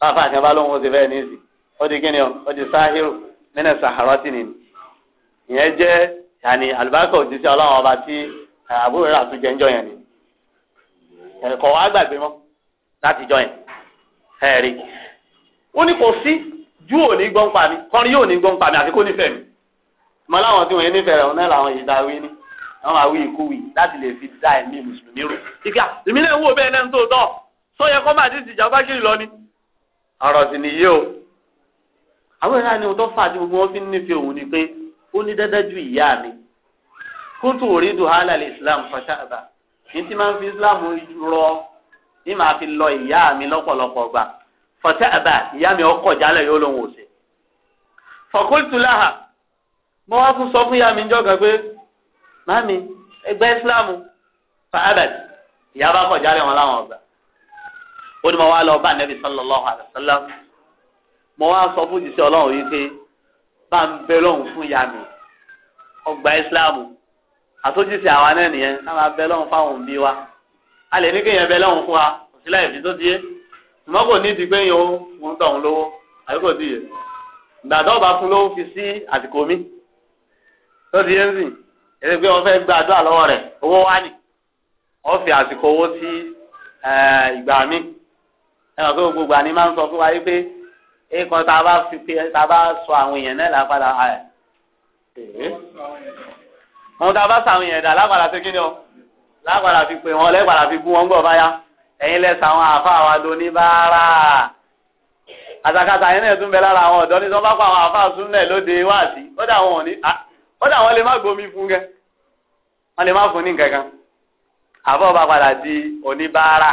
Speaker 2: báfa àti ọba lóhun ó ti bẹ́ẹ̀ ní ìsìn ó di kíni o ó di sáhírù nínú sàhárọ́tì nìyí ìyẹn yanni alùbáríkà òjíṣẹ́ ọlọ́run ọba tí àbúrò rẹ̀ àtúnjẹ ń jọ yẹn ni ẹ̀kọ́ wa gbàgbé mọ́ láti jọ yẹn ẹ̀rí wọ́n ní kò sí ju òní gbọ́n pa mi kọrin yóò ní gbọ́n pa mi àti kò nífẹ̀ẹ́ mi mọ láwọn tí wọ́n yẹn nífẹ̀ẹ́ rẹ̀ wọn náà làwọn yìí dáwé ní àwọn àwí ìkúwì láti lè fi dá ẹ̀mí mùsùlùmí rò ìgbà èmi náà wò bẹ́ẹ̀ náà ń tó tọ́ sọ yẹ kọ́ máa ti ti jàmbá kiri lọ ni ọ̀rọ̀ sì nìyí o àwọn ìlànà ìwọ̀n tó fà á tí gbogbo wọn fi ń nífẹ̀ẹ́ òun ni pé ó ní ìyá mi kótó islam fọṣáàbà ní máa islam rọ ní fi lọ ìyá mi lọ́pọ̀lọpọ̀ gbà fọṣáàbà ìyá mi ọkọ̀ jálẹ̀ yóò lóun ò ṣe. fọkúntùláhà mo wá tún sọ fún ìyá mi jọ́gàn pé ẹgbẹ́ islam fàábàtì ìyá bá kọ̀ jálẹ̀ wọn láwọn ó ní mo wá lọ bá nẹ́bí mo wá sọ fún jìṣẹ́ bá ń bẹ lọ́hùn fún ìyá mi ọgbà ìsìláàmù àtúntìsí àwa náà nìyẹn ká máa bẹ lọ́hùn fáwọn òbí wa a lè ní kéèyàn bẹ lọ́hùn fún wa kò sí láì fi tó di yé ṣùgbọ́n kò ní ti pé yẹn ó ń tọ̀ ń lówó àbí kò sí yẹ gbàdọ́ bá fún lówó fi sí àsìkò mi tó di yé ń sìn èdè pé wọ́n fẹ́ gbàdúrà lọ́wọ́ rẹ̀ owó wá nì wọ́n fi àsìkò owó sí ìgbà mi ẹ̀ ikọ̀ tá a bá fi pe tá a bá sọ àwọn èèyàn náà lápadà ẹ̀ wọn tá a bá sọ àwọn èèyàn dà lápadà sí kíni o lápadà fi pe wọn lẹ́padà fi bú wọn gbọ́ báyà ẹ̀yin lẹ́sà àwọn àfa wa do ní báárà àtàkàtà yẹn náà tún bẹ lára àwọn ọ̀dọ́ ní sọ bá pa àwọn àfa súnlẹ̀ lóde wáàsí ó dà wọn ní ó dà wọn lè má gbomi fún kẹ wọn lè má fún ní kankan àfọ ọba padà di oníbàárà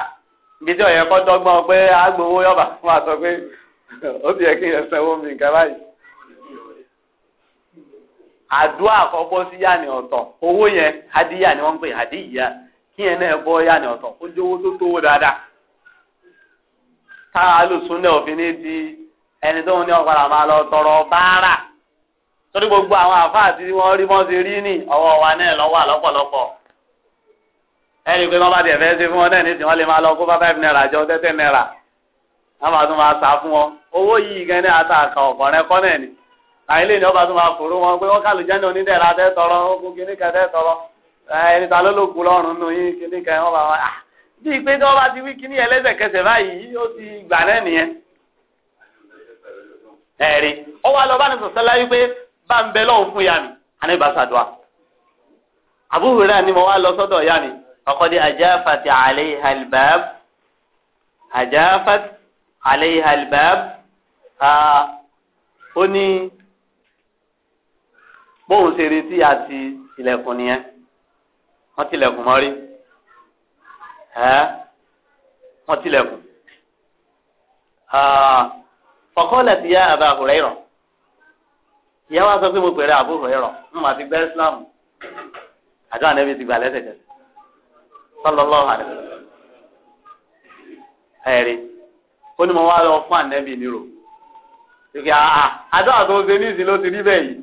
Speaker 2: ibi tí ọ̀yẹ́ kọ́ dọ́gbọ́n pé agbowó yọba wọn àtọ pé
Speaker 3: o ti yẹ kí yẹn mi nǹkan báyìí.
Speaker 2: àdúrà àkọ́kọ́ sí yá ni ọ̀tọ̀ owó yẹn adíyà ni wọ́n ń pè adíyà kí yẹn náà bọ́ yá ni ọ̀tọ̀ ó jẹ́ owó tó tówó dáadáa. tára alùsùn òfin ní ẹni tó ń ní ọ̀padà máa lọ tọrọ báárà gbogbo àwọn tí wọ́n rí ti rí ní ọwọ́ wa náà lọ́wọ́ àlọ́pọ̀lọpọ̀ ẹni pé wọ́n bá tiẹ̀ fẹ́ ṣe fún wọn naira jọ naira àwọn àtúntò máa ta fún wọn owó yìí gan ní ata àkàn ọ̀kọ̀rẹ́ kọ́ náà ni àìlè ní ọba tó máa fòrò wọn pé wọn kàlù jẹ́ni onídẹ̀ẹ́ra tẹ́ tọrọ ogun kìíní kan tẹ́ tọrọ ẹni ta ló lòkù lọ́rùn nù yín kìíní kan wọn bá wọn ah, à bíi pé tí wọn bá ti wí kìíní ẹlẹ́sẹ̀kẹsẹ̀ báyìí ó ti gbà náà nìyẹn. ẹ̀rí ó wá lọ bá ní sọ̀sẹ́ láyé pé bá ń bẹ lọ́hùn fún yá mi àbúrò rẹ̀ ni mo wá lọ sọ́dọ̀ yá ọkọ̀ di àjáfàtì àlẹ́ àlbáb àjáfàtì aleyhi albab ó ní bóun ṣe retí àti ilẹ̀kùn nìyẹn wọ́n tilẹ̀kùn mọ́rí wọ́n tilẹ̀kùn. fọkọ́lẹ̀ ti yá àbá àbúrẹ́ ìrọ̀ ìyá wa sọ pé mo pèrè àbúrò ìrọ̀ mo máa ti gbẹ́ islam àjọ ànẹ́bí ti gbà lẹ́sẹ̀kẹsẹ̀ sallallahu alaihi ẹ̀rí. ó ní mo wá lọ fún ànẹ́bì nírò ìgbà tó ń ṣe ló ti rí bẹ́ẹ̀ yìí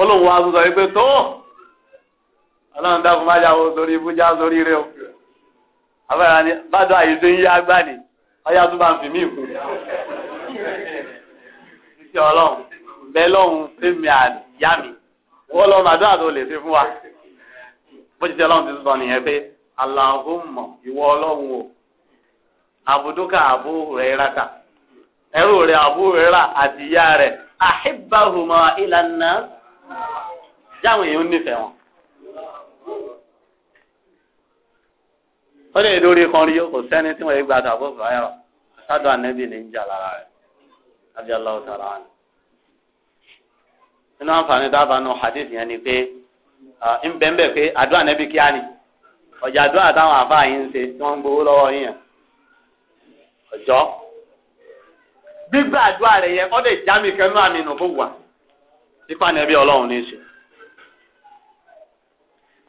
Speaker 2: ó lóun wá sọ tó ọlọ́run dákun má jáwọ́ sórí ibú já sórí rẹ o àbẹ̀rẹ̀ ni bàdó àyè ń yá gbà ní ọyá tó bá ń fi mí ọlọ́run bẹ́ẹ̀ o. abuduka abu hurairata ẹrú rẹ abu huraira àti ìyá rẹ ahibahuma ilana jáwọn èèyàn nífẹ̀ẹ́ wọn. ó lè lórí kan rí kò sẹ́ni tí wọ́n yé gba àtàkùn ọ̀gbọ̀n ẹ̀rọ sádùn ànẹ́bì ní ìjà lára rẹ̀ àbí aláwọ̀ sára wọn. nínú àǹfààní dábàá nù hadith yẹn ni pé ń bẹ́ẹ̀ bẹ́ẹ̀ pé àdúrà ànẹ́bì kíá ni ọ̀jà àdúrà táwọn àfáà yìí ń ṣe tí wọ́n ń gbowó lọ́wọ́ yìí yẹn ọjọ́ gbígbà àdúrà rẹ̀ yẹn ọdẹ jámi kẹnu àmì ìnàbó wà nípa nẹbí Ọlọ́run ní í ṣe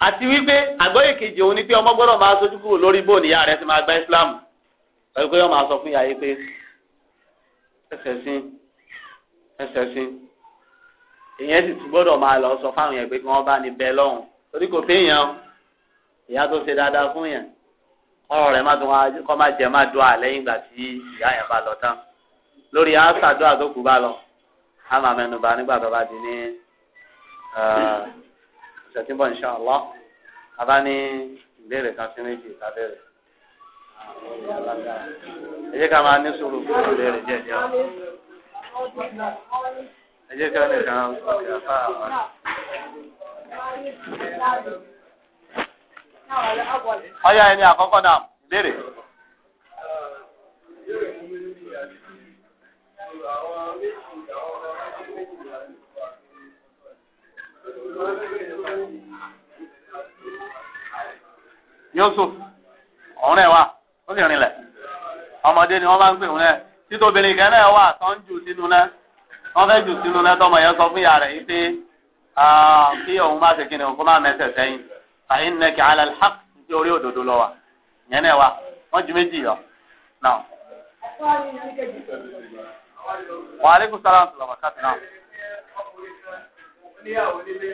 Speaker 2: àti wípé àgbọ́yé kejì òun ni pé ọmọ gbọ́dọ̀ máa sojú kúrò lórí bóòlù ìyá rẹ̀ ti máa gba Islam pẹ̀lú pé wọ́n máa sọ fún ìyá yìí pé ẹsẹ̀ sí ẹsẹ̀ sí ìyẹn sì tún gbọ́dọ̀ máa lọ sọ fáwọn yẹn pé kí wọ́n bá ní bẹ́ẹ̀ lọ́hùn torí kò téèyàn ìyá tó ṣe dáadáa fún yẹn ọ̀rọ̀ rẹ̀ má dùn kọ́ má jẹ́ má dùn à lẹ́yìn ìgbà tí ìyá yẹn bá lọ tán lórí àṣàdúrà tó kù bá lọ a máa mẹnuba nígbà tó bá di ní ọ̀sẹ̀ tí ń bọ̀ insha Allah a bá ní ìbéèrè kan sí méjì lábẹ́rẹ́
Speaker 3: ẹ jẹ́ ká máa ní sùúrù fún ìbéèrè jẹ́jẹ́ o ẹ jẹ́ ká nìkan ọ̀sẹ̀ àfáà wa.
Speaker 2: ọya ẹni àkọ́kọ́ náà béèrè. Yusuf ọ̀rẹ́ wa ó sì rìnlẹ̀
Speaker 3: ọmọdé ni wọ́n bá ń
Speaker 2: pè wọ́n ẹ̀ títóbìnrin kan wà tó ń jù sínú tọmọ yẹn sọ fún ìyá rẹ̀ yìí pé ah, kí òun má ṣe kí fàyín nẹkì alẹ alhaq ní orí òdodo lọ wa yẹn náà wa wọn ju méjì yọ náà.
Speaker 3: wa salaam wa rahmatulah náà. níyàwó nílé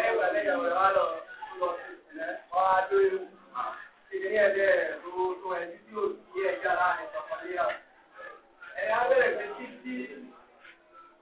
Speaker 2: ẹ̀yìn wà lẹ́yìn àwọn ọ̀rọ̀ wa lọ
Speaker 3: lọ sí ẹ̀ ọ́ adó ewu ìdí ní ẹ̀dẹ́ ẹ̀rọ tó ẹ̀ títí òsì ẹ̀já láàrin ọ̀pọ̀ níyàwó. ẹ̀yà bẹ̀rẹ̀ pé títí.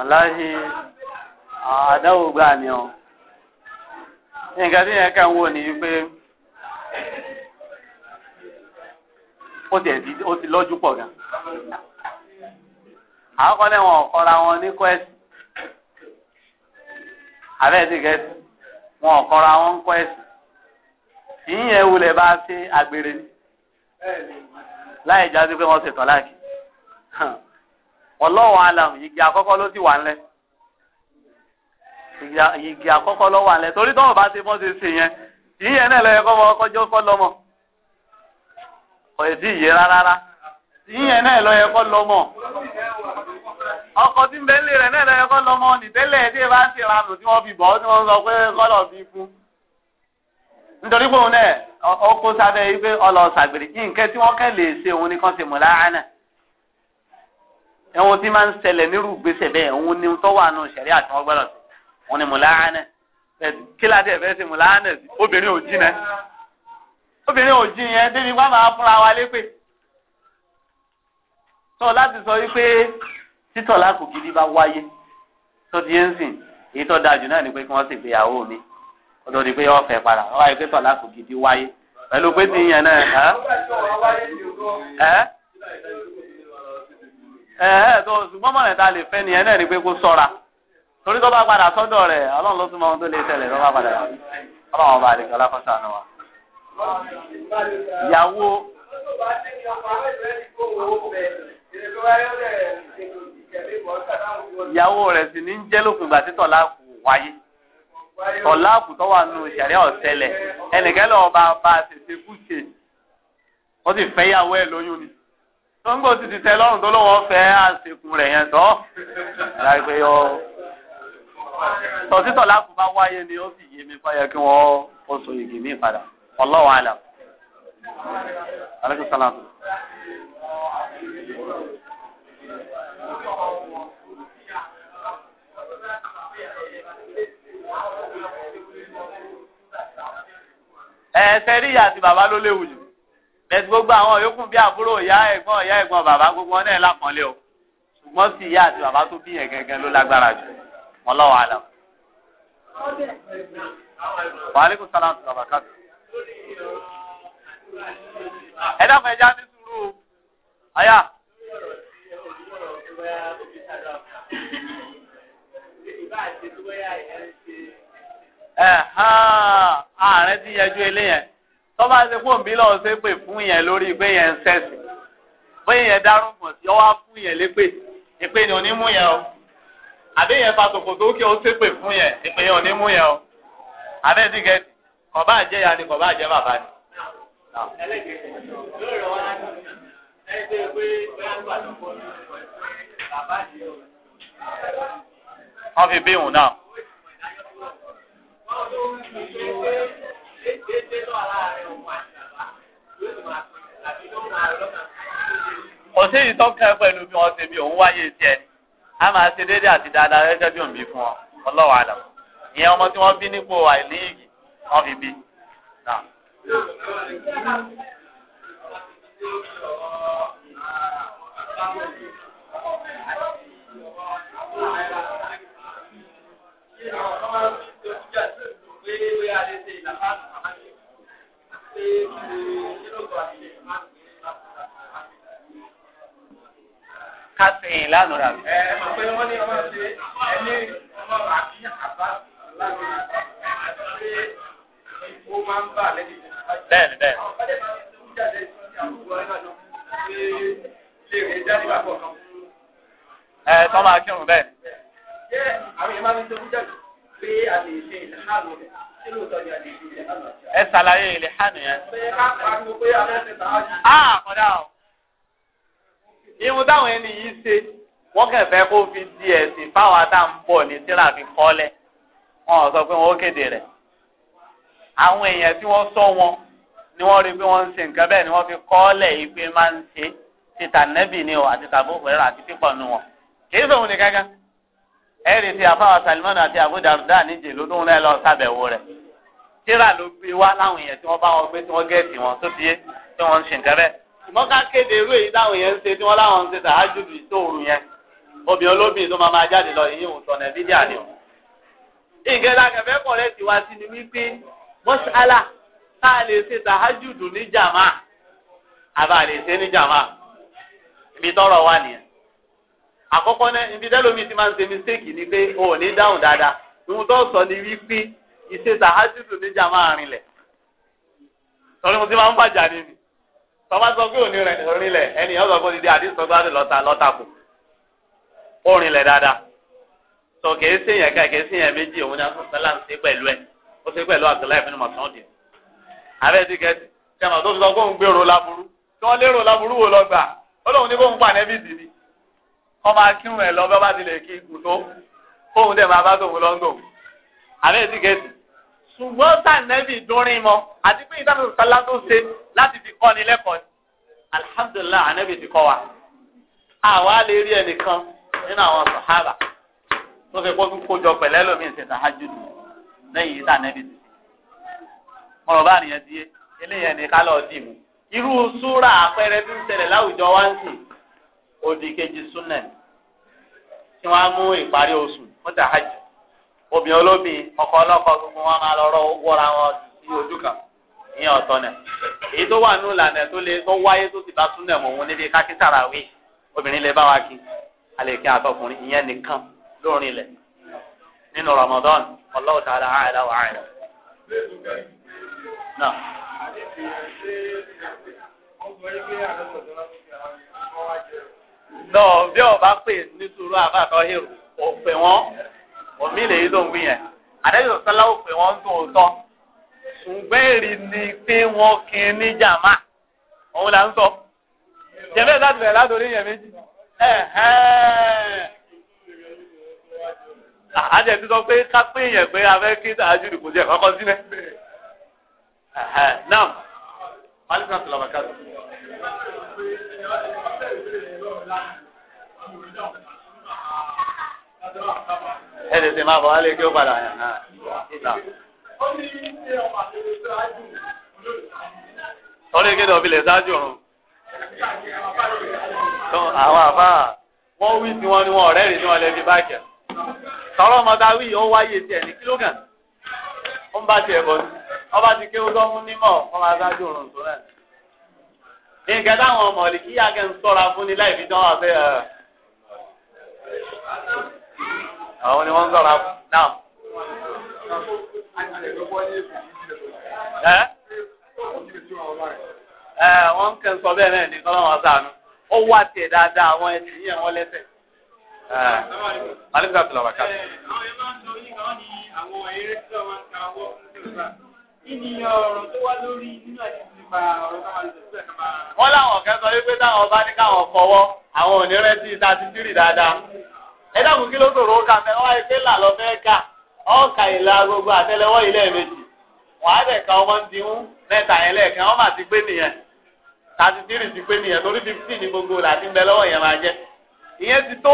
Speaker 2: aláhi àdáwò gbà ni ọ
Speaker 3: nǹkan tí yẹn kàn wò
Speaker 2: ní pé ó ti ẹ̀dí ó ti lọ́jú pọ̀ gan àwọn kan náà wọn kọ́ra wọn ní kwẹ́sì abẹ́ẹ̀ ti gẹ̀ẹ́sì wọn kọ́ra wọn ń kwẹ́sì ìyẹn wulẹ̀ bá ṣe àgbèrè ni láì jáde pé wọ́n ṣe tọ́láàkì. wallahu alam igi àkọ́kọ́ ló sì wà ńlẹ̀ igi àkọ́kọ́ ló wà ńlẹ̀ torí tọ́wọ́ bá ṣe bọ́ ṣe ṣe yẹn náà lọ́yẹ kọ́mọ kọ́ lọ́mọ tí ì yé rárá ìyẹn náà lọ́yẹ kọ́ lọ́mọ ọkọ̀ tí ń bẹ rẹ̀ náà lọ́yẹ kọ́ lọ́mọ nìtẹ́lẹ̀ tí bá ń tìra nù tí wọ́n fi bọ́ tí wọ́n sọ pé kọ́lọ̀ fi nítorí pé òun náà ọkọ̀ sábẹ́ yìí pé ọlọ́ọ̀sàgbèrè nǹkan tí wọ́n kẹ́ lè ṣe òun nìkan mọ̀ láàánà ẹ̀wọ̀n tí máa ń ṣẹlẹ̀ nírú gbèsè bẹ́ẹ̀ òun ni tó wà nù sẹ̀rí àti wọn gbọ́dọ̀ sí wọn ni mùláánà kí ládé ẹ̀fẹ́ sí mùláánà sí obìnrin ò jí náà obìnrin ò jí yẹn débi wá máa fúnra wa lépè sọ láti sọ wípé títọ̀ lákò gidi bá wáyé tó di ẹ́ńsìn èyí tó dáa jù náà ni pé kí wọ́n sì gbéyàwó mi ọdún ni pé yọ fẹ́ padà wọ́n wáyé pé tọ̀ lákò gidi wáyé pẹ̀lú pé ti yàn náà
Speaker 3: ẹ́ ẹ̀ẹ́ tó ṣùgbọ́n
Speaker 2: mọ̀rẹ̀ ta lè fẹ́ nìyẹn náà ni pé kó sọ́ra torí tó bá padà sọ́dọ̀ rẹ̀ ọlọ́run ló tún mọ ohun tó lè tẹ̀lé tó bá padà ọlọ́run ọba àdìgbò alákọ̀ọ́sà náà wa
Speaker 3: ìyàwó. ìyàwó rẹ̀
Speaker 2: sì ní ń jẹ́ lókun ìgbà tí tọ̀lá kù wáyé tọ̀lá kù tó wà nù sẹ̀rí ọ̀sẹ̀lẹ̀ ẹnìkẹ́ lọ́ọ́ bá bá a ṣèṣe kú ṣe ni. wọ́n gbọ́ ti ti tẹ lọ́rùn tó lọ́wọ́ fẹ́ àṣekùn rẹ̀ yẹn tọ́ láìpẹ́ yọ tọ̀sítọ̀ láàpù bá wáyé ni ó sì yé mi fáyẹ kí wọ́n ó so igi mi padà Allahu alam. aleykum salaam. ẹ̀ẹ́sẹ̀ rí ìyá àti bàbá ló léwu jù bẹ́ẹ̀ gbogbo àwọn yòókù bí àbúrò ìyá ẹ̀gbọ́n ìyá ẹ̀gbọ́n bàbá gbogbo náà lápọ̀nlé o ṣùgbọ́n sí ìyá àti bàbá tó bí yẹn gangan ló lágbára jù wọn lọ́wọ́ àlọ́. wàhálẹ́kùn sálàmù bàbá kàtó.
Speaker 3: ẹ dákun ẹja ní sùúrù ọyà.
Speaker 2: ẹ̀hán ààrẹ ti yẹjú eléyẹn tọ́ba ṣe fóun bí lọ́wọ́ ṣe pè fún yẹn lórí pé yẹn ń sẹ́sì pé yẹn dárúgbọ̀n sí ọwá fún yẹn lépè ìpè ní onímú yẹn o àbí yẹn fa tòkòtò kí o ṣe pè fún yẹn ìpè yẹn onímú yẹn o àbẹ́ ti gẹ̀ẹ́dì kọ̀bá àjẹ́ ya ni kọ̀bá àjẹ́ bàbá ni. wọ́n fi bí ìhùn náà kò sí ìtọ́kẹ́ pẹ̀lú bí wọ́n ṣe bí òun wáyé tiẹ̀ ni a máa ṣe déédéé àti dáadáa gẹ́gẹ́ bí òun fún ọ ọlọ́wàá àdàm ìyẹn ọmọ tí wọ́n bí nípò àìlíyìí wọ́n fi bí.
Speaker 3: Thank you
Speaker 4: kásìn lánàá
Speaker 3: rà. ẹ mọ̀ pé wọ́n ní ọmọ ṣe ẹni ọmọ àbí àbá lánàá ṣe ìbò máa ń bà lẹ́yìn. bẹ́ẹ̀ni bẹ́ẹ̀ni. ọ̀pẹ́lẹ̀ máa ń ṣe oúnjẹ àti àwùjọ ẹ̀ka ló ṣe lè rí jáde bá kọ̀ọ̀kan. ẹ tọ́ máa kírun bẹ́ẹ̀. ṣé àwọn èèyàn máa ń ṣe oúnjẹ pé a lè ṣe ìdáná lọ́dọ̀ ẹ ṣàlàyé
Speaker 2: ilé hànú yẹn.
Speaker 4: a
Speaker 3: ah, ah, kọ́dà o
Speaker 2: irun táwọn ẹni yìí ṣe wọ́n kàn fẹ́ kó fi di ẹ̀sìn fáwọn àtà ń bọ̀ ní tíra fi kọ́lẹ̀ wọn ò sọ pé wọn ó kéde rẹ̀ àwọn èèyàn tí wọ́n sọ wọn ni wọ́n rí pé wọ́n ń ṣe nǹkan bẹ́ẹ̀ ni wọ́n fi kọ́lẹ̀ yìí pé máa ń ṣe títà nẹ́bì ni o àti tàbí òkúrẹ́rà àti pípọ̀ nu wọn kì í sọ òun nìkan kan ẹ̀rì ti àfáwà Salimani àti Abu Darda níjẹ̀ lọ́dún náà lọ sábẹ̀wò rẹ̀ tíra ló gbé wá láwọn èèyàn tí wọ́n bá wọn gbé tí wọ́n gẹ̀ẹ́sì wọn tó tiẹ̀ tí wọ́n ń ṣe ìtẹ́rẹ́ ṣùgbọ́n ká kéde irú èyí táwọn èèyàn ń ṣe tí wọ́n láwọn ń ṣe tàájùdù ìṣòro yẹn obìnrin olóbìnrin tó máa máa jáde lọ èyí ò sọ̀nà fídíà ni o. ìgbẹ́lá kẹfẹ́ kọ̀ rẹ̀ ti wá sí ni wípé mọ́ṣálà tá a lè ṣe tàájùdù ní jàmá àbá lè ṣe ní ibi tọ́rọ̀ wà nìyẹn. àkọ́kọ́ náà ibi dẹ́lómi ti máa ń ṣe mistake ni pé o ò ní dáhùn dáadáa ohun tó sọ ni wípé ìṣe tàhájúdù níjà máa rinlẹ̀ torí mo ti máa ń bàjá ni mi sọ pé òní rinlẹ̀ ẹnìyàn sọ pé dídí àdìsọ́gbádùn lọ́ta lọ́ta kù ó rinlẹ̀ dáadáa sọ kìí sí yẹn kìí sí yẹn méjì òun náà ṣe pẹ̀lú ẹ̀ ó ṣe pẹ̀lú àgbẹ̀lá ìpinnu mọ̀tàn ọmọ akínwó ẹ̀ lọ bá bá tilẹ̀ kí kùtó kóhun dẹ̀ máa bá tòun lọ́ńgò àbẹ́ ètí kẹ́sì ṣùgbọ́n sànẹ́bì dúnrín mọ́ àti pé ìdáhùn sálá tó ṣe láti fi kọ́ni lẹ́kọ̀ọ́ ni alihamudulilayi ànẹ́bì ti kọ́ wa àwa lè rí ẹnìkan nínú àwọn sàhábà tó fi kó kójọ pẹ̀lẹ́ lómi ìsìn sàhájú lẹ́yìn ìsànẹ́bì ti ọ̀rọ̀ bá nìyẹn di eléyẹn ni ká lọ́ọ́ dì mú irú súrà àpẹẹrẹ tó ń ṣẹlẹ̀ láwùjọ wá ń sìn odi kejì súnà tí wọ́n mú ìparí oṣù fún obìnrin ọkọ ọlọkọ gbogbo wọn máa lọ wọ́ra wọn sí ojú kan ìyẹn nẹ̀ èyí tó wà nù lànà tó lè tó wáyé tó ti bá òun níbi kákí obìnrin lè bá wa
Speaker 3: nọ bí ọba pè nítorí àbàtọ hero òpè wọn omi lèyí ló ń wí àdéhùn sọlá òpè wọn ń dùn tán
Speaker 2: ṣùgbọ́n èrì ni pé wọ́n kí n ní jàmá òun là ń sọ jẹ́bẹ́ láti bẹ̀rẹ̀ látòrí yẹn méjì àjẹ ti sọ pé ká pé yẹn pé abẹ́ kí àjù ìdìbò jẹ kọ́kọ́ sílẹ̀ náà wàlúùsàn tó
Speaker 3: ẹ tètè máa bọ̀ wálé kí ó padà yàn náà. sọ́rí kéde ọ̀bí lè ṣáájú ọ̀run. àwọn àbá wọ́n wí tí wọ́n ní ọ̀rẹ́ ní wọn lè fi báàkì.
Speaker 2: sọ̀rọ̀ ọmọdé ó wáyé tiẹ̀ ní kílógàn. ó ń bá tiẹ̀ bọ̀ sí. ọba ti nímọ̀ ọmọ aṣáájú ọ̀run tó náà. ní nǹkan táwọn ọmọ ọ̀lì kíyà kẹ́ ń sọ́ra fún ni láì fi dán wà pé ẹ̀
Speaker 3: àwọn ni wọ́n ń sọ́ra fún náà. ẹ ẹ wọ́n ń kẹ́ ń sọ bẹ́ẹ̀ náà
Speaker 2: ní kọ́lọ́ sànú ó wà tiẹ̀ dáadáa àwọn ẹ̀sìn yẹn wọ́n lẹ́sẹ̀. alẹ́sà tó lọ àwọn ẹ̀ ń
Speaker 3: sọ yín kan ní àwọn eré tí wọ́n máa ń ka wọ́ kí ni ọ̀rọ̀ tó wá lórí nínú àyè wọ́n láwọn
Speaker 2: ọ̀kẹ́ sọ wípé táwọn ọba ní káwọn fọwọ́ àwọn ò ní rẹ́tí thirty three dáadáa ẹ dákun kí ló sòrò ká fẹ́ wáyé pé là lọ fẹ́ kà ìlà gbogbo àtẹlẹwọ́ ilé ka ọmọ ń diwú mẹ́ta yẹn lẹ́ẹ̀kan ọmọ pé nìyẹn ti pé nìyẹn torí fifteen gbogbo ń lọ́wọ́ yẹn máa jẹ́ ìyẹn ti tó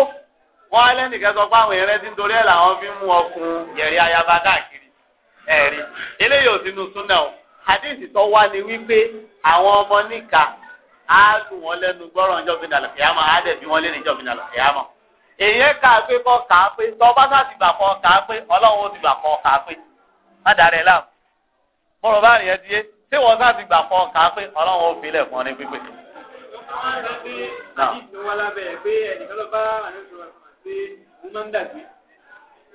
Speaker 2: wọ́n hadith tó wá ni wípé àwọn ọmọ níka á lù wọn lẹ́nu gbọ́rọ̀ ọjọ́ fi dàlọ́ fìyàmọ́ á dẹ̀ bí wọ́n lé ní ìjọ́ fi dàlọ́ fìyàmọ́. èyí kà pé kọ́ kà á pé tọ́ba sá ti gbà kọ́ kà á pé ọlọ́run ó ti gbà kọ́ kà á pé má dàrẹ́ láàmú. bọ́rọ̀ bá nìyẹn ti yé tí wọ́n sá ti gbà kọ́ kà á pé ọlọ́run ó filẹ̀ fún ọ ní pípé. àwọn
Speaker 3: àgbà pé àdìsí wọn lábẹ́ pé ẹnìkan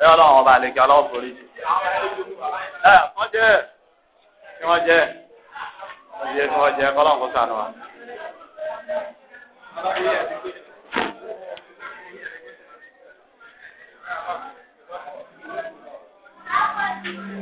Speaker 2: ẹ ọlọ́run ọba àlejò aláwọ̀ forí jù.
Speaker 3: ẹ wọ́n jẹ́ kí wọ́n jẹ́ wọ́n jẹ́ kí wọ́n jẹ́ kọ́lọ́run kó sànù wa. Thank you.